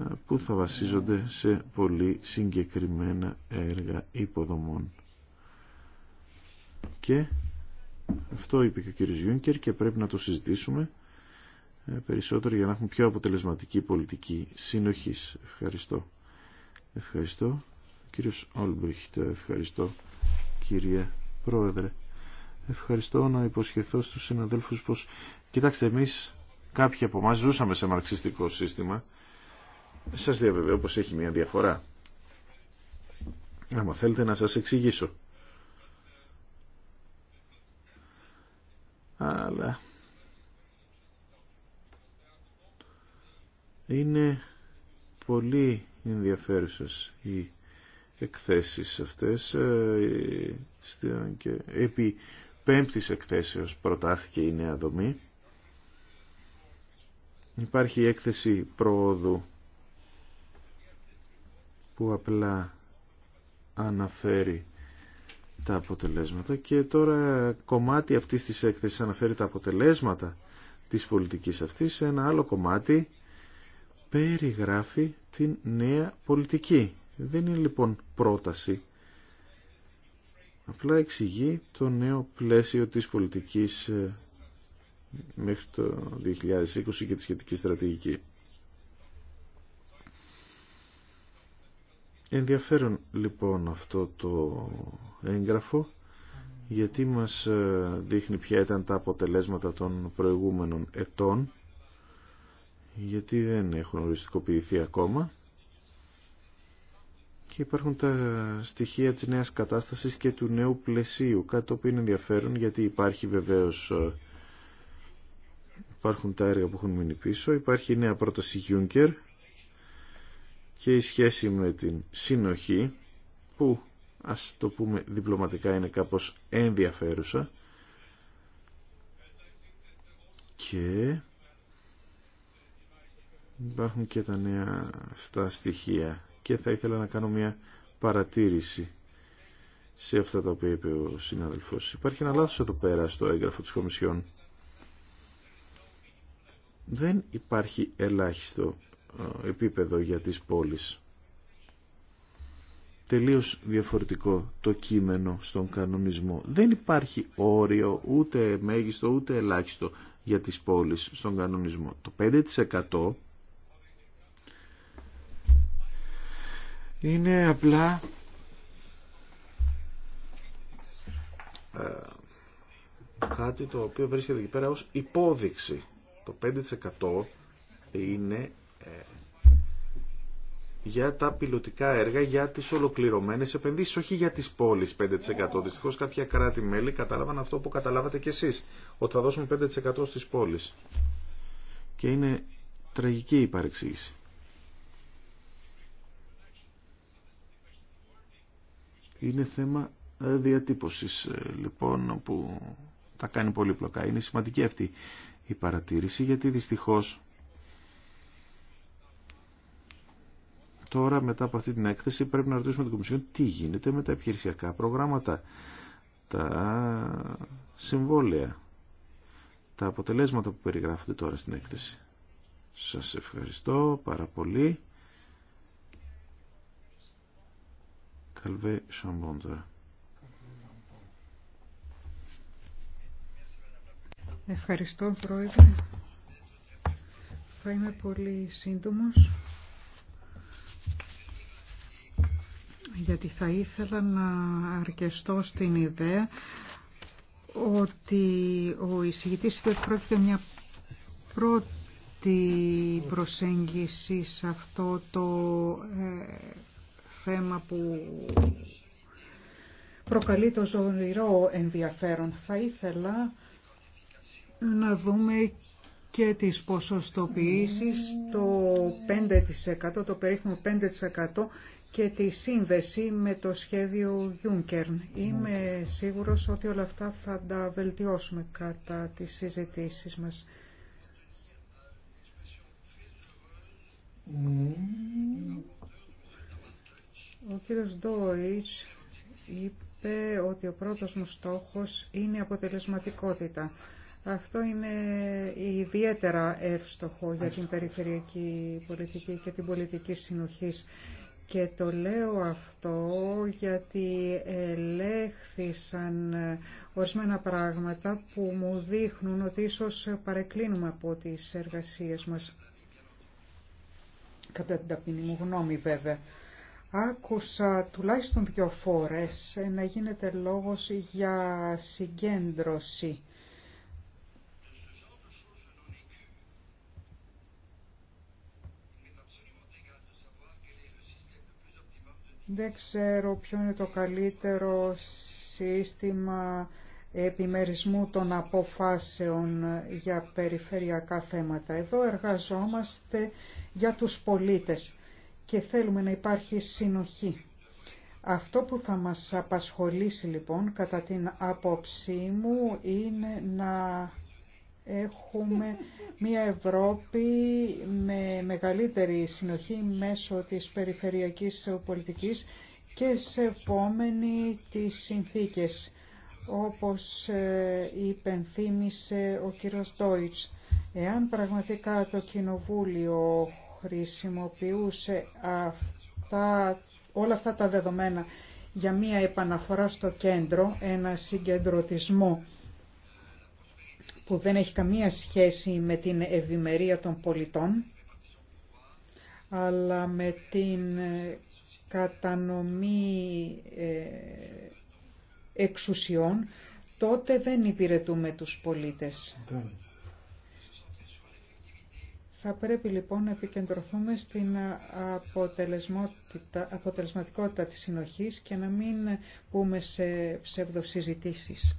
ε, που θα βασίζονται σε πολύ συγκεκριμένα έργα υποδομών. Και αυτό είπε και ο κ. Γιούνκερ και πρέπει να το συζητήσουμε ε, περισσότερο για να έχουμε πιο αποτελεσματική πολιτική συνοχής. Ευχαριστώ. Ευχαριστώ. Κύριος Όλμπριχτ, ευχαριστώ κύριε Πρόεδρε. Ευχαριστώ να υποσχεθώ στους συναδέλφους πως κοιτάξτε εμείς κάποιοι από εμάς ζούσαμε σε μαρξιστικό σύστημα σας διαβεβαιώ πως έχει μια διαφορά άμα θέλετε να σας εξηγήσω αλλά είναι πολύ ενδιαφέρουσες οι εκθέσεις αυτές ε, ε, και επί πέμπτης εκθέσεως προτάθηκε η νέα δομή. Υπάρχει η έκθεση προόδου που απλά αναφέρει τα αποτελέσματα και τώρα κομμάτι αυτής της έκθεσης αναφέρει τα αποτελέσματα της πολιτικής αυτής, ένα άλλο κομμάτι περιγράφει την νέα πολιτική. Δεν είναι λοιπόν πρόταση Απλά εξηγεί το νέο πλαίσιο της πολιτικής ε, μέχρι το 2020 και τη σχετική στρατηγική. Ενδιαφέρον λοιπόν αυτό το έγγραφο γιατί μας ε, δείχνει ποια ήταν τα αποτελέσματα των προηγούμενων ετών γιατί δεν έχουν οριστικοποιηθεί ακόμα υπάρχουν τα στοιχεία της νέας κατάστασης και του νέου πλαισίου, κάτι το οποίο είναι ενδιαφέρον γιατί υπάρχει βεβαίως ε, υπάρχουν τα έργα που έχουν μείνει πίσω, υπάρχει η νέα πρόταση Juncker και η σχέση με την συνοχή που ας το πούμε διπλωματικά είναι κάπως ενδιαφέρουσα και υπάρχουν και τα νέα αυτά στοιχεία και θα ήθελα να κάνω μια παρατήρηση σε αυτά τα οποία είπε ο συνάδελφος. Υπάρχει ένα λάθος εδώ πέρα στο έγγραφο της Κομισιόν. Δεν υπάρχει ελάχιστο ε, επίπεδο για τις πόλεις. Τελείως διαφορετικό το κείμενο στον κανονισμό. Δεν υπάρχει όριο ούτε μέγιστο ούτε ελάχιστο για τις πόλεις στον κανονισμό. Το 5% είναι απλά ε, κάτι το οποίο βρίσκεται εκεί πέρα ως υπόδειξη. Το 5% είναι ε, για τα πιλωτικά έργα, για τις ολοκληρωμένες επενδύσεις, όχι για τις πόλεις 5%. Δυστυχώς κάποια κράτη-μέλη κατάλαβαν αυτό που καταλάβατε κι εσείς, ότι θα δώσουμε 5% στις πόλεις. Και είναι τραγική η παρεξήγηση. Είναι θέμα ε, διατύπωσης ε, λοιπόν που τα κάνει πλοκά. Είναι σημαντική αυτή η παρατήρηση γιατί δυστυχώς τώρα μετά από αυτή την έκθεση πρέπει να ρωτήσουμε την Κομισιόν τι γίνεται με τα επιχειρησιακά προγράμματα, τα συμβόλαια, τα αποτελέσματα που περιγράφονται τώρα στην έκθεση. Σας ευχαριστώ πάρα πολύ. Ευχαριστώ Πρόεδρε. Θα είμαι πολύ σύντομος γιατί θα ήθελα να αρκεστώ στην ιδέα ότι ο εισηγητής είπε πρόκειται μια πρώτη προσέγγιση σε αυτό το ε, θέμα που προκαλεί το ζωηρό ενδιαφέρον. Θα ήθελα να δούμε και τις ποσοστοποιήσεις το 5%, το περίφημο 5% και τη σύνδεση με το σχέδιο Juncker. Είμαι σίγουρος ότι όλα αυτά θα τα βελτιώσουμε κατά τις συζητήσεις μας. Ο κύριος Ντόιτς είπε ότι ο πρώτος μου στόχος είναι η αποτελεσματικότητα. Αυτό είναι ιδιαίτερα εύστοχο για την περιφερειακή πολιτική και την πολιτική συνοχής. Και το λέω αυτό γιατί ελέγχθησαν ορισμένα πράγματα που μου δείχνουν ότι ίσως παρεκκλίνουμε από τις εργασίες μας. Κατά την ταπεινή μου γνώμη βέβαια. Άκουσα τουλάχιστον δύο φορές να γίνεται λόγος για συγκέντρωση. Δεν ξέρω ποιο είναι το καλύτερο σύστημα επιμερισμού των αποφάσεων για περιφερειακά θέματα. Εδώ εργαζόμαστε για τους πολίτες και θέλουμε να υπάρχει συνοχή. Αυτό που θα μας απασχολήσει λοιπόν κατά την άποψή μου είναι να έχουμε μια Ευρώπη με μεγαλύτερη συνοχή μέσω της περιφερειακής πολιτικής και σε επόμενη τις συνθήκες όπως ε, υπενθύμησε ο κύριος Ντόιτς. Εάν πραγματικά το Κοινοβούλιο χρησιμοποιούσε αυτά, όλα αυτά τα δεδομένα για μία επαναφορά στο κέντρο, ένα συγκεντρωτισμό που δεν έχει καμία σχέση με την ευημερία των πολιτών, αλλά με την ε, κατανομή ε, εξουσιών, τότε δεν υπηρετούμε τους πολίτες. Θα πρέπει λοιπόν να επικεντρωθούμε στην αποτελεσματικότητα της συνοχής και να μην πούμε σε ψευδοσυζητήσεις.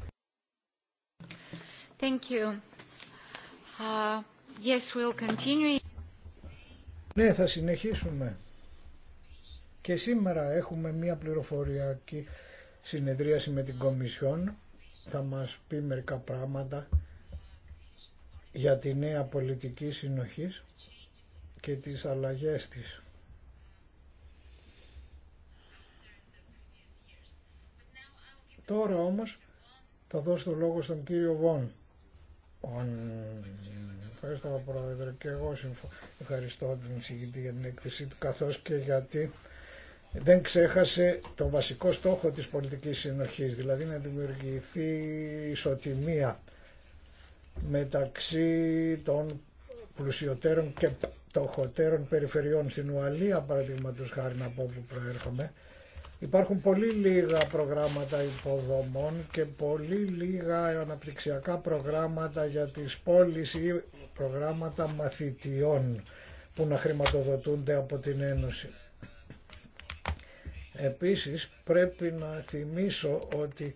Thank you. Uh, yes, we'll continue. Ναι, θα συνεχίσουμε. Και σήμερα έχουμε μία πληροφοριακή συνεδρίαση με την Κομισιόν. Θα μας πει μερικά πράγματα για τη νέα πολιτική συνοχής και τις αλλαγές της. Τώρα όμως θα δώσω το λόγο στον κύριο Βόν. Ευχαριστώ Πρόεδρε και εγώ ευχαριστώ τον συγκητή για την έκθεσή του καθώς και γιατί δεν ξέχασε το βασικό στόχο της πολιτικής συνοχής, δηλαδή να δημιουργηθεί ισοτιμία μεταξύ των πλουσιωτέρων και πτωχοτέρων περιφερειών στην Ουαλία παραδείγματο χάρη πω που προέρχομαι υπάρχουν πολύ λίγα προγράμματα υποδομών και πολύ λίγα αναπτυξιακά προγράμματα για τις πόλεις ή προγράμματα μαθητιών που να χρηματοδοτούνται από την Ένωση. Επίσης πρέπει να θυμίσω ότι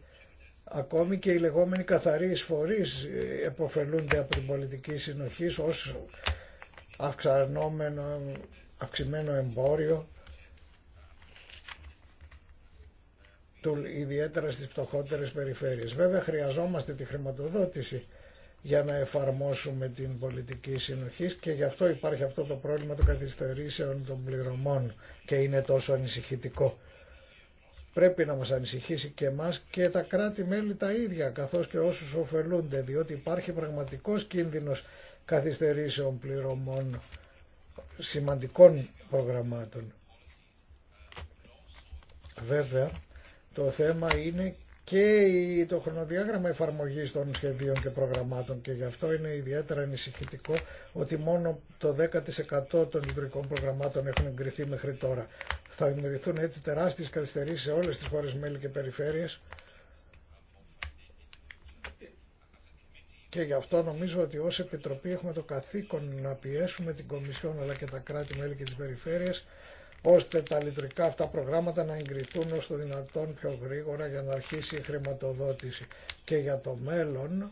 Ακόμη και οι λεγόμενοι καθαροί εισφορείς ε, εποφελούνται από την πολιτική συνοχή ως αυξανόμενο, αυξημένο εμπόριο του, ιδιαίτερα στις φτωχότερες περιφέρειες. Βέβαια χρειαζόμαστε τη χρηματοδότηση για να εφαρμόσουμε την πολιτική συνοχή και γι' αυτό υπάρχει αυτό το πρόβλημα των καθυστερήσεων των πληρωμών και είναι τόσο ανησυχητικό πρέπει να μας ανησυχήσει και εμάς και τα κράτη-μέλη τα ίδια καθώς και όσους ωφελούνται διότι υπάρχει πραγματικός κίνδυνος καθυστερήσεων πληρωμών σημαντικών προγραμμάτων. Βέβαια, το θέμα είναι και το χρονοδιάγραμμα εφαρμογής των σχεδίων και προγραμμάτων και γι' αυτό είναι ιδιαίτερα ανησυχητικό ότι μόνο το 10% των λειτουργικών προγραμμάτων έχουν εγκριθεί μέχρι τώρα. Θα δημιουργηθούν έτσι τεράστιες καθυστερήσεις σε όλες τις χώρες μέλη και περιφέρειες και γι' αυτό νομίζω ότι ως Επιτροπή έχουμε το καθήκον να πιέσουμε την Κομισιόν αλλά και τα κράτη-μέλη και τις περιφέρειες ώστε τα λειτουργικά αυτά προγράμματα να εγκριθούν ως το δυνατόν πιο γρήγορα για να αρχίσει η χρηματοδότηση. Και για το μέλλον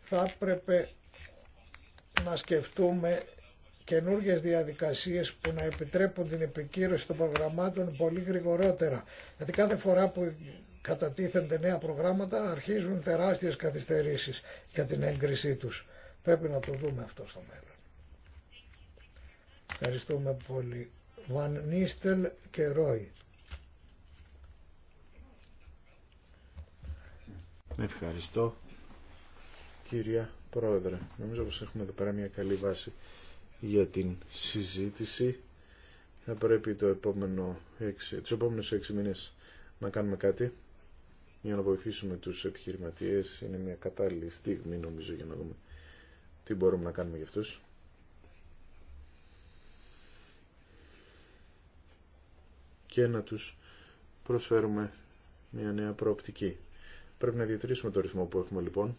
θα έπρεπε να σκεφτούμε καινούργιε διαδικασίες που να επιτρέπουν την επικύρωση των προγραμμάτων πολύ γρηγορότερα. Γιατί κάθε φορά που κατατίθενται νέα προγράμματα αρχίζουν τεράστιες καθυστερήσεις για την έγκρισή τους. Πρέπει να το δούμε αυτό στο μέλλον. Ευχαριστούμε πολύ. Βαν Νίστελ και Ρόι. Ευχαριστώ κυρία Πρόεδρε. Νομίζω πως έχουμε εδώ πέρα μια καλή βάση για την συζήτηση. Θα πρέπει το επόμενο 6, τους 6 μήνες να κάνουμε κάτι για να βοηθήσουμε τους επιχειρηματίες. Είναι μια κατάλληλη στιγμή νομίζω για να δούμε τι μπορούμε να κάνουμε για αυτούς. Και να τους προσφέρουμε μια νέα προοπτική. Πρέπει να διατηρήσουμε το ρυθμό που έχουμε λοιπόν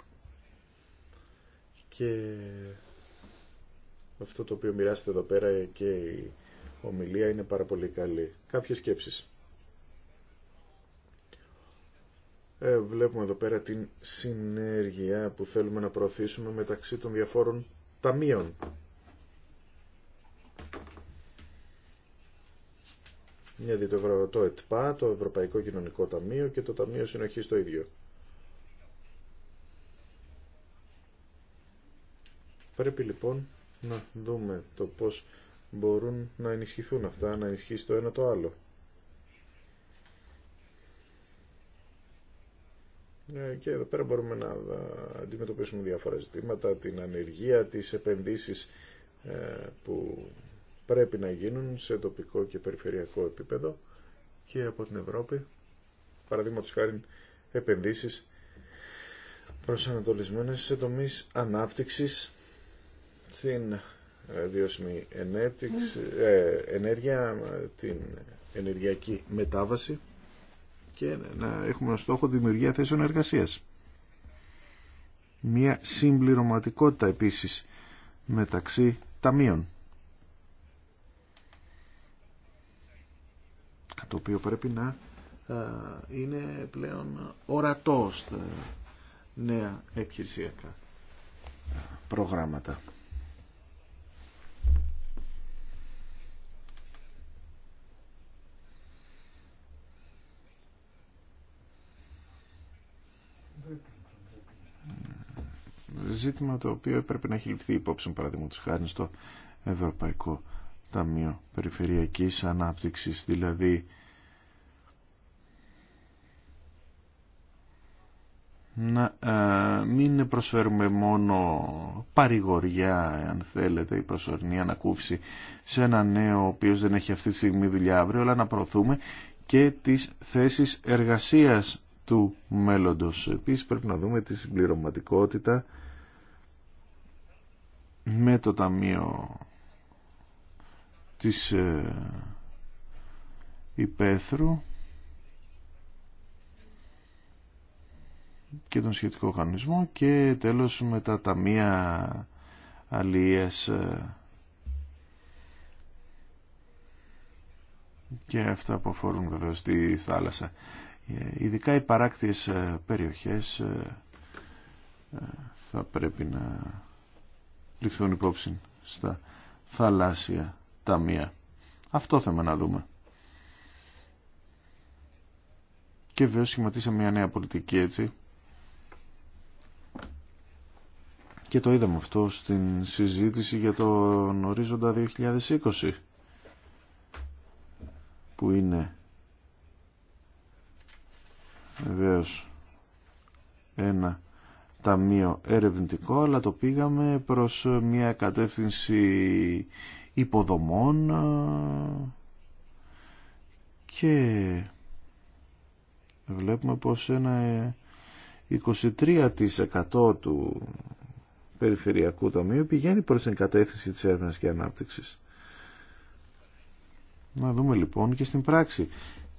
και αυτό το οποίο μοιράσετε εδώ πέρα και η ομιλία είναι πάρα πολύ καλή. Κάποιες σκέψεις. Ε, βλέπουμε εδώ πέρα την συνέργεια που θέλουμε να προωθήσουμε μεταξύ των διαφόρων ταμείων. Μια το, το ΕΤΠΑ, το Ευρωπαϊκό Κοινωνικό Ταμείο και το Ταμείο Συνοχής το ίδιο. Πρέπει λοιπόν να δούμε το πώς μπορούν να ενισχυθούν αυτά, να ενισχύσει το ένα το άλλο. Ε, και εδώ πέρα μπορούμε να αντιμετωπίσουμε διάφορα ζητήματα, την ανεργία, τις επενδύσεις ε, που πρέπει να γίνουν σε τοπικό και περιφερειακό επίπεδο και από την Ευρώπη, παραδείγματος χάρη επενδύσεις προσανατολισμένες σε τομείς ανάπτυξης την ε, βιώσιμη ε, ενέργεια, την ενεργειακή μετάβαση και να έχουμε ως στόχο δημιουργία θέσεων εργασίας. Μία συμπληρωματικότητα επίσης μεταξύ ταμείων. Το οποίο πρέπει να ε, είναι πλέον ορατό στα νέα επιχειρησιακά προγράμματα. Ζήτημα το οποίο πρέπει να έχει ληφθεί υπόψη, παραδείγματο χάρη στο Ευρωπαϊκό Ταμείο Περιφερειακής Ανάπτυξης, δηλαδή να ε, μην προσφέρουμε μόνο παρηγοριά, αν θέλετε, η προσωρινή ανακούφιση σε ένα νέο ο οποίος δεν έχει αυτή τη στιγμή δουλειά αύριο, αλλά να προωθούμε και τις θέσεις εργασίας του μέλλοντος. Επίσης πρέπει να δούμε τη συμπληρωματικότητα με το Ταμείο της ε, Υπέθρου και τον σχετικό οργανισμό και τέλος με τα Ταμεία ε, και αυτά που αφορούν βεβαίω στη θάλασσα. Ε, ειδικά οι παράκτιες ε, περιοχές θα πρέπει να ληφθούν υπόψη στα θαλάσσια ταμεία. Αυτό θέμα να δούμε. Και βέβαια σχηματίσαμε μια νέα πολιτική έτσι. Και το είδαμε αυτό στην συζήτηση για τον ορίζοντα 2020 που είναι βεβαίω ένα ταμείο ερευνητικό, αλλά το πήγαμε προς μια κατεύθυνση υποδομών ε, και βλέπουμε πως ένα 23% ε, του περιφερειακού ταμείου πηγαίνει προς την κατεύθυνση της έρευνας και ανάπτυξης. Να δούμε λοιπόν και στην πράξη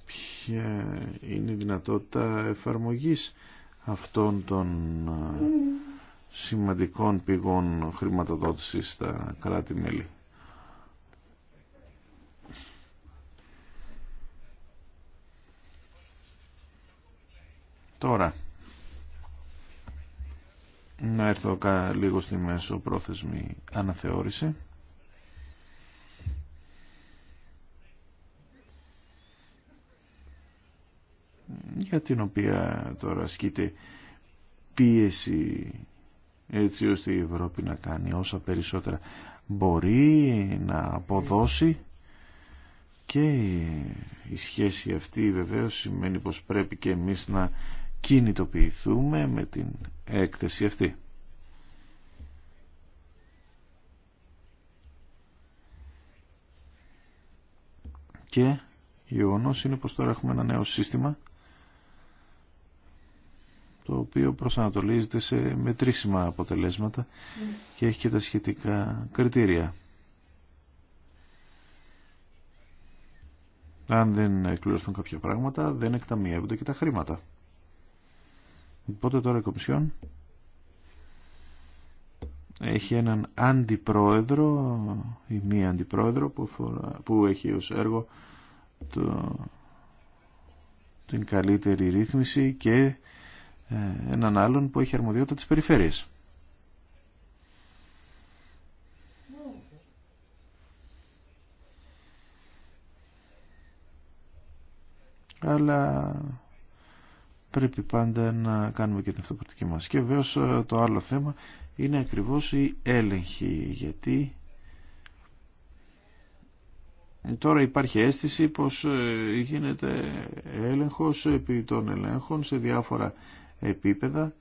ποια είναι η δυνατότητα εφαρμογής αυτών των ε, σημαντικών πηγών χρηματοδότησης στα κράτη-μέλη. Τώρα, να έρθω λίγο στη μέσο πρόθεσμη αναθεώρηση. για την οποία τώρα ασκείται πίεση έτσι ώστε η Ευρώπη να κάνει όσα περισσότερα μπορεί να αποδώσει και η σχέση αυτή βεβαίως σημαίνει πως πρέπει και εμείς να κινητοποιηθούμε με την έκθεση αυτή. Και γεγονό είναι πως τώρα έχουμε ένα νέο σύστημα το οποίο προσανατολίζεται σε μετρήσιμα αποτελέσματα και έχει και τα σχετικά κριτήρια. Αν δεν εκπληρωθούν κάποια πράγματα, δεν εκταμιεύονται και τα χρήματα. Οπότε τώρα η Κομισιόν έχει έναν αντιπρόεδρο ή μία αντιπρόεδρο που, που έχει ως έργο το, την καλύτερη ρύθμιση και ε, έναν άλλον που έχει αρμοδιότητα της περιφέρειας. αλλά πρέπει πάντα να κάνουμε και την αυτοκριτική μας. Και βέβαια ε, το άλλο θέμα είναι ακριβώς η έλεγχη, γιατί τώρα υπάρχει αίσθηση πως ε, γίνεται έλεγχος επί των ελέγχων σε διάφορα επίπεδα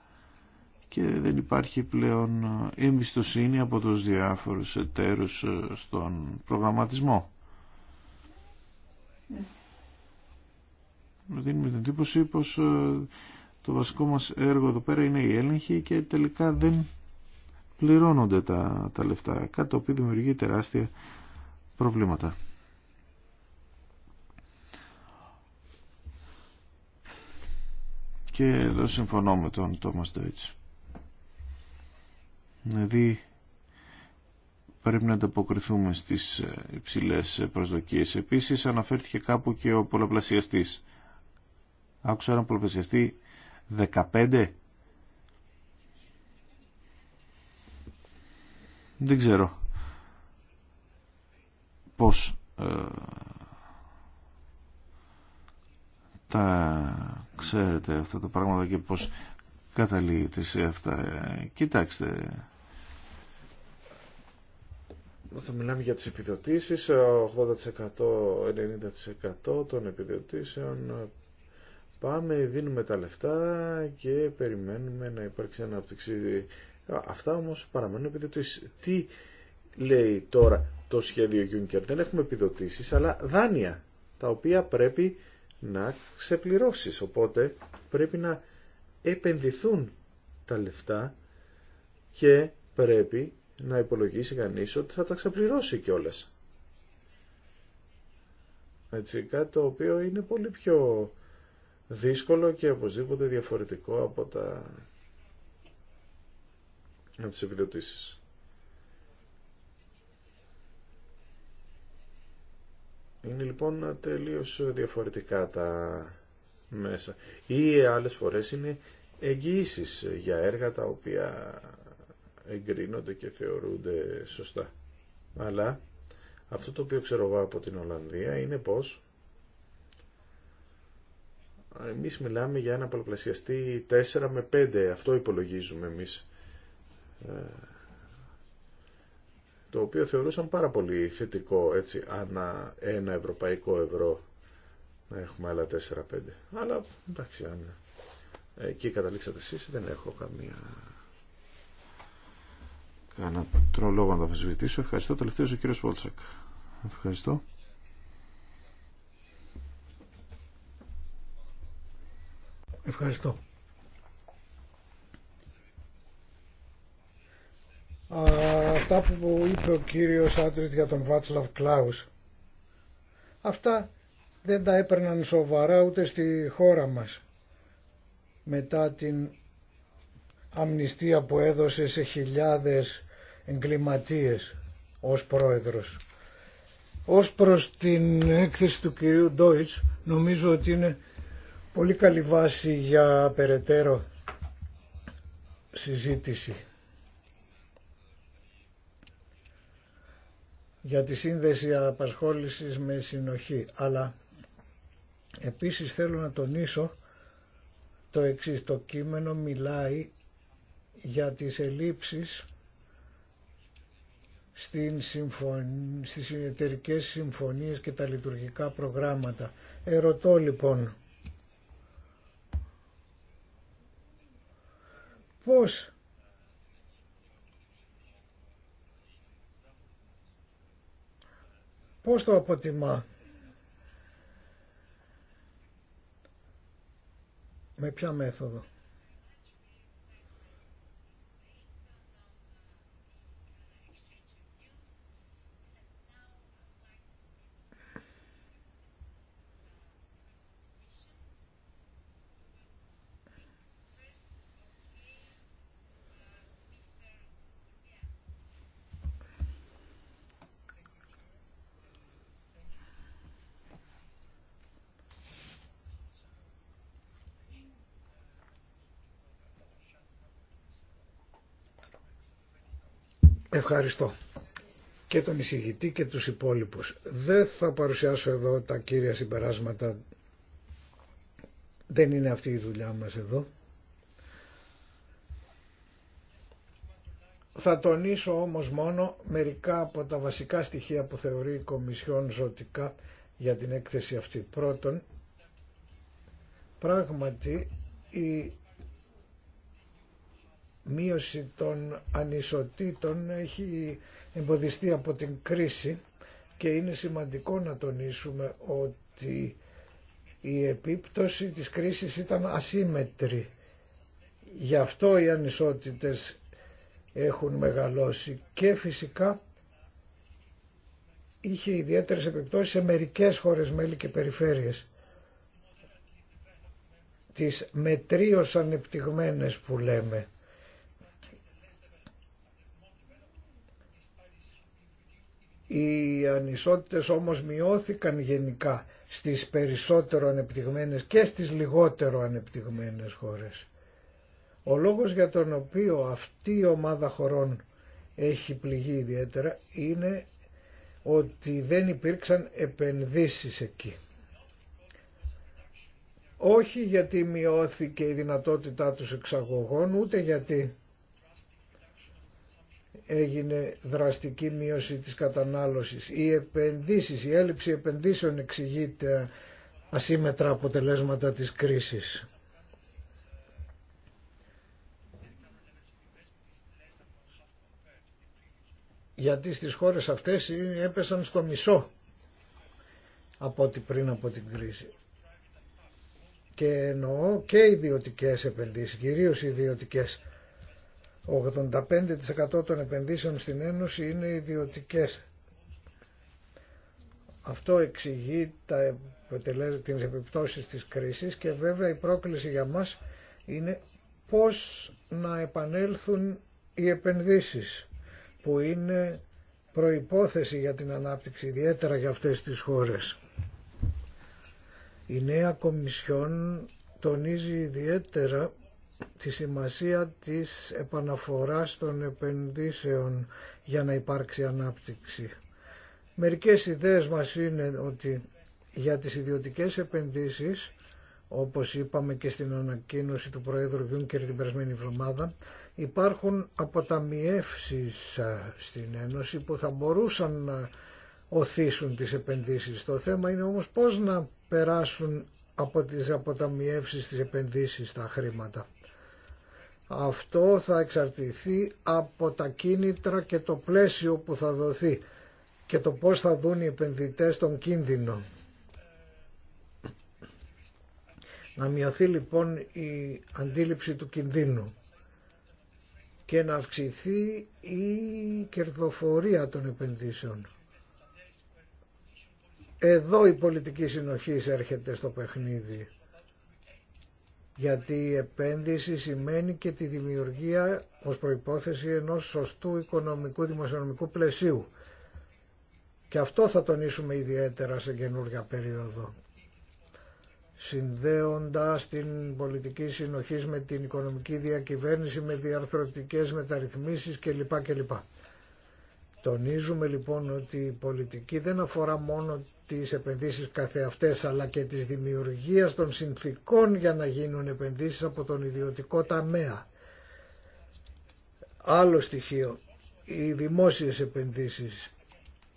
και δεν υπάρχει πλέον εμπιστοσύνη από τους διάφορους εταίρους ε, στον προγραμματισμό. Δίνουμε την εντύπωση πως ε, το βασικό μας έργο εδώ πέρα είναι η έλεγχη και τελικά δεν πληρώνονται τα, τα λεφτά, κάτι το οποίο δημιουργεί τεράστια προβλήματα. και εδώ συμφωνώ με τον Τόμας Ντόιτς. Δηλαδή πρέπει να ανταποκριθούμε στις ε, υψηλές ε, προσδοκίες. Επίσης αναφέρθηκε κάπου και ο πολλαπλασιαστής. Άκουσα έναν πολλαπλασιαστή 15. Δεν ξέρω πώς ε, τα Ξέρετε αυτά τα πράγματα και πώς καταλήγεται σε αυτά. Κοιτάξτε. Θα μιλάμε για τις επιδοτήσεις, 80%-90% των επιδοτήσεων πάμε, δίνουμε τα λεφτά και περιμένουμε να υπάρξει ανάπτυξη. Αυτά όμως παραμένουν επιδοτήσεις. Τι λέει τώρα το σχέδιο Juncker. Δεν έχουμε επιδοτήσεις αλλά δάνεια τα οποία πρέπει να ξεπληρώσεις. Οπότε πρέπει να επενδυθούν τα λεφτά και πρέπει να υπολογίσει κανείς ότι θα τα ξεπληρώσει κιόλας. Έτσι, κάτι το οποίο είναι πολύ πιο δύσκολο και οπωσδήποτε διαφορετικό από τα από Είναι λοιπόν τελείως διαφορετικά τα μέσα. Ή άλλες φορές είναι εγγυήσει για έργα τα οποία εγκρίνονται και θεωρούνται σωστά. Αλλά αυτό το οποίο ξέρω εγώ από την Ολλανδία είναι πως εμείς μιλάμε για ένα πολλαπλασιαστή 4 με 5, αυτό υπολογίζουμε εμείς ε, το οποίο θεωρούσαν πάρα πολύ θετικό έτσι ανά ένα ευρωπαϊκό ευρώ να έχουμε άλλα 4-5. Αλλά εντάξει, αν ε, εκεί καταλήξατε εσείς δεν έχω καμία κανένα τρολόγο να το αφισβητήσω. Ευχαριστώ. Τελευταίος ο κύριος Βόλτσακ. Ευχαριστώ. Ευχαριστώ. αυτά που είπε ο κύριος Άντρης για τον Βάτσλαβ Κλάους. Αυτά δεν τα έπαιρναν σοβαρά ούτε στη χώρα μας μετά την αμνηστία που έδωσε σε χιλιάδες εγκληματίες ως πρόεδρος. Ως προς την έκθεση του κυρίου Ντόιτς νομίζω ότι είναι πολύ καλή βάση για περαιτέρω συζήτηση. για τη σύνδεση απασχόλησης με συνοχή. Αλλά επίσης θέλω να τονίσω το εξής. Το κείμενο μιλάει για τις ελλείψεις στην συμφων... στις συνεταιρικές συμφωνίες και τα λειτουργικά προγράμματα. Ερωτώ λοιπόν πώς Πώς το αποτιμά. Με ποια μέθοδο. Ευχαριστώ και τον εισηγητή και τους υπόλοιπους. Δεν θα παρουσιάσω εδώ τα κύρια συμπεράσματα. Δεν είναι αυτή η δουλειά μας εδώ. Θα τονίσω όμως μόνο μερικά από τα βασικά στοιχεία που θεωρεί η Κομισιόν ζωτικά για την έκθεση αυτή. Πρώτον, πράγματι η μείωση των ανισοτήτων έχει εμποδιστεί από την κρίση και είναι σημαντικό να τονίσουμε ότι η επίπτωση της κρίσης ήταν ασύμετρη. Γι' αυτό οι ανισότητες έχουν μεγαλώσει και φυσικά είχε ιδιαίτερες επιπτώσεις σε μερικές χώρες μέλη και περιφέρειες. Τις μετρίως ανεπτυγμένες που λέμε Οι ανισότητες όμως μειώθηκαν γενικά στις περισσότερο ανεπτυγμένες και στις λιγότερο ανεπτυγμένες χώρες. Ο λόγος για τον οποίο αυτή η ομάδα χωρών έχει πληγεί ιδιαίτερα είναι ότι δεν υπήρξαν επενδύσεις εκεί. Όχι γιατί μειώθηκε η δυνατότητά τους εξαγωγών, ούτε γιατί έγινε δραστική μείωση της κατανάλωσης. Οι επενδύσεις, η έλλειψη επενδύσεων εξηγείται ασύμετρα αποτελέσματα της κρίσης. Γιατί στις χώρες αυτές έπεσαν στο μισό από ό,τι πριν από την κρίση. Και εννοώ και ιδιωτικές επενδύσεις, κυρίως ιδιωτικές 85% των επενδύσεων στην Ένωση είναι ιδιωτικές. Αυτό εξηγεί τα τις επιπτώσεις της κρίσης και βέβαια η πρόκληση για μας είναι πώς να επανέλθουν οι επενδύσεις που είναι προϋπόθεση για την ανάπτυξη ιδιαίτερα για αυτές τις χώρες. Η νέα Κομισιόν τονίζει ιδιαίτερα τη σημασία της επαναφοράς των επενδύσεων για να υπάρξει ανάπτυξη. Μερικές ιδέες μας είναι ότι για τις ιδιωτικές επενδύσεις, όπως είπαμε και στην ανακοίνωση του Προέδρου Γιούνκερ την περασμένη εβδομάδα, υπάρχουν αποταμιεύσεις στην Ένωση που θα μπορούσαν να οθήσουν τις επενδύσεις. Το θέμα είναι όμως πώς να περάσουν από τις αποταμιεύσεις τις επενδύσεις τα χρήματα. Αυτό θα εξαρτηθεί από τα κίνητρα και το πλαίσιο που θα δοθεί και το πώς θα δουν οι επενδυτές τον κίνδυνο. Να μειωθεί λοιπόν η αντίληψη του κινδύνου και να αυξηθεί η κερδοφορία των επενδύσεων. Εδώ η πολιτική συνοχή έρχεται στο παιχνίδι γιατί η επένδυση σημαίνει και τη δημιουργία ως προϋπόθεση ενός σωστού οικονομικού δημοσιονομικού πλαισίου. Και αυτό θα τονίσουμε ιδιαίτερα σε καινούργια περίοδο. Συνδέοντας την πολιτική συνοχή με την οικονομική διακυβέρνηση, με διαρθρωτικές μεταρρυθμίσεις κλπ. κλπ. Τονίζουμε λοιπόν ότι η πολιτική δεν αφορά μόνο τις επενδύσεις καθεαυτές αλλά και τις δημιουργίας των συνθήκων για να γίνουν επενδύσεις από τον ιδιωτικό ταμέα. Άλλο στοιχείο, οι δημόσιες επενδύσεις.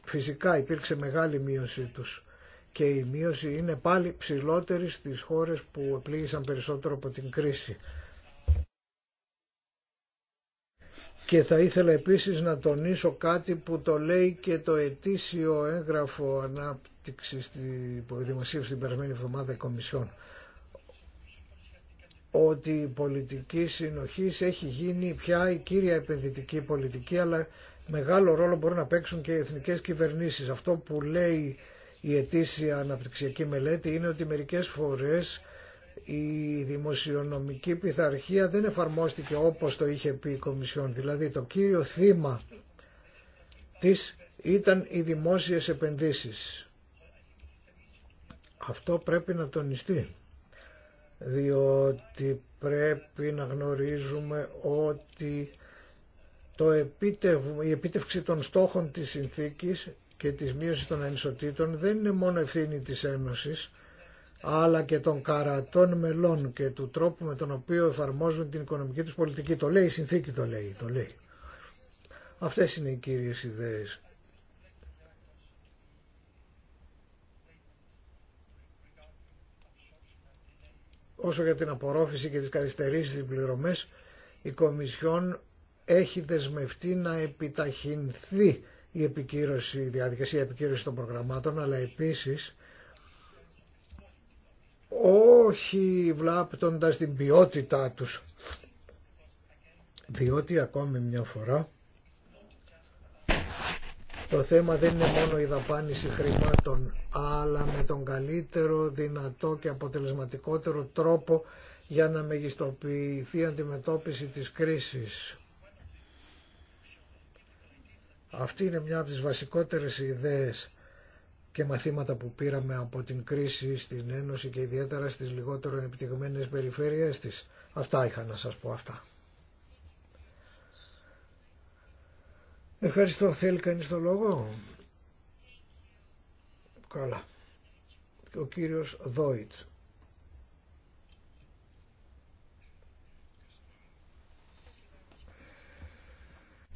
Φυσικά υπήρξε μεγάλη μείωση τους και η μείωση είναι πάλι ψηλότερη στις χώρες που επλήγησαν περισσότερο από την κρίση. Και θα ήθελα επίσης να τονίσω κάτι που το λέει και το ετήσιο έγγραφο ανάπτυξης που δημοσίευσε την περασμένη εβδομάδα η Κομισιόν ότι η πολιτική συνοχής έχει γίνει πια η κύρια επενδυτική πολιτική αλλά μεγάλο ρόλο μπορούν να παίξουν και οι εθνικές κυβερνήσεις. Αυτό που λέει η ετήσια αναπτυξιακή μελέτη είναι ότι μερικές φορές η δημοσιονομική πειθαρχία δεν εφαρμόστηκε όπως το είχε πει η Κομισιόν. Δηλαδή το κύριο θύμα της ήταν οι δημόσιες επενδύσεις. Αυτό πρέπει να τονιστεί, διότι πρέπει να γνωρίζουμε ότι το η επίτευξη των στόχων της συνθήκης και της μείωσης των ανισοτήτων δεν είναι μόνο ευθύνη της Ένωσης, αλλά και των καρατών μελών και του τρόπου με τον οποίο εφαρμόζουν την οικονομική τους πολιτική. Το λέει η συνθήκη, το λέει, το λέει. Αυτές είναι οι κύριες ιδέες. Όσο για την απορρόφηση και τις καθυστερήσεις στις πληρωμές, η Κομισιόν έχει δεσμευτεί να επιταχυνθεί η, επικύρωση, η διαδικασία επικυρωση των προγραμμάτων, αλλά επίσης όχι βλάπτοντας την ποιότητά τους. Διότι ακόμη μια φορά το θέμα δεν είναι μόνο η δαπάνηση χρημάτων, αλλά με τον καλύτερο, δυνατό και αποτελεσματικότερο τρόπο για να μεγιστοποιηθεί η αντιμετώπιση της κρίσης. Αυτή είναι μια από τις βασικότερες ιδέες και μαθήματα που πήραμε από την κρίση στην Ένωση και ιδιαίτερα στις λιγότερο επιτυγμένες περιφέρειές της. Αυτά είχα να σας πω αυτά. Ευχαριστώ. Θέλει κανείς το λόγο. Καλά. Ο κύριος Δόιτς.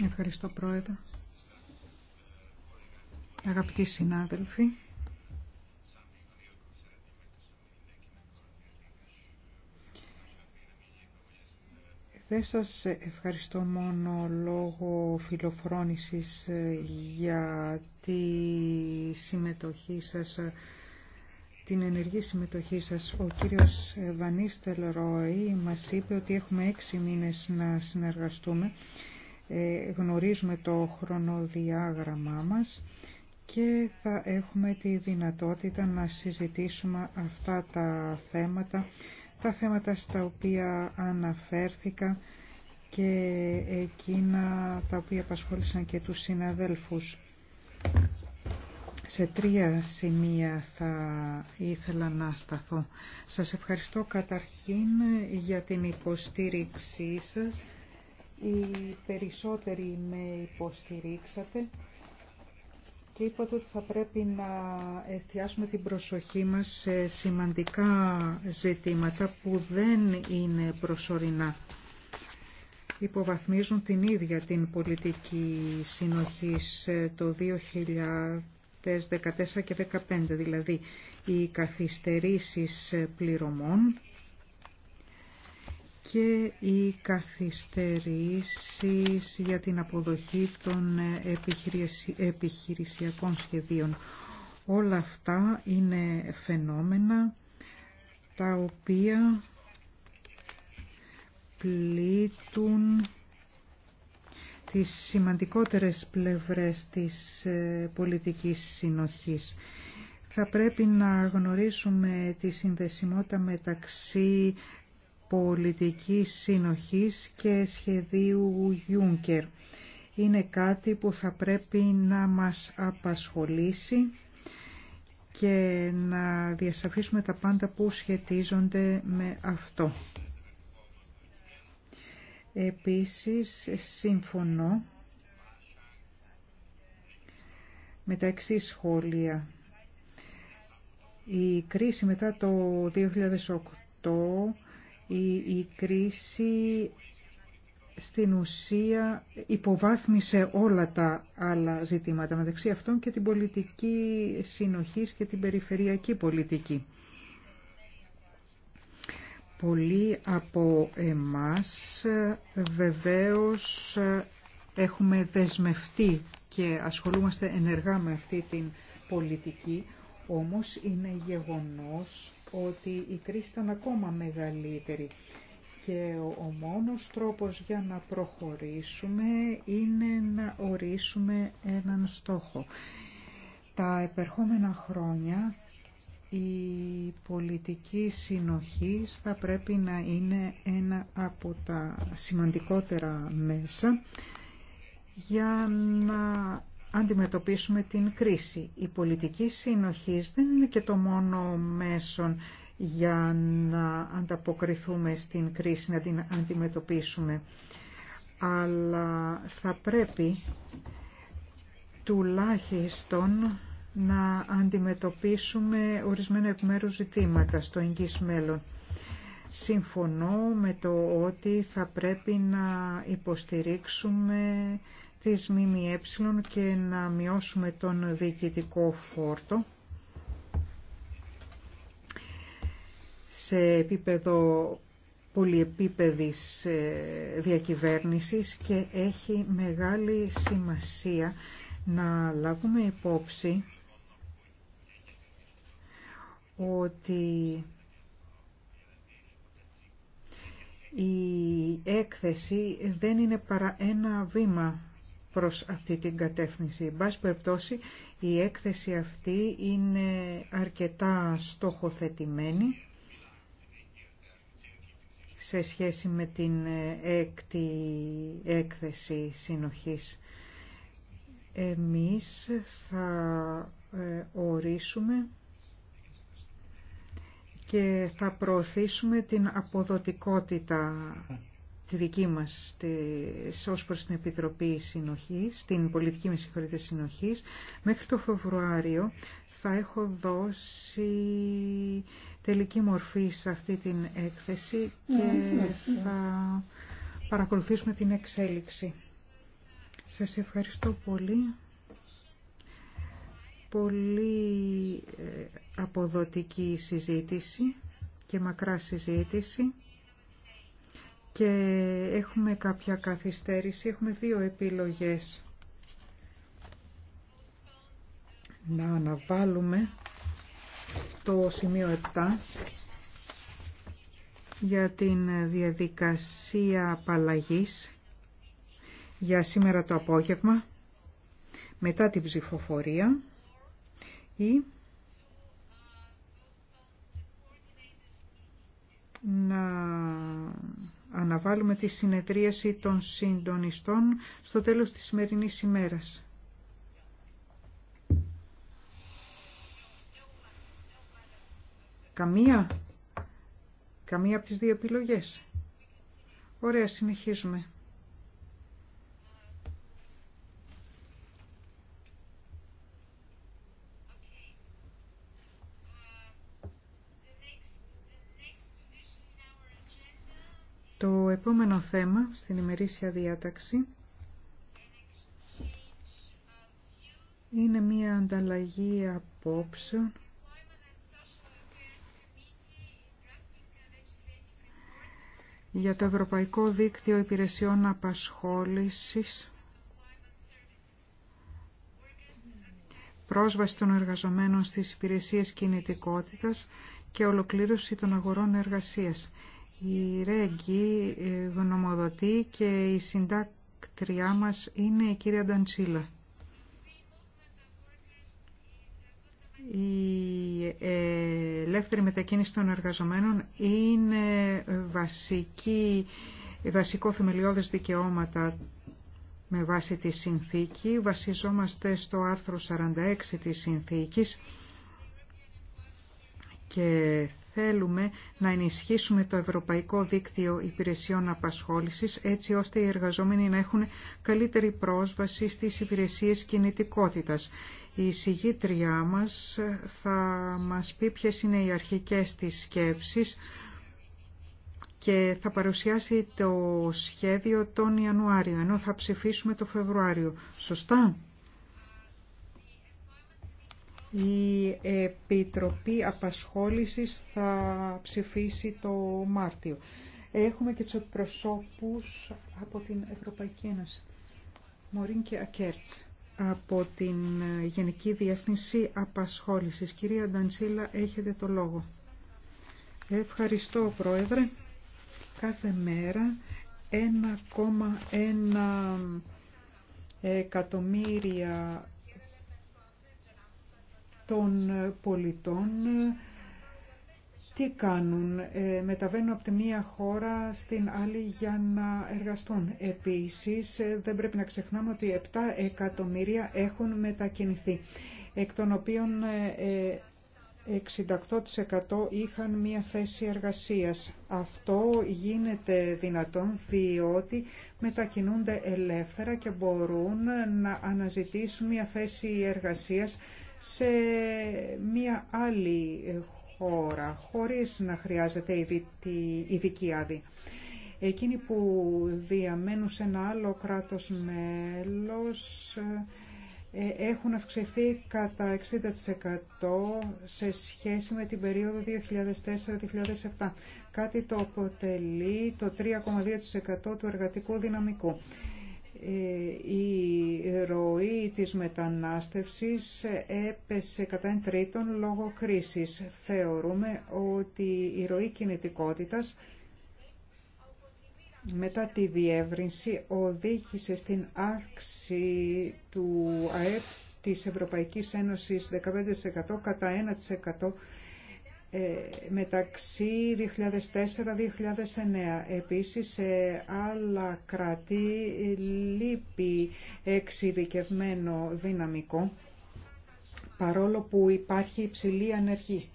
Ευχαριστώ πρόεδρε. Αγαπητοί συνάδελφοι, δεν σας ευχαριστώ μόνο λόγω φιλοφρόνησης για τη συμμετοχή σας την ενεργή συμμετοχή σας. Ο κύριος Βανίστελ Ρόι μας είπε ότι έχουμε έξι μήνες να συνεργαστούμε. Ε, γνωρίζουμε το χρονοδιάγραμμά μας και θα έχουμε τη δυνατότητα να συζητήσουμε αυτά τα θέματα, τα θέματα στα οποία αναφέρθηκα και εκείνα τα οποία απασχόλησαν και τους συναδέλφους. Σε τρία σημεία θα ήθελα να σταθώ. Σας ευχαριστώ καταρχήν για την υποστήριξή σας. Οι περισσότεροι με υποστηρίξατε τίποτα ότι θα πρέπει να εστιάσουμε την προσοχή μας σε σημαντικά ζητήματα που δεν είναι προσωρινά. Υποβαθμίζουν την ίδια την πολιτική συνοχή το 2014 και 2015, δηλαδή οι καθυστερήσεις πληρωμών και οι καθυστερήσεις για την αποδοχή των επιχειρησιακών σχεδίων. Όλα αυτά είναι φαινόμενα τα οποία πλήττουν τις σημαντικότερες πλευρές της ε, πολιτικής συνοχής. Θα πρέπει να γνωρίσουμε τη συνδεσιμότητα μεταξύ πολιτικής συνοχής και σχεδίου Juncker. Είναι κάτι που θα πρέπει να μας απασχολήσει και να διασαφίσουμε τα πάντα που σχετίζονται με αυτό. Επίσης, συμφωνώ με τα εξής σχόλια. Η κρίση μετά το 2008 η, κρίση στην ουσία υποβάθμισε όλα τα άλλα ζητήματα, μεταξύ αυτών και την πολιτική συνοχής και την περιφερειακή πολιτική. Πολλοί από εμάς βεβαίως έχουμε δεσμευτεί και ασχολούμαστε ενεργά με αυτή την πολιτική, όμως είναι γεγονός ότι η κρίση ήταν ακόμα μεγαλύτερη και ο μόνος τρόπος για να προχωρήσουμε είναι να ορίσουμε έναν στόχο. Τα επερχόμενα χρόνια η πολιτική συνοχή θα πρέπει να είναι ένα από τα σημαντικότερα μέσα για να αντιμετωπίσουμε την κρίση. Η πολιτική συνοχή δεν είναι και το μόνο μέσο... για να ανταποκριθούμε στην κρίση, να την αντιμετωπίσουμε. Αλλά θα πρέπει τουλάχιστον να αντιμετωπίσουμε ορισμένα επιμέρους ζητήματα στο εγγύς μέλλον. Συμφωνώ με το ότι θα πρέπει να υποστηρίξουμε της ΜΜΕ και να μειώσουμε τον διοικητικό φόρτο σε επίπεδο πολυεπίπεδης ε, διακυβέρνησης και έχει μεγάλη σημασία να λάβουμε υπόψη ότι η έκθεση δεν είναι παρά ένα βήμα προς αυτή την κατεύθυνση. Εν περιπτώσει, η έκθεση αυτή είναι αρκετά στοχοθετημένη σε σχέση με την έκτη έκθεση συνοχής. Εμείς θα ε, ορίσουμε και θα προωθήσουμε την αποδοτικότητα τη δική μας τη, ως προς την Επιτροπή Συνοχής, την πολιτική με συγχωρείτε συνοχής, μέχρι το Φεβρουάριο θα έχω δώσει τελική μορφή σε αυτή την έκθεση και ναι, ναι, ναι. θα παρακολουθήσουμε την εξέλιξη. Σας ευχαριστώ πολύ. Πολύ ε, αποδοτική συζήτηση και μακρά συζήτηση και έχουμε κάποια καθυστέρηση. Έχουμε δύο επιλογές. Να αναβάλουμε το σημείο 7 για την διαδικασία απαλλαγής για σήμερα το απόγευμα μετά την ψηφοφορία ή να αναβάλουμε τη συνεδρίαση των συντονιστών στο τέλος της σημερινής ημέρας. Καμία. Καμία από τις δύο επιλογές. Ωραία, συνεχίζουμε. Το επόμενο θέμα στην ημερήσια διάταξη είναι μία ανταλλαγή απόψεων για το Ευρωπαϊκό Δίκτυο Υπηρεσιών Απασχόλησης πρόσβαση των εργαζομένων στις υπηρεσίες κινητικότητας και ολοκλήρωση των αγορών εργασίας. Η Ρέγκη ε, γνωμοδοτεί και η συντάκτριά μας είναι η κυρία Νταντσίλα. η ε, ελεύθερη μετακίνηση των εργαζομένων είναι βασική, βασικό θεμελιώδες δικαιώματα με βάση τη συνθήκη. Βασιζόμαστε στο άρθρο 46 της συνθήκης και θέλουμε να ενισχύσουμε το Ευρωπαϊκό Δίκτυο Υπηρεσιών Απασχόλησης έτσι ώστε οι εργαζόμενοι να έχουν καλύτερη πρόσβαση στις υπηρεσίες κινητικότητας. Η συγγήτριά μας θα μας πει ποιες είναι οι αρχικές της σκέψεις και θα παρουσιάσει το σχέδιο τον Ιανουάριο, ενώ θα ψηφίσουμε το Φεβρουάριο. Σωστά? Η Επιτροπή Απασχόλησης θα ψηφίσει το Μάρτιο. Έχουμε και τους προσώπους από την Ευρωπαϊκή Ένωση. Μωρίν και Ακέρτς από την Γενική Διεύθυνση Απασχόλησης. Κυρία Ντανσίλα, έχετε το λόγο. Ευχαριστώ, Πρόεδρε. Κάθε μέρα 1,1 εκατομμύρια των πολιτών τι κάνουν, ε, μεταβαίνουν από τη μία χώρα στην άλλη για να εργαστούν. Επίσης, ε, δεν πρέπει να ξεχνάμε ότι 7 εκατομμύρια έχουν μετακινηθεί, εκ των οποίων 68% ε, είχαν μία θέση εργασίας. Αυτό γίνεται δυνατόν διότι μετακινούνται ελεύθερα και μπορούν να αναζητήσουν μία θέση εργασίας σε μία άλλη χώρα, χωρίς να χρειάζεται ειδική άδεια. Εκείνοι που διαμένουν σε ένα άλλο κράτος μέλος ε, έχουν αυξηθεί κατά 60% σε σχέση με την περίοδο 2004-2007, κάτι το αποτελεί το 3,2% του εργατικού δυναμικού η ροή της μετανάστευσης έπεσε κατά εν τρίτον λόγω κρίσης. Θεωρούμε ότι η ροή κινητικότητας μετά τη διεύρυνση οδήγησε στην αύξηση του ΑΕΠ της Ευρωπαϊκής Ένωσης 15% κατά 1% ε, μεταξύ 2004-2009. Επίσης, σε άλλα κράτη λείπει εξειδικευμένο δυναμικό, παρόλο που υπάρχει υψηλή ανεργή.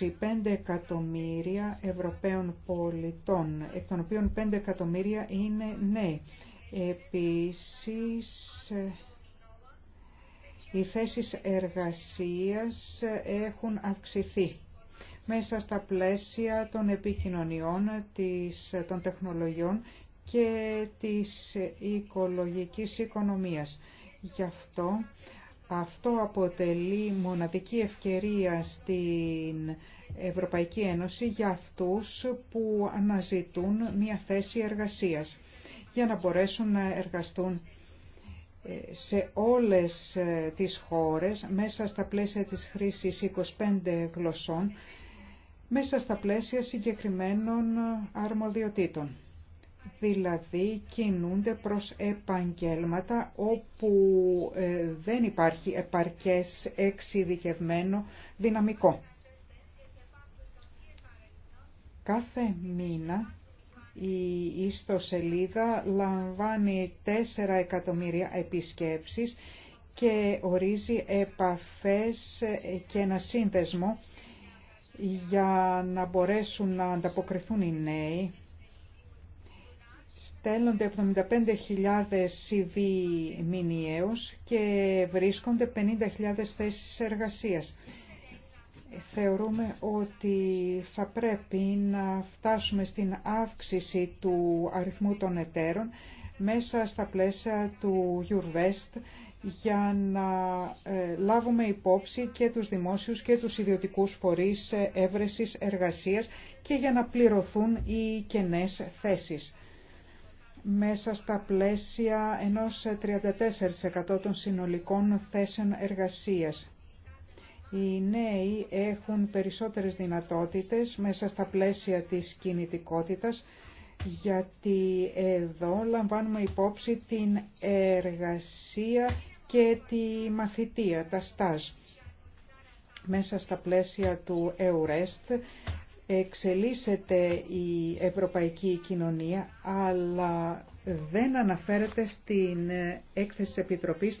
25 εκατομμύρια Ευρωπαίων πολιτών, εκ των οποίων 5 εκατομμύρια είναι νέοι. Επίσης, ε, οι θέσεις εργασίας έχουν αυξηθεί μέσα στα πλαίσια των επικοινωνιών, της, των τεχνολογιών και της οικολογικής οικονομίας. Γι' αυτό αυτό αποτελεί μοναδική ευκαιρία στην Ευρωπαϊκή Ένωση για αυτούς που αναζητούν μια θέση εργασίας για να μπορέσουν να εργαστούν σε όλες ε, τις χώρες μέσα στα πλαίσια της χρήσης 25 γλωσσών μέσα στα πλαίσια συγκεκριμένων ε, αρμοδιοτήτων. Δηλαδή κινούνται προς επαγγέλματα όπου ε, δεν υπάρχει επαρκές εξειδικευμένο δυναμικό. Κάθε μήνα η ιστοσελίδα λαμβάνει 4 εκατομμύρια επισκέψεις και ορίζει επαφές και ένα σύνδεσμο για να μπορέσουν να ανταποκριθούν οι νέοι. Στέλνονται 75.000 CV μηνιαίως και βρίσκονται 50.000 θέσεις εργασίας θεωρούμε ότι θα πρέπει να φτάσουμε στην αύξηση του αριθμού των εταίρων μέσα στα πλαίσια του Eurvest για να ε, λάβουμε υπόψη και τους δημόσιους και τους ιδιωτικούς φορείς έβρεσης εργασίας και για να πληρωθούν οι κενές θέσεις. Μέσα στα πλαίσια ενός 34% των συνολικών θέσεων εργασίας οι νέοι έχουν περισσότερες δυνατότητες μέσα στα πλαίσια της κινητικότητας γιατί εδώ λαμβάνουμε υπόψη την εργασία και τη μαθητεία, τα στάζ. Μέσα στα πλαίσια του ΕΟΡΕΣΤ εξελίσσεται η ευρωπαϊκή κοινωνία, αλλά δεν αναφέρεται στην έκθεση της Επιτροπής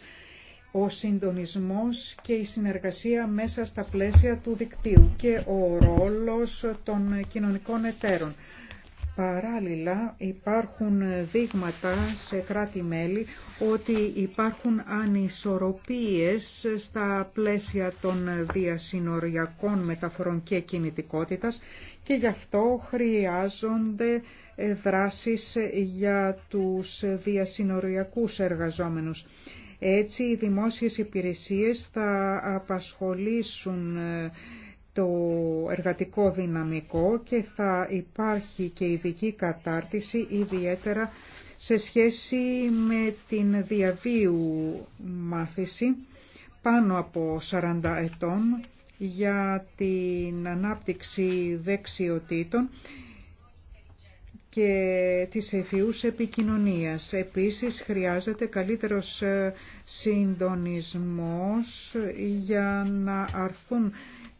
ο συντονισμός και η συνεργασία μέσα στα πλαίσια του δικτύου και ο ρόλος των κοινωνικών εταίρων. Παράλληλα υπάρχουν δείγματα σε κράτη-μέλη ότι υπάρχουν ανισορροπίες στα πλαίσια των διασυνοριακών μεταφορών και κινητικότητας και γι' αυτό χρειάζονται ε, δράσεις για τους διασυνοριακούς εργαζόμενους. Έτσι οι δημόσιες υπηρεσίες θα απασχολήσουν ε, το εργατικό δυναμικό και θα υπάρχει και ειδική κατάρτιση ιδιαίτερα σε σχέση με την διαβίου μάθηση πάνω από 40 ετών για την ανάπτυξη δεξιοτήτων και της ευφυούς επικοινωνίας. Επίσης χρειάζεται καλύτερος ε, συντονισμός για να αρθούν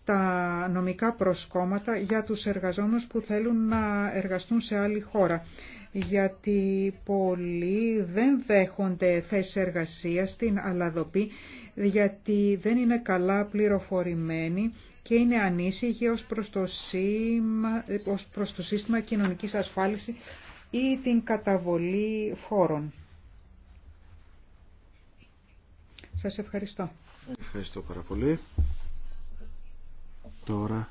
τα νομικά προσκόμματα για τους εργαζόμενους που θέλουν να εργαστούν σε άλλη χώρα. Γιατί πολλοί δεν δέχονται θέσεις εργασίας στην Αλαδοπή, γιατί δεν είναι καλά πληροφορημένοι και είναι ανήσυχη ως προς το, σύστημα κοινωνικής ασφάλισης ή την καταβολή φόρων. Σας ευχαριστώ. Ευχαριστώ πάρα πολύ. Τώρα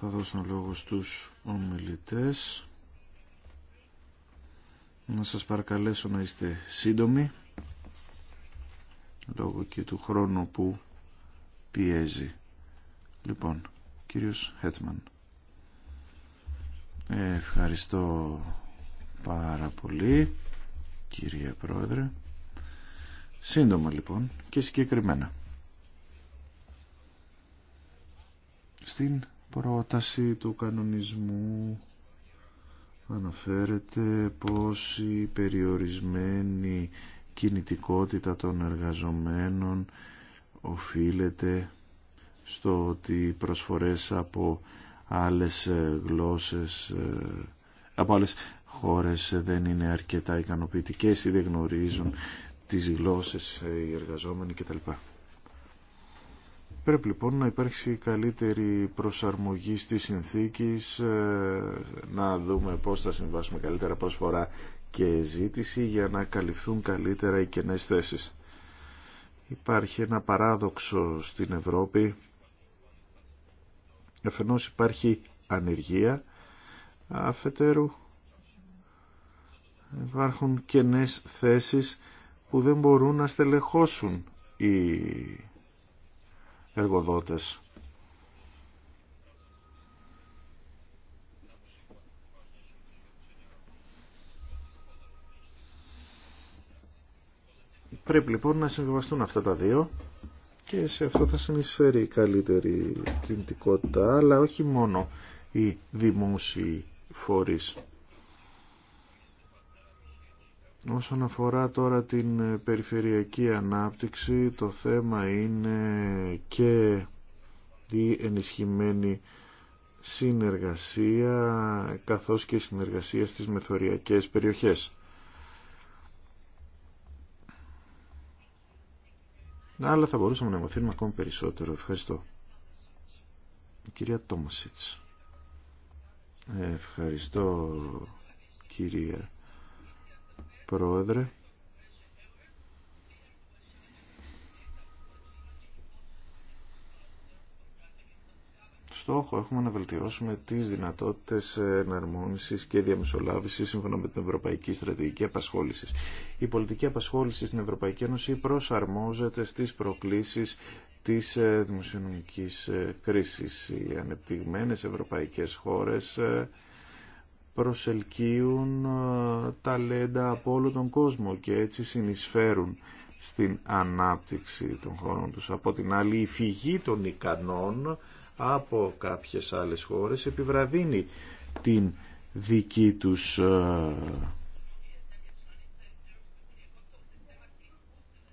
θα δώσω λόγο στους ομιλητές. Να σας παρακαλέσω να είστε σύντομοι λόγω και του χρόνου που πιέζει. Λοιπόν, κύριος Χέτσμαν. Ε, ευχαριστώ πάρα πολύ, κύριε Πρόεδρε. Σύντομα λοιπόν και συγκεκριμένα. Στην πρόταση του κανονισμού αναφέρεται πως η περιορισμένη κινητικότητα των εργαζομένων οφείλεται στο ότι οι προσφορές από άλλες ε, γλώσσες, ε, από άλλες χώρες δεν είναι αρκετά ικανοποιητικές ή δεν γνωρίζουν τις γλώσσες ε, οι εργαζόμενοι κτλ. Πρέπει λοιπόν να υπάρξει καλύτερη προσαρμογή στις συνθήκες, να δούμε πώς θα συμβάσουμε καλύτερα προσφορά και ζήτηση για να καλυφθούν καλύτερα οι κενές θέσεις. Υπάρχει ένα παράδοξο στην Ευρώπη. Αφενός υπάρχει ανεργία, αφετέρου υπάρχουν κενές θέσεις που δεν μπορούν να στελεχώσουν οι εργοδότες. Πρέπει λοιπόν να συμβιβαστούν αυτά τα δύο και σε αυτό θα συνεισφέρει η καλύτερη κινητικότητα, αλλά όχι μόνο οι δημόσιοι φορείς. Όσον αφορά τώρα την περιφερειακή ανάπτυξη, το θέμα είναι και η ενισχυμένη συνεργασία καθώς και συνεργασία στις μεθοριακές περιοχές. αλλά θα μπορούσαμε να μαθαίνουμε ακόμη περισσότερο. Ευχαριστώ. κυρία Τόμασιτς. Ευχαριστώ κυρία Πρόεδρε. στόχο έχουμε να βελτιώσουμε τις δυνατότητες εναρμόνισης και διαμεσολάβησης σύμφωνα με την Ευρωπαϊκή Στρατηγική Απασχόληση. Η πολιτική απασχόληση στην Ευρωπαϊκή Ένωση προσαρμόζεται στις προκλήσεις της ε, δημοσιονομικής ε, κρίσης. Οι ανεπτυγμένες ευρωπαϊκές χώρες ε, προσελκύουν ταλέντα από όλο τον κόσμο και έτσι συνεισφέρουν στην ανάπτυξη των χωρών τους. Από την άλλη, η φυγή των ικανών από κάποιες άλλες χώρες επιβραδύνει την δική τους ε,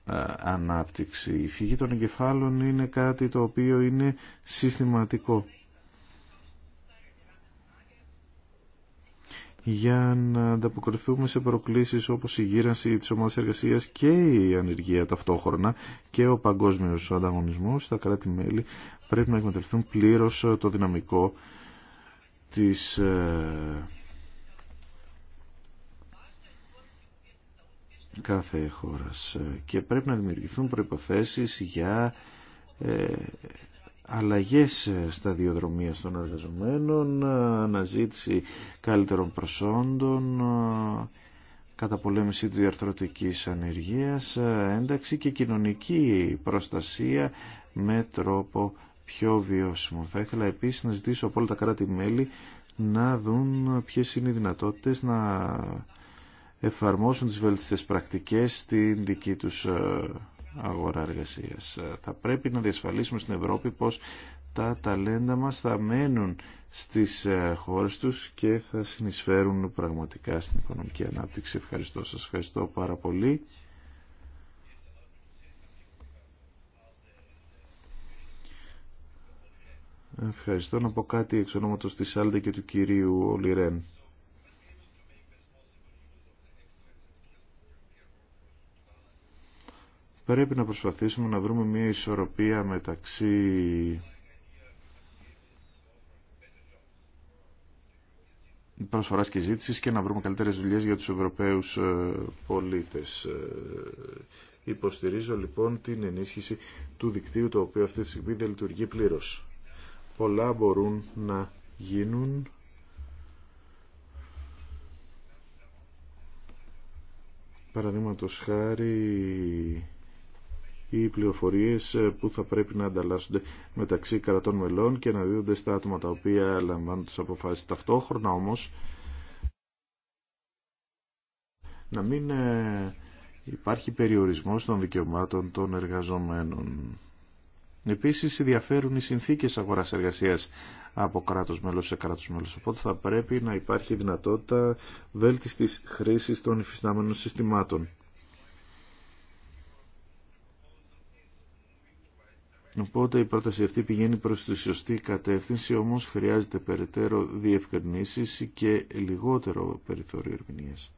ε, ανάπτυξη. Η φυγή των εγκεφάλων είναι κάτι το οποίο είναι συστηματικό. για να ανταποκριθούμε σε προκλήσεις όπως η γύρανση της ομάδας εργασίας και η ανεργία ταυτόχρονα και ο παγκόσμιος ανταγωνισμός. Τα κράτη-μέλη πρέπει να εκμεταλλευτούν πλήρως το δυναμικό της ε, κάθε χώρας και πρέπει να δημιουργηθούν προϋποθέσεις για ε, αλλαγές στα διοδρομία των εργαζομένων, αναζήτηση καλύτερων προσόντων, καταπολέμηση της διαρθρωτικής ανεργίας, ένταξη και κοινωνική προστασία με τρόπο πιο βιώσιμο. Θα ήθελα επίσης να ζητήσω από όλα τα κράτη-μέλη να δουν ποιες είναι οι δυνατότητες να εφαρμόσουν τις βελτιστές πρακτικές στην δική τους ε, αγορά εργασίας. Θα πρέπει να διασφαλίσουμε στην Ευρώπη πως τα ταλέντα μας θα μένουν στις ε, χώρες τους και θα συνεισφέρουν πραγματικά στην οικονομική ανάπτυξη. Ευχαριστώ σας, ευχαριστώ πάρα πολύ. Ευχαριστώ να πω κάτι εξ ονόματος της Άλντε και του κυρίου Ολιρέν. πρέπει να προσπαθήσουμε να βρούμε μια ισορροπία μεταξύ προσφοράς και ζήτησης και να βρούμε καλύτερες δουλειές για τους Ευρωπαίους ε, πολίτες. Ε, υποστηρίζω λοιπόν την ενίσχυση του δικτύου το οποίο αυτή τη στιγμή δεν λειτουργεί πλήρως. Πολλά μπορούν να γίνουν παραδείγματος χάρη οι πληροφορίες ε, που θα πρέπει να ανταλλάσσονται μεταξύ κρατών μελών και να δίδονται στα άτομα τα οποία λαμβάνουν τις αποφάσεις. Ταυτόχρονα όμως να μην ε, υπάρχει περιορισμός των δικαιωμάτων των εργαζομένων. Επίσης, ενδιαφέρουν οι συνθήκες αγοράς εργασίας από κράτος μέλος σε κράτος μέλος, οπότε θα πρέπει να υπάρχει δυνατότητα βέλτιστης χρήσης των υφιστάμενων συστημάτων. Οπότε η πρόταση αυτή πηγαίνει προς τη σωστή κατεύθυνση, όμως χρειάζεται περαιτέρω διευκρινήσεις και λιγότερο περιθώριο ερμηνείας.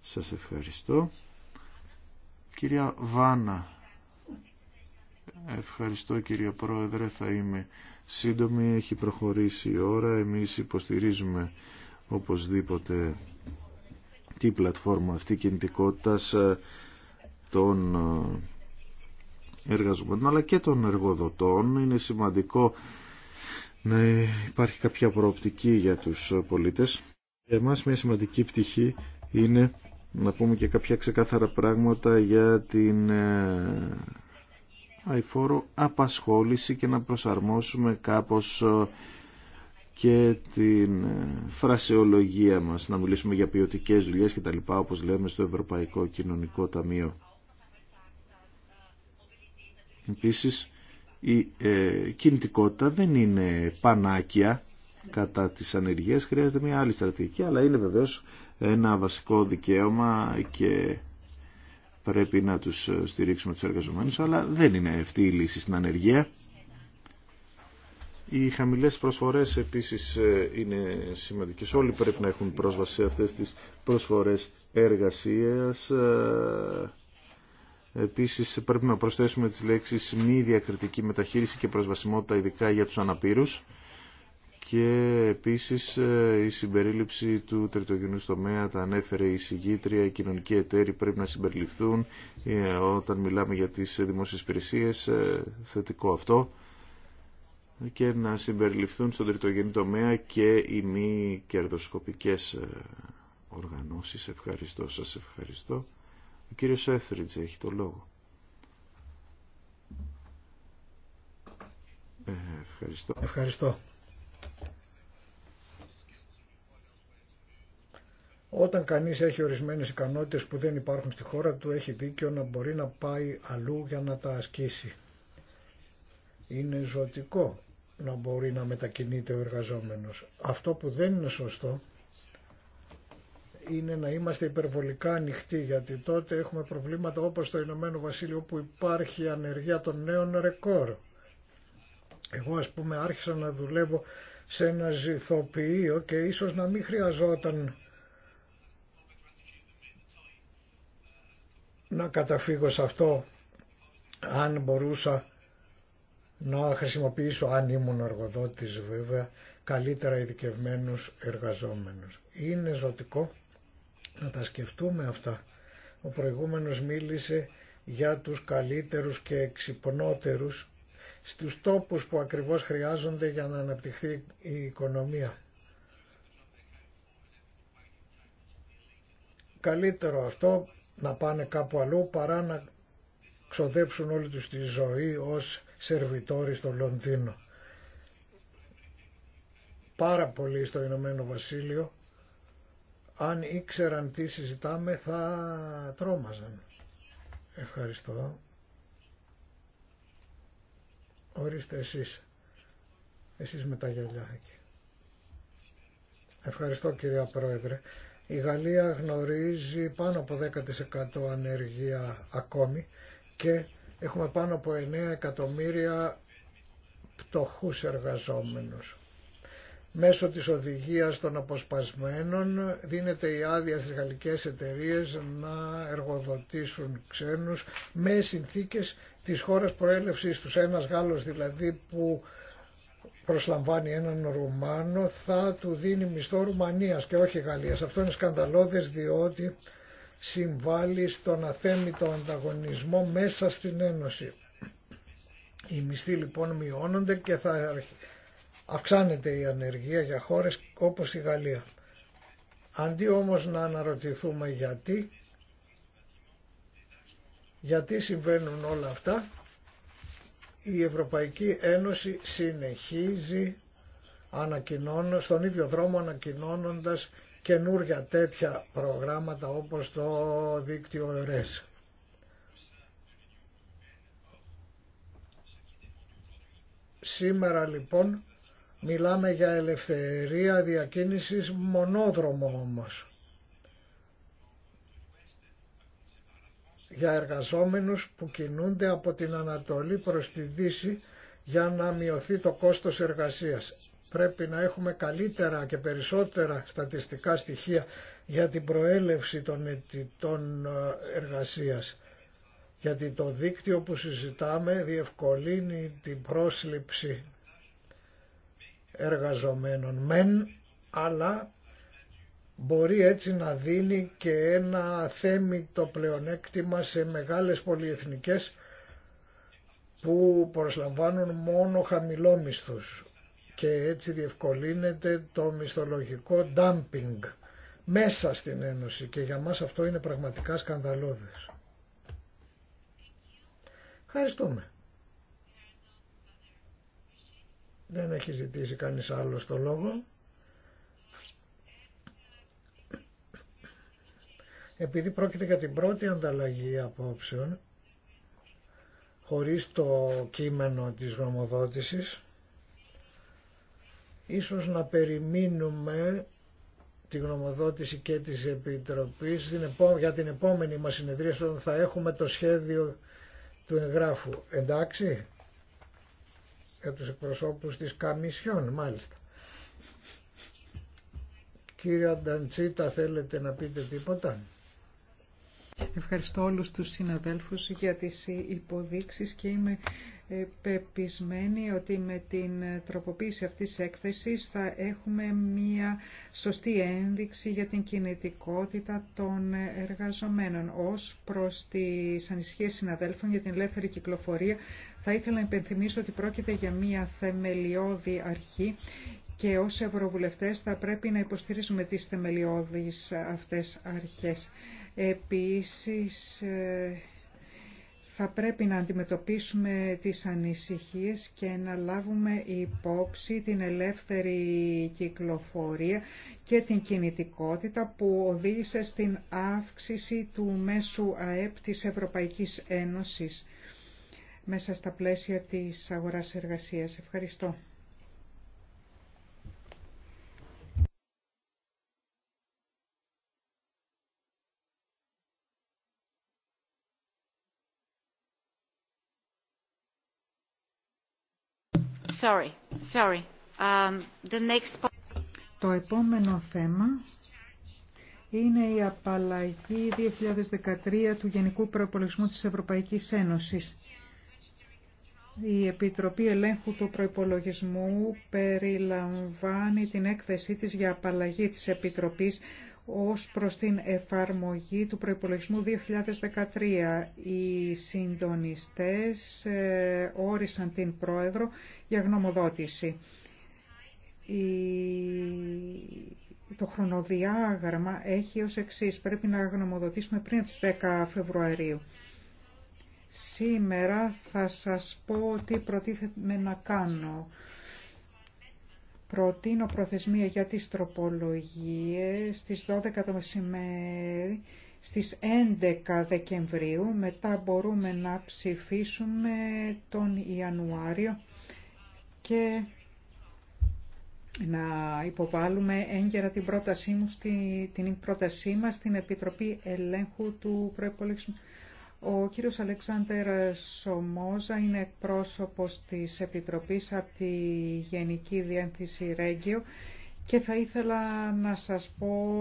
Σας ευχαριστώ. Κυρία Βάνα, ευχαριστώ κύριε Πρόεδρε, θα είμαι σύντομη, έχει προχωρήσει η ώρα, εμείς υποστηρίζουμε οπωσδήποτε τη πλατφόρμα αυτή κινητικότητας ε, των ε, εργαζομένων αλλά και των εργοδοτών. Είναι σημαντικό να υπάρχει κάποια προοπτική για τους πολίτες. Για εμάς μια σημαντική πτυχή είναι να πούμε και κάποια ξεκάθαρα πράγματα για την ε, αηφόρο απασχόληση και να προσαρμόσουμε κάπως ε, και την ε, φρασεολογία μας, να μιλήσουμε για ποιοτικέ δουλειές και τα λοιπά, όπως λέμε στο Ευρωπαϊκό Κοινωνικό Ταμείο. Επίσης, η ε, κινητικότητα δεν είναι πανάκια κατά τις ανεργίες, χρειάζεται μια άλλη στρατηγική, αλλά είναι βεβαίως ένα βασικό δικαίωμα και πρέπει να τους ε, στηρίξουμε τους εργαζομένους, αλλά δεν είναι αυτή η λύση στην ανεργία. Οι χαμηλές προσφορές επίσης ε, είναι σημαντικές. Όλοι πρέπει να έχουν πρόσβαση σε αυτές τις προσφορές εργασίας Επίσης πρέπει να προσθέσουμε τις λέξεις μη διακριτική μεταχείριση και προσβασιμότητα ειδικά για τους αναπήρους και επίσης ε, η συμπερίληψη του τριτογενού τομέα τα ανέφερε η συγγήτρια, οι κοινωνικοί εταίροι πρέπει να συμπεριληφθούν ε, όταν μιλάμε για τις δημόσιες υπηρεσίες, ε, θετικό αυτό και να συμπεριληφθούν στον τριτογενή τομέα και οι μη κερδοσκοπικές οργανώσεις. Ευχαριστώ σας, ευχαριστώ. Ο κύριος Έθριτζ έχει το λόγο. Ε, ευχαριστώ. Ευχαριστώ. Όταν κανείς έχει ορισμένες ικανότητες που δεν υπάρχουν στη χώρα του, έχει δίκιο να μπορεί να πάει αλλού για να τα ασκήσει. Είναι ζωτικό να μπορεί να μετακινείται ο εργαζόμενος. Αυτό που δεν είναι σωστό είναι να είμαστε υπερβολικά ανοιχτοί γιατί τότε έχουμε προβλήματα όπως το Ηνωμένο Βασίλειο που υπάρχει ανεργία των νέων ρεκόρ. Εγώ ας πούμε άρχισα να δουλεύω σε ένα ζηθοποιείο και ίσως να μην χρειαζόταν να καταφύγω σε αυτό αν μπορούσα να χρησιμοποιήσω, αν ήμουν εργοδότης βέβαια, καλύτερα ειδικευμένου εργαζόμενους. Είναι ζωτικό να τα σκεφτούμε αυτά. Ο προηγούμενος μίλησε για τους καλύτερους και εξυπνότερους στους τόπους που ακριβώς χρειάζονται για να αναπτυχθεί η οικονομία. Καλύτερο αυτό να πάνε κάπου αλλού παρά να ξοδέψουν όλη τους τη ζωή ως σερβιτόροι στο Λονδίνο. Πάρα πολύ στο Ηνωμένο Βασίλειο αν ήξεραν τι συζητάμε θα τρόμαζαν. Ευχαριστώ. Ορίστε εσείς. Εσείς με τα γυαλιά εκεί. Ευχαριστώ κυρία Πρόεδρε. Η Γαλλία γνωρίζει πάνω από 10% ανεργία ακόμη και έχουμε πάνω από 9 εκατομμύρια πτωχούς εργαζόμενους. Μέσω της οδηγίας των αποσπασμένων δίνεται η άδεια στις γαλλικές εταιρείες να εργοδοτήσουν ξένους με συνθήκες της χώρας προέλευσης τους. Ένας Γάλλος δηλαδή που προσλαμβάνει έναν Ρουμάνο θα του δίνει μισθό Ρουμανίας και όχι Γαλλίας. Αυτό είναι σκανδαλώδες διότι συμβάλλει στον αθέμητο ανταγωνισμό μέσα στην Ένωση. Οι μισθοί λοιπόν μειώνονται και θα αυξάνεται η ανεργία για χώρες όπως η Γαλλία. Αντί όμως να αναρωτηθούμε γιατί, γιατί συμβαίνουν όλα αυτά, η Ευρωπαϊκή Ένωση συνεχίζει στον ίδιο δρόμο ανακοινώνοντας καινούργια τέτοια προγράμματα όπως το δίκτυο ΕΡΕΣ. Σήμερα λοιπόν Μιλάμε για ελευθερία διακίνησης μονόδρομο όμως. Για εργαζόμενους που κινούνται από την Ανατολή προς τη Δύση για να μειωθεί το κόστος εργασίας. Πρέπει να έχουμε καλύτερα και περισσότερα στατιστικά στοιχεία για την προέλευση των αιτητών ε, εργασίας. Γιατί το δίκτυο που συζητάμε διευκολύνει την πρόσληψη εργαζομένων μεν, αλλά μπορεί έτσι να δίνει και ένα αθέμητο πλεονέκτημα σε μεγάλες πολυεθνικές που προσλαμβάνουν μόνο χαμηλόμισθους και έτσι διευκολύνεται το μισθολογικό dumping μέσα στην Ένωση και για μας αυτό είναι πραγματικά σκανδαλώδες. Ευχαριστούμε. Δεν έχει ζητήσει κανείς άλλος το λόγο. Επειδή πρόκειται για την πρώτη ανταλλαγή απόψεων, χωρίς το κείμενο της γνωμοδότησης, ίσως να περιμείνουμε τη γνωμοδότηση και της Επιτροπής για την επόμενη μας συνεδρία όταν θα έχουμε το σχέδιο του εγγράφου. Εντάξει, για τους εκπροσώπους της Καμισιόν μάλιστα. Κύριε Ανταντσίτα θέλετε να πείτε τίποτα. Ευχαριστώ όλους τους συναδέλφους για τις υποδείξεις και είμαι ε, πεπισμένη ότι με την ε, τροποποίηση αυτής της έκθεσης θα έχουμε μία σωστή ένδειξη για την κινητικότητα των ε, εργαζομένων ως προς τις ανησυχίες συναδέλφων για την ελεύθερη κυκλοφορία θα ήθελα να υπενθυμίσω ότι πρόκειται για μια θεμελιώδη αρχή και ως Ευρωβουλευτές θα πρέπει να υποστηρίζουμε τις θεμελιώδεις αυτές αρχές. Επίσης, ε, θα πρέπει να αντιμετωπίσουμε τις ανησυχίες και να λάβουμε υπόψη την ελεύθερη κυκλοφορία και την κινητικότητα που οδήγησε στην αύξηση του μέσου ΑΕΠ της Ευρωπαϊκής Ένωσης μέσα στα πλαίσια της αγοράς εργασίας. Ευχαριστώ. Sorry, sorry. Um, the next... Το επόμενο θέμα είναι η απαλλαγή 2013 του Γενικού Προπολογισμού της Ευρωπαϊκής Ένωσης. Η Επιτροπή Ελέγχου του Προϋπολογισμού περιλαμβάνει την έκθεσή της για απαλλαγή της Επιτροπής ως προς την εφαρμογή του προϋπολογισμού 2013. Οι συντονιστές ε, όρισαν την Πρόεδρο για γνωμοδότηση. Το χρονοδιάγραμμα έχει ως εξής. Πρέπει να γνωμοδοτήσουμε πριν τις 10 Φεβρουαρίου. Σήμερα θα σας πω τι προτίθεται να κάνω. Προτείνω προθεσμία για τις τροπολογίες στις 12 το μεσημέρι, στις 11 Δεκεμβρίου, μετά μπορούμε να ψηφίσουμε τον Ιανουάριο και να υποβάλουμε έγκαιρα την πρότασή, μου, την πρότασή μας στην Επιτροπή Ελέγχου του Προϋπολογισμού ο κύριος Αλεξάνδερ Σομόζα είναι πρόσωπος της Επιτροπής από τη Γενική Διένθυση Ρέγγιο και θα ήθελα να σας πω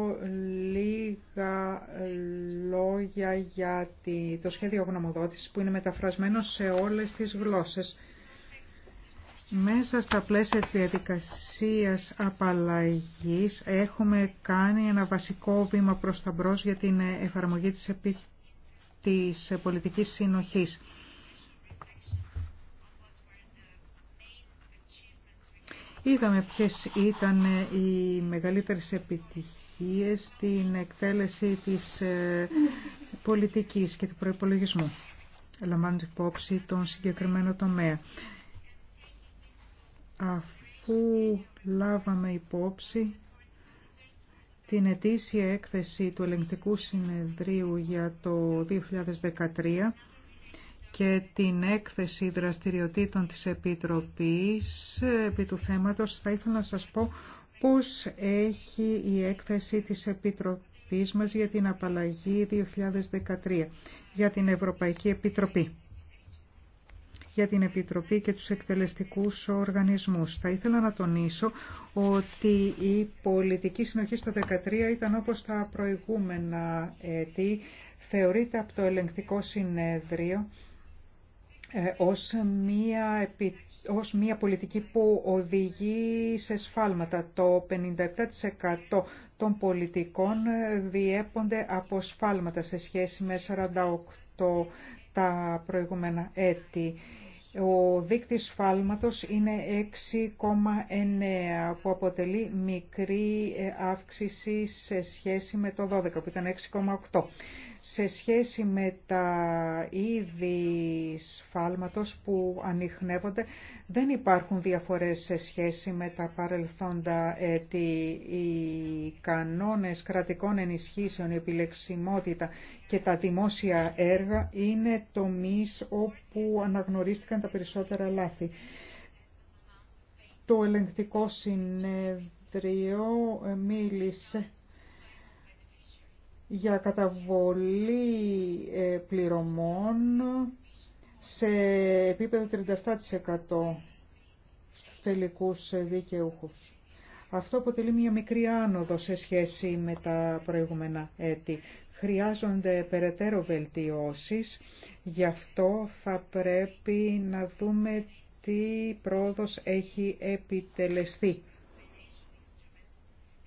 λίγα λόγια για το σχέδιο γνωμοδότησης που είναι μεταφρασμένο σε όλες τις γλώσσες. Μέσα στα πλαίσια της διαδικασίας απαλλαγής έχουμε κάνει ένα βασικό βήμα προς τα μπρος για την εφαρμογή της της πολιτικής συνοχής. Είδαμε ποιες ήταν οι μεγαλύτερες επιτυχίες στην εκτέλεση της ε, πολιτικής και του προϋπολογισμού, λαμβάνοντας υπόψη τον συγκεκριμένο τομέα. Αφού λάβαμε υπόψη την ετήσια έκθεση του Ελεγκτικού Συνεδρίου για το 2013 και την έκθεση δραστηριοτήτων της Επιτροπής επί του θέματος θα ήθελα να σας πω πώς έχει η έκθεση της Επιτροπής μας για την απαλλαγή 2013 για την Ευρωπαϊκή Επιτροπή για την Επιτροπή και τους εκτελεστικούς οργανισμούς. Θα ήθελα να τονίσω ότι η πολιτική συνοχή στο 2013 ήταν όπως τα προηγούμενα έτη. Θεωρείται από το ελεγκτικό συνέδριο ε, ως μία επιτροπή ως μια ως μια πολιτικη που οδηγεί σε σφάλματα. Το 57% των πολιτικών ε, διέπονται από σφάλματα σε σχέση με 48% τα προηγούμενα έτη. Ο δείκτης φάλματος είναι 6,9 που αποτελεί μικρή ε, αύξηση σε σχέση με το 12 που ήταν 6,8 σε σχέση με τα είδη σφάλματος που ανοιχνεύονται δεν υπάρχουν διαφορές σε σχέση με τα παρελθόντα έτη. Οι κανόνες κρατικών ενισχύσεων, η επιλεξιμότητα και τα δημόσια έργα είναι τομείς όπου αναγνωρίστηκαν τα περισσότερα λάθη. Το ελεγκτικό συνέδριο μίλησε για καταβολή ε, πληρωμών σε επίπεδο 37% στους τελικούς ε, δικαιούχους. Αυτό αποτελεί μια μικρή άνοδο σε σχέση με τα προηγούμενα έτη. Χρειάζονται περαιτέρω βελτιώσεις, γι' αυτό θα πρέπει να δούμε τι πρόοδος έχει επιτελεστεί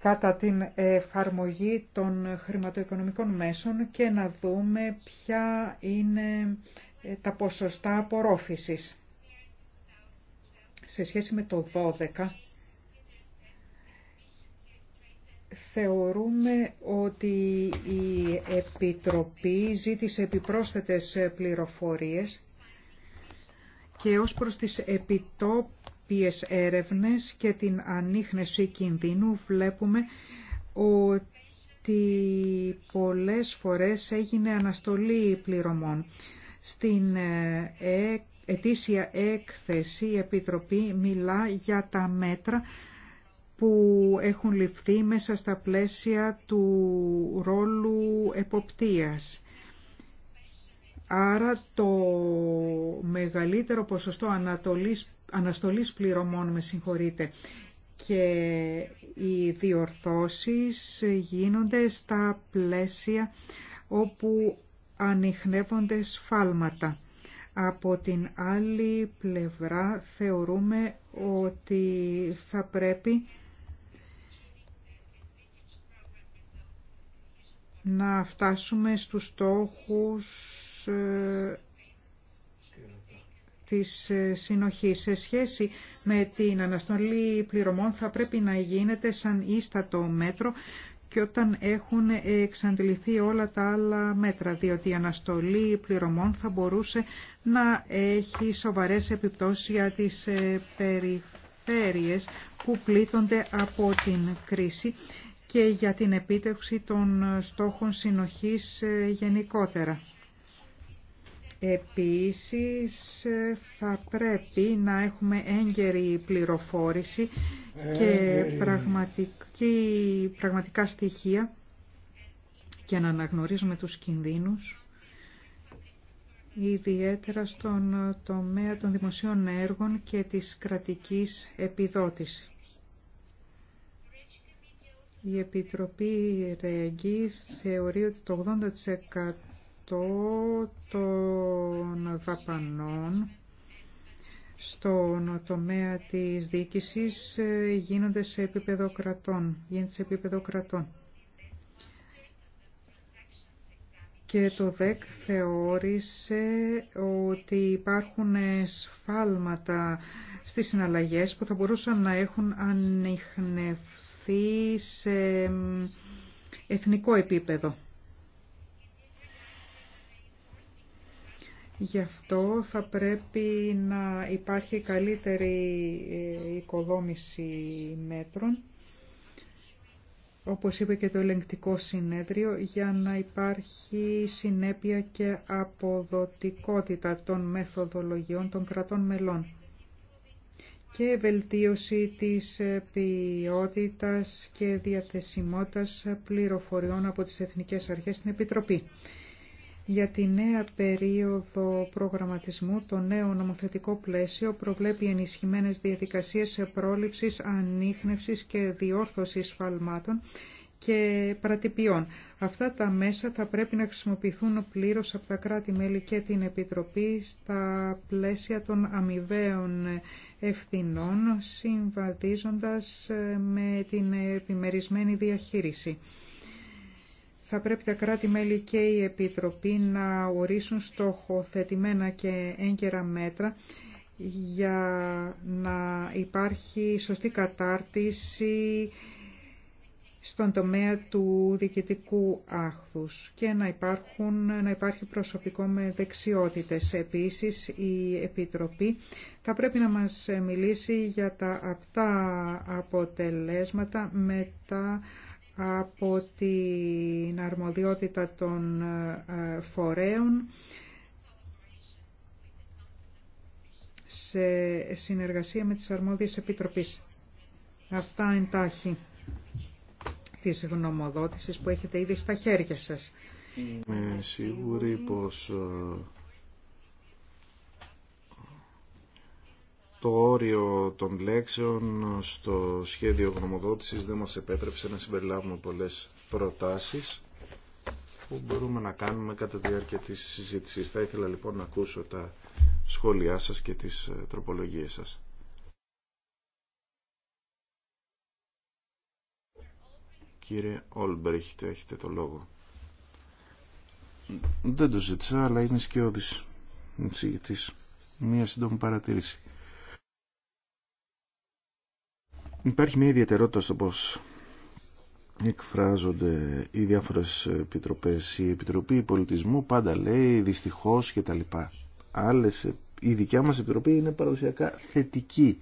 κατά την εφαρμογή των χρηματοοικονομικών μέσων και να δούμε ποια είναι ε, τα ποσοστά απορρόφησης. Σε σχέση με το 12, θεωρούμε ότι η Επιτροπή ζήτησε επιπρόσθετες πληροφορίες και ως προς τις επιτόπιες οποίες έρευνες και την ανείχνευση κινδύνου βλέπουμε ότι πολλές φορές έγινε αναστολή πληρωμών. Στην ε, ετήσια έκθεση η Επιτροπή μιλά για τα μέτρα που έχουν ληφθεί μέσα στα πλαίσια του ρόλου εποπτείας. Άρα το μεγαλύτερο ποσοστό ανατολής αναστολής πληρωμών, με συγχωρείτε. Και οι διορθώσεις γίνονται στα πλαίσια όπου ανοιχνεύονται σφάλματα. Από την άλλη πλευρά θεωρούμε ότι θα πρέπει να φτάσουμε στους στόχους ε, της ε, συνοχής σε σχέση με την αναστολή πληρωμών θα πρέπει να γίνεται σαν ίστατο μέτρο και όταν έχουν εξαντληθεί όλα τα άλλα μέτρα, διότι η αναστολή πληρωμών θα μπορούσε να έχει σοβαρές επιπτώσεις για τις ε, περιφέρειες που πλήττονται από την κρίση και για την επίτευξη των στόχων συνοχής ε, γενικότερα. Επίσης θα πρέπει να έχουμε έγκαιρη πληροφόρηση και πραγματική, πραγματικά στοιχεία και να αναγνωρίζουμε τους κινδύνους ιδιαίτερα στον τομέα των δημοσίων έργων και της κρατικής επιδότησης. Η Επιτροπή ΡΕΓΚΙ θεωρεί ότι το 80% των δαπανών στον τομέα της διοίκησης ε, γίνονται σε επίπεδο κρατών, γίνεται σε επίπεδο κρατών. Και το ΔΕΚ θεώρησε ότι υπάρχουν σφάλματα στις συναλλαγές που θα μπορούσαν να έχουν ανιχνευθεί σε εθνικό επίπεδο. Γι' αυτό θα πρέπει να υπάρχει καλύτερη ε, οικοδόμηση μέτρων, όπως είπε και το ελεγκτικό συνέδριο, για να υπάρχει συνέπεια και αποδοτικότητα των μεθοδολογιών των κρατών μελών και βελτίωση της ε, ποιότητας και διαθεσιμότητας πληροφοριών από τις Εθνικές Αρχές στην Επιτροπή για τη νέα περίοδο προγραμματισμού, το νέο νομοθετικό πλαίσιο προβλέπει ενισχυμένες διαδικασίες πρόληψης, ανείχνευσης και διόρθωση φαλμάτων και παρατυπιών. Αυτά τα μέσα θα πρέπει να χρησιμοποιηθούν πλήρως από τα κράτη-μέλη και την Επιτροπή στα πλαίσια των αμοιβαίων ευθυνών, συμβαδίζοντας με την επιμερισμένη διαχείριση θα πρέπει τα κράτη-μέλη και η Επιτροπή να ορίσουν στοχοθετημένα και έγκαιρα μέτρα για να υπάρχει σωστή κατάρτιση στον τομέα του διοικητικού άχθους και να, υπάρχουν, να υπάρχει προσωπικό με δεξιότητες. Επίσης, η Επιτροπή θα πρέπει να μας μιλήσει για τα αυτά αποτελέσματα μετά από την αρμοδιότητα των ε, φορέων σε συνεργασία με τις αρμόδιες επιτροπές. Αυτά εντάχει της γνωμοδότησης που έχετε ήδη στα χέρια σας. Είμαι ε, το όριο των λέξεων στο σχέδιο γνωμοδότησης δεν μας επέτρεψε να συμπεριλάβουμε πολλές προτάσεις που μπορούμε να κάνουμε κατά τη διάρκεια της συζήτησης. Θα ήθελα λοιπόν να ακούσω τα σχόλιά σας και τις ε, τροπολογίες σας. Κύριε Όλμπερχτ, έχετε το λόγο. Δεν το ζήτησα, αλλά είναι σκιώδης Μία σύντομη παρατήρηση. Υπάρχει μια ιδιαιτερότητα στο πώ εκφράζονται οι διάφορες επιτροπές. Η Επιτροπή Πολιτισμού πάντα λέει δυστυχώς κτλ. τα η δικιά μας Επιτροπή είναι παραδοσιακά θετική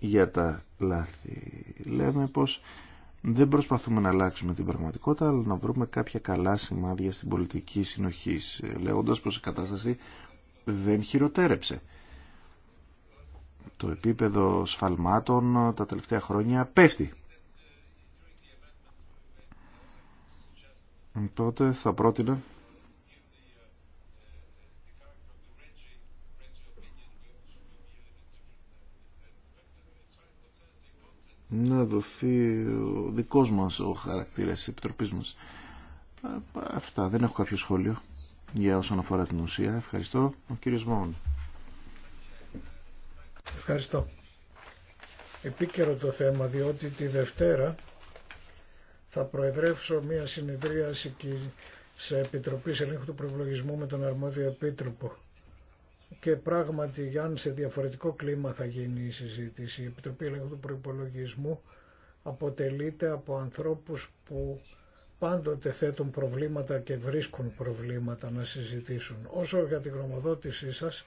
για τα λάθη. Λέμε πως δεν προσπαθούμε να αλλάξουμε την πραγματικότητα, αλλά να βρούμε κάποια καλά σημάδια στην πολιτική συνοχή, λέγοντας πως η κατάσταση δεν χειροτέρεψε το επίπεδο σφαλμάτων τα τελευταία χρόνια πέφτει. Τότε θα πρότεινα να δοθεί ο δικός μας ο χαρακτήρας της Επιτροπής μας. Αυτά, δεν έχω κάποιο σχόλιο για όσον αφορά την ουσία. Ευχαριστώ. Ο κύριος Μόνος. Ευχαριστώ. Επίκαιρο το θέμα διότι τη Δευτέρα θα προεδρεύσω μια συνεδρίαση σε Επιτροπή Ελέγχου του Προεπλογισμού με τον Αρμόδιο Επίτροπο. Και πράγματι, αν σε διαφορετικό κλίμα θα γίνει η συζήτηση, η Επιτροπή Ελέγχου του Προϋπολογισμού αποτελείται από ανθρώπους που πάντοτε θέτουν προβλήματα και βρίσκουν προβλήματα να συζητήσουν. Όσο για την γνωμοδότησή σας,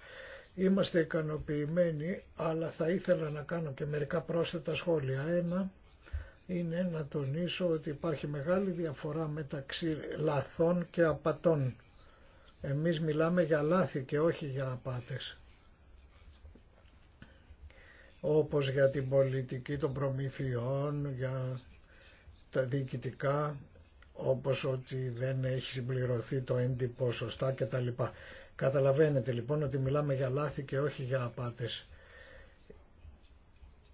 Είμαστε ικανοποιημένοι, αλλά θα ήθελα να κάνω και μερικά πρόσθετα σχόλια. Ένα είναι να τονίσω ότι υπάρχει μεγάλη διαφορά μεταξύ λαθών και απατών. Εμείς μιλάμε για λάθη και όχι για απάτες. Όπως για την πολιτική των προμηθειών, για τα διοικητικά, όπως ότι δεν έχει συμπληρωθεί το έντυπο σωστά κτλ. Καταλαβαίνετε λοιπόν ότι μιλάμε για λάθη και όχι για απάτες.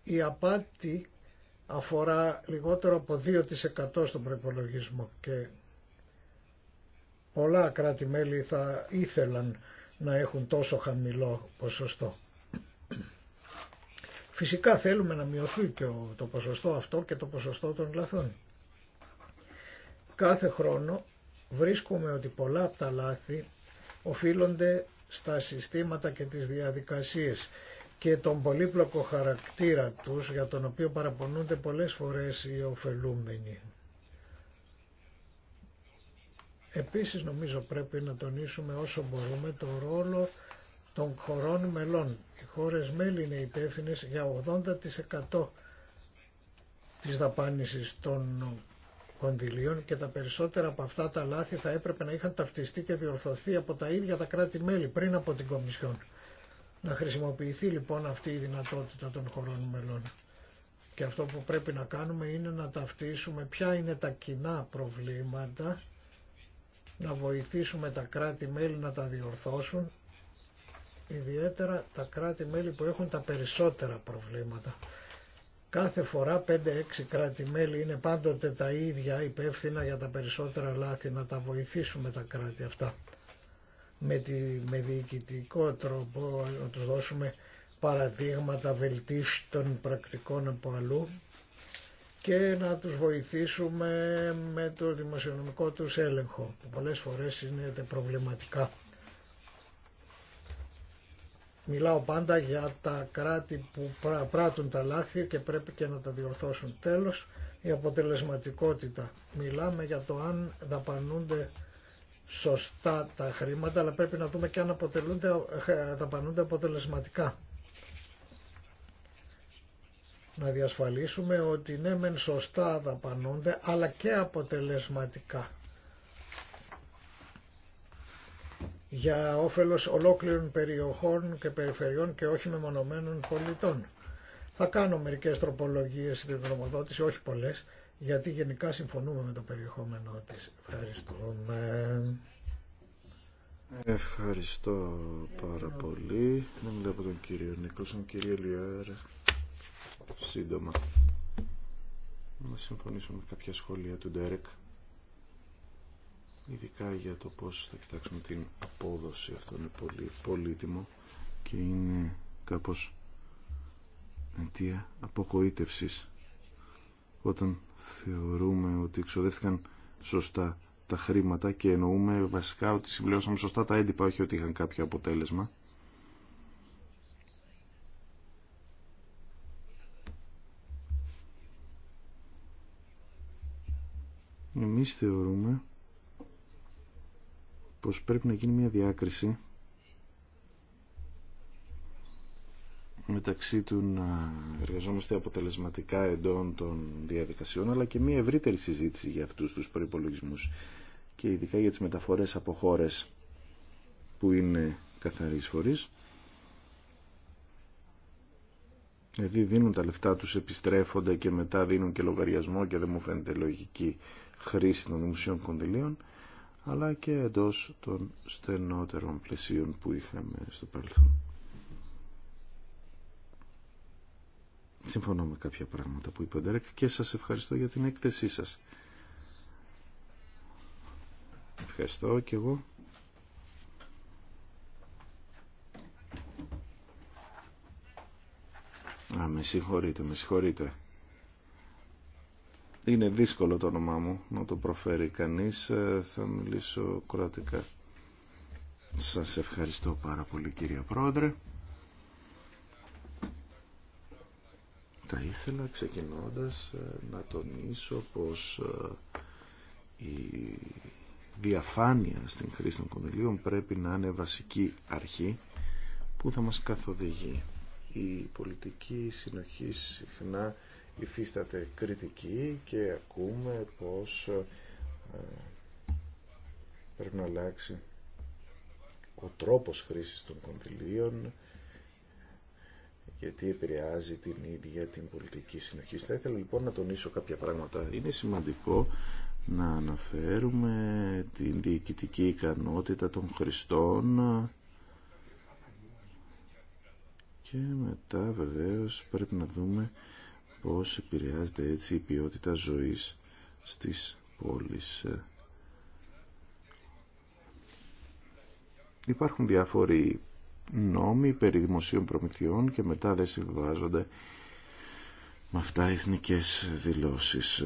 Η απάτη αφορά λιγότερο από 2% στον προϋπολογισμό και πολλά κράτη-μέλη θα ήθελαν να έχουν τόσο χαμηλό ποσοστό. Φυσικά θέλουμε να μειωθεί και το ποσοστό αυτό και το ποσοστό των λαθών. Κάθε χρόνο βρίσκουμε ότι πολλά από τα λάθη οφείλονται στα συστήματα και τις διαδικασίες και τον πολύπλοκο χαρακτήρα τους για τον οποίο παραπονούνται πολλές φορές οι ωφελούμενοι. Επίσης νομίζω πρέπει να τονίσουμε όσο μπορούμε το ρόλο των χωρών μελών. Οι χώρες μέλη είναι υπεύθυνε για 80% της δαπάνησης των κονδυλίων και τα περισσότερα από αυτά τα λάθη θα έπρεπε να είχαν ταυτιστεί και διορθωθεί από τα ίδια τα κράτη-μέλη πριν από την Κομισιόν. Να χρησιμοποιηθεί λοιπόν αυτή η δυνατότητα των χωρών μελών. Και αυτό που πρέπει να κάνουμε είναι να ταυτίσουμε ποια είναι τα κοινά προβλήματα, να βοηθήσουμε τα κράτη-μέλη να τα διορθώσουν, ιδιαίτερα τα κράτη-μέλη που έχουν τα περισσότερα προβλήματα. Κάθε φορά 5-6 κράτη-μέλη είναι πάντοτε τα ίδια υπεύθυνα για τα περισσότερα λάθη, να τα βοηθήσουμε τα κράτη αυτά. Με, τη, με διοικητικό τρόπο να τους δώσουμε παραδείγματα βελτίστων πρακτικών από αλλού και να τους βοηθήσουμε με το δημοσιονομικό τους έλεγχο που πολλές φορές είναι προβληματικά. Μιλάω πάντα για τα κράτη που πράττουν τα λάθη και πρέπει και να τα διορθώσουν. Τέλος, η αποτελεσματικότητα. Μιλάμε για το αν δαπανούνται σωστά τα χρήματα, αλλά πρέπει να δούμε και αν ε, δαπανούνται αποτελεσματικά. Να διασφαλίσουμε ότι ναι μεν σωστά δαπανούνται, αλλά και αποτελεσματικά. για όφελος ολόκληρων περιοχών και περιφερειών και όχι μεμονωμένων πολιτών. Θα κάνω μερικές τροπολογίες στην δρομοδότηση, όχι πολλές, γιατί γενικά συμφωνούμε με το περιεχόμενό της. Ευχαριστούμε. Ευχαριστώ πάρα πολύ. Να μιλάω από τον κύριο Νίκολσον, κύριε Λιάρα. Σύντομα. Να συμφωνήσουμε με κάποια σχόλια του Ντέρεκ ειδικά για το πώς θα κοιτάξουμε την απόδοση. Αυτό είναι πολύ πολύτιμο και είναι κάπως αιτία απογοήτευσης όταν θεωρούμε ότι εξοδεύτηκαν σωστά τα χρήματα και εννοούμε βασικά ότι συμπληρώσαμε σωστά τα έντυπα, όχι ότι είχαν κάποιο αποτέλεσμα. Εμείς θεωρούμε πως πρέπει να γίνει μια διάκριση μεταξύ του να εργαζόμαστε αποτελεσματικά εντών των διαδικασιών αλλά και μια ευρύτερη συζήτηση για αυτούς τους προϋπολογισμούς και ειδικά για τις μεταφορές από χώρε που είναι καθαρής φορής δηλαδή δίνουν τα λεφτά τους, επιστρέφονται και μετά δίνουν και λογαριασμό και δεν μου φαίνεται λογική χρήση των δημοσίων κονδυλίων αλλά και εντός των στενότερων πλαισίων που είχαμε στο παρελθόν. Συμφωνώ με κάποια πράγματα που είπε ο Ντέρεκ και σας ευχαριστώ για την έκθεσή σας. Ευχαριστώ και εγώ. Α, με συγχωρείτε, με συγχωρείτε. Είναι δύσκολο το όνομά μου να το προφέρει κανείς. Ε, θα μιλήσω κρατικά. Σας ευχαριστώ πάρα πολύ κύριε Πρόεδρε. Θα ήθελα ξεκινώντας ε, να τονίσω πως ε, η διαφάνεια στην χρήση των κονδυλίων πρέπει να είναι βασική αρχή που θα μας καθοδηγεί. Η πολιτική συνοχή συχνά υφίσταται κριτική και ακούμε πως ε, πρέπει να αλλάξει ο τρόπος χρήσης των κοντιλίων γιατί επηρεάζει την ίδια την πολιτική συνοχή. Θα ήθελα λοιπόν να τονίσω κάποια πράγματα. Είναι σημαντικό να αναφέρουμε την διοικητική ικανότητα των χρηστών και μετά βεβαίως πρέπει να δούμε πώς επηρεάζεται έτσι η ποιότητα ζωής στις πόλεις. Υπάρχουν διάφοροι νόμοι περί δημοσίων προμηθειών και μετά δεν συμβάζονται με αυτά εθνικές δηλώσεις.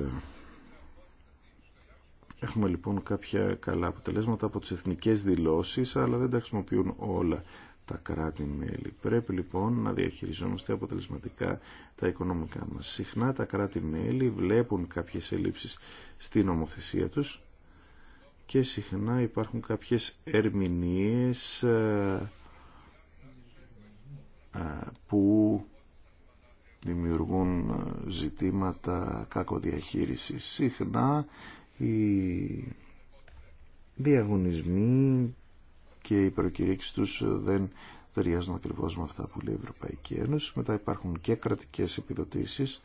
Έχουμε λοιπόν κάποια καλά αποτελέσματα από τις εθνικές δηλώσεις, αλλά δεν τα χρησιμοποιούν όλα τα κράτη-μέλη. Πρέπει λοιπόν να διαχειριζόμαστε αποτελεσματικά τα οικονομικά μας. Συχνά τα κράτη-μέλη βλέπουν κάποιες ελλείψεις στην νομοθεσία τους και συχνά υπάρχουν κάποιες ερμηνείες ε, ε, που δημιουργούν ε, ζητήματα κακοδιαχείρισης. Συχνά οι διαγωνισμοί και οι προκηρύξεις τους δεν ταιριάζουν ακριβώς με αυτά που λέει η Ευρωπαϊκή Ένωση. Μετά υπάρχουν και κρατικές επιδοτήσεις.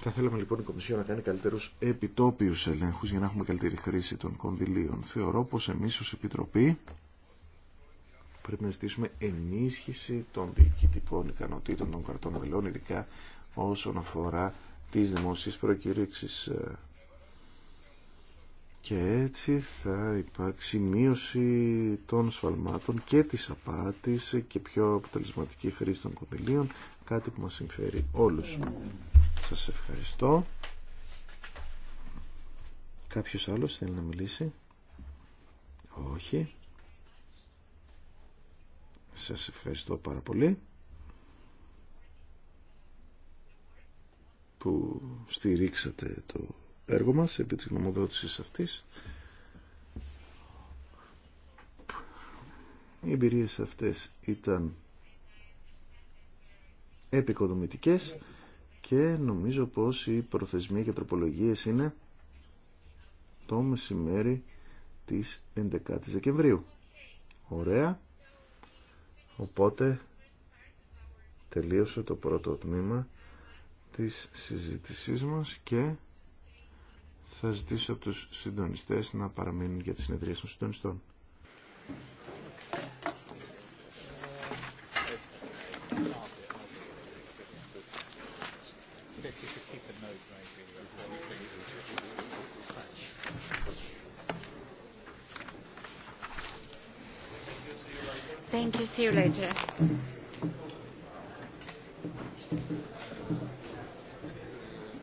Θα θέλαμε λοιπόν η Κομισιό να κάνει καλύτερους επιτόπιους ελέγχους για να έχουμε καλύτερη χρήση των κονδυλίων. Θεωρώ πως εμείς ως Επιτροπή πρέπει να ζητήσουμε ενίσχυση των διοικητικών ικανοτήτων των κρατών μελών, ειδικά όσον αφορά τις δημόσιες προκήρυξεις και έτσι θα υπάρξει μείωση των σφαλμάτων και της απάτης και πιο αποτελεσματική χρήση των κονδυλίων, κάτι που μας συμφέρει όλους. Σας ευχαριστώ. Κάποιος άλλος θέλει να μιλήσει. Όχι. Σας ευχαριστώ πάρα πολύ που στηρίξατε το έργο μας επί της γνωμοδότησης αυτής. Οι εμπειρίες αυτές ήταν επικοδομητικές και νομίζω πως οι προθεσμία και τροπολογίες είναι το μεσημέρι της 11ης Δεκεμβρίου. Ωραία. Οπότε τελείωσε το πρώτο τμήμα της συζήτησής μας και θα ζητήσω από τους συντονιστές να παραμείνουν για τις συνεδρίες των συντονιστών. Thank you. See you later.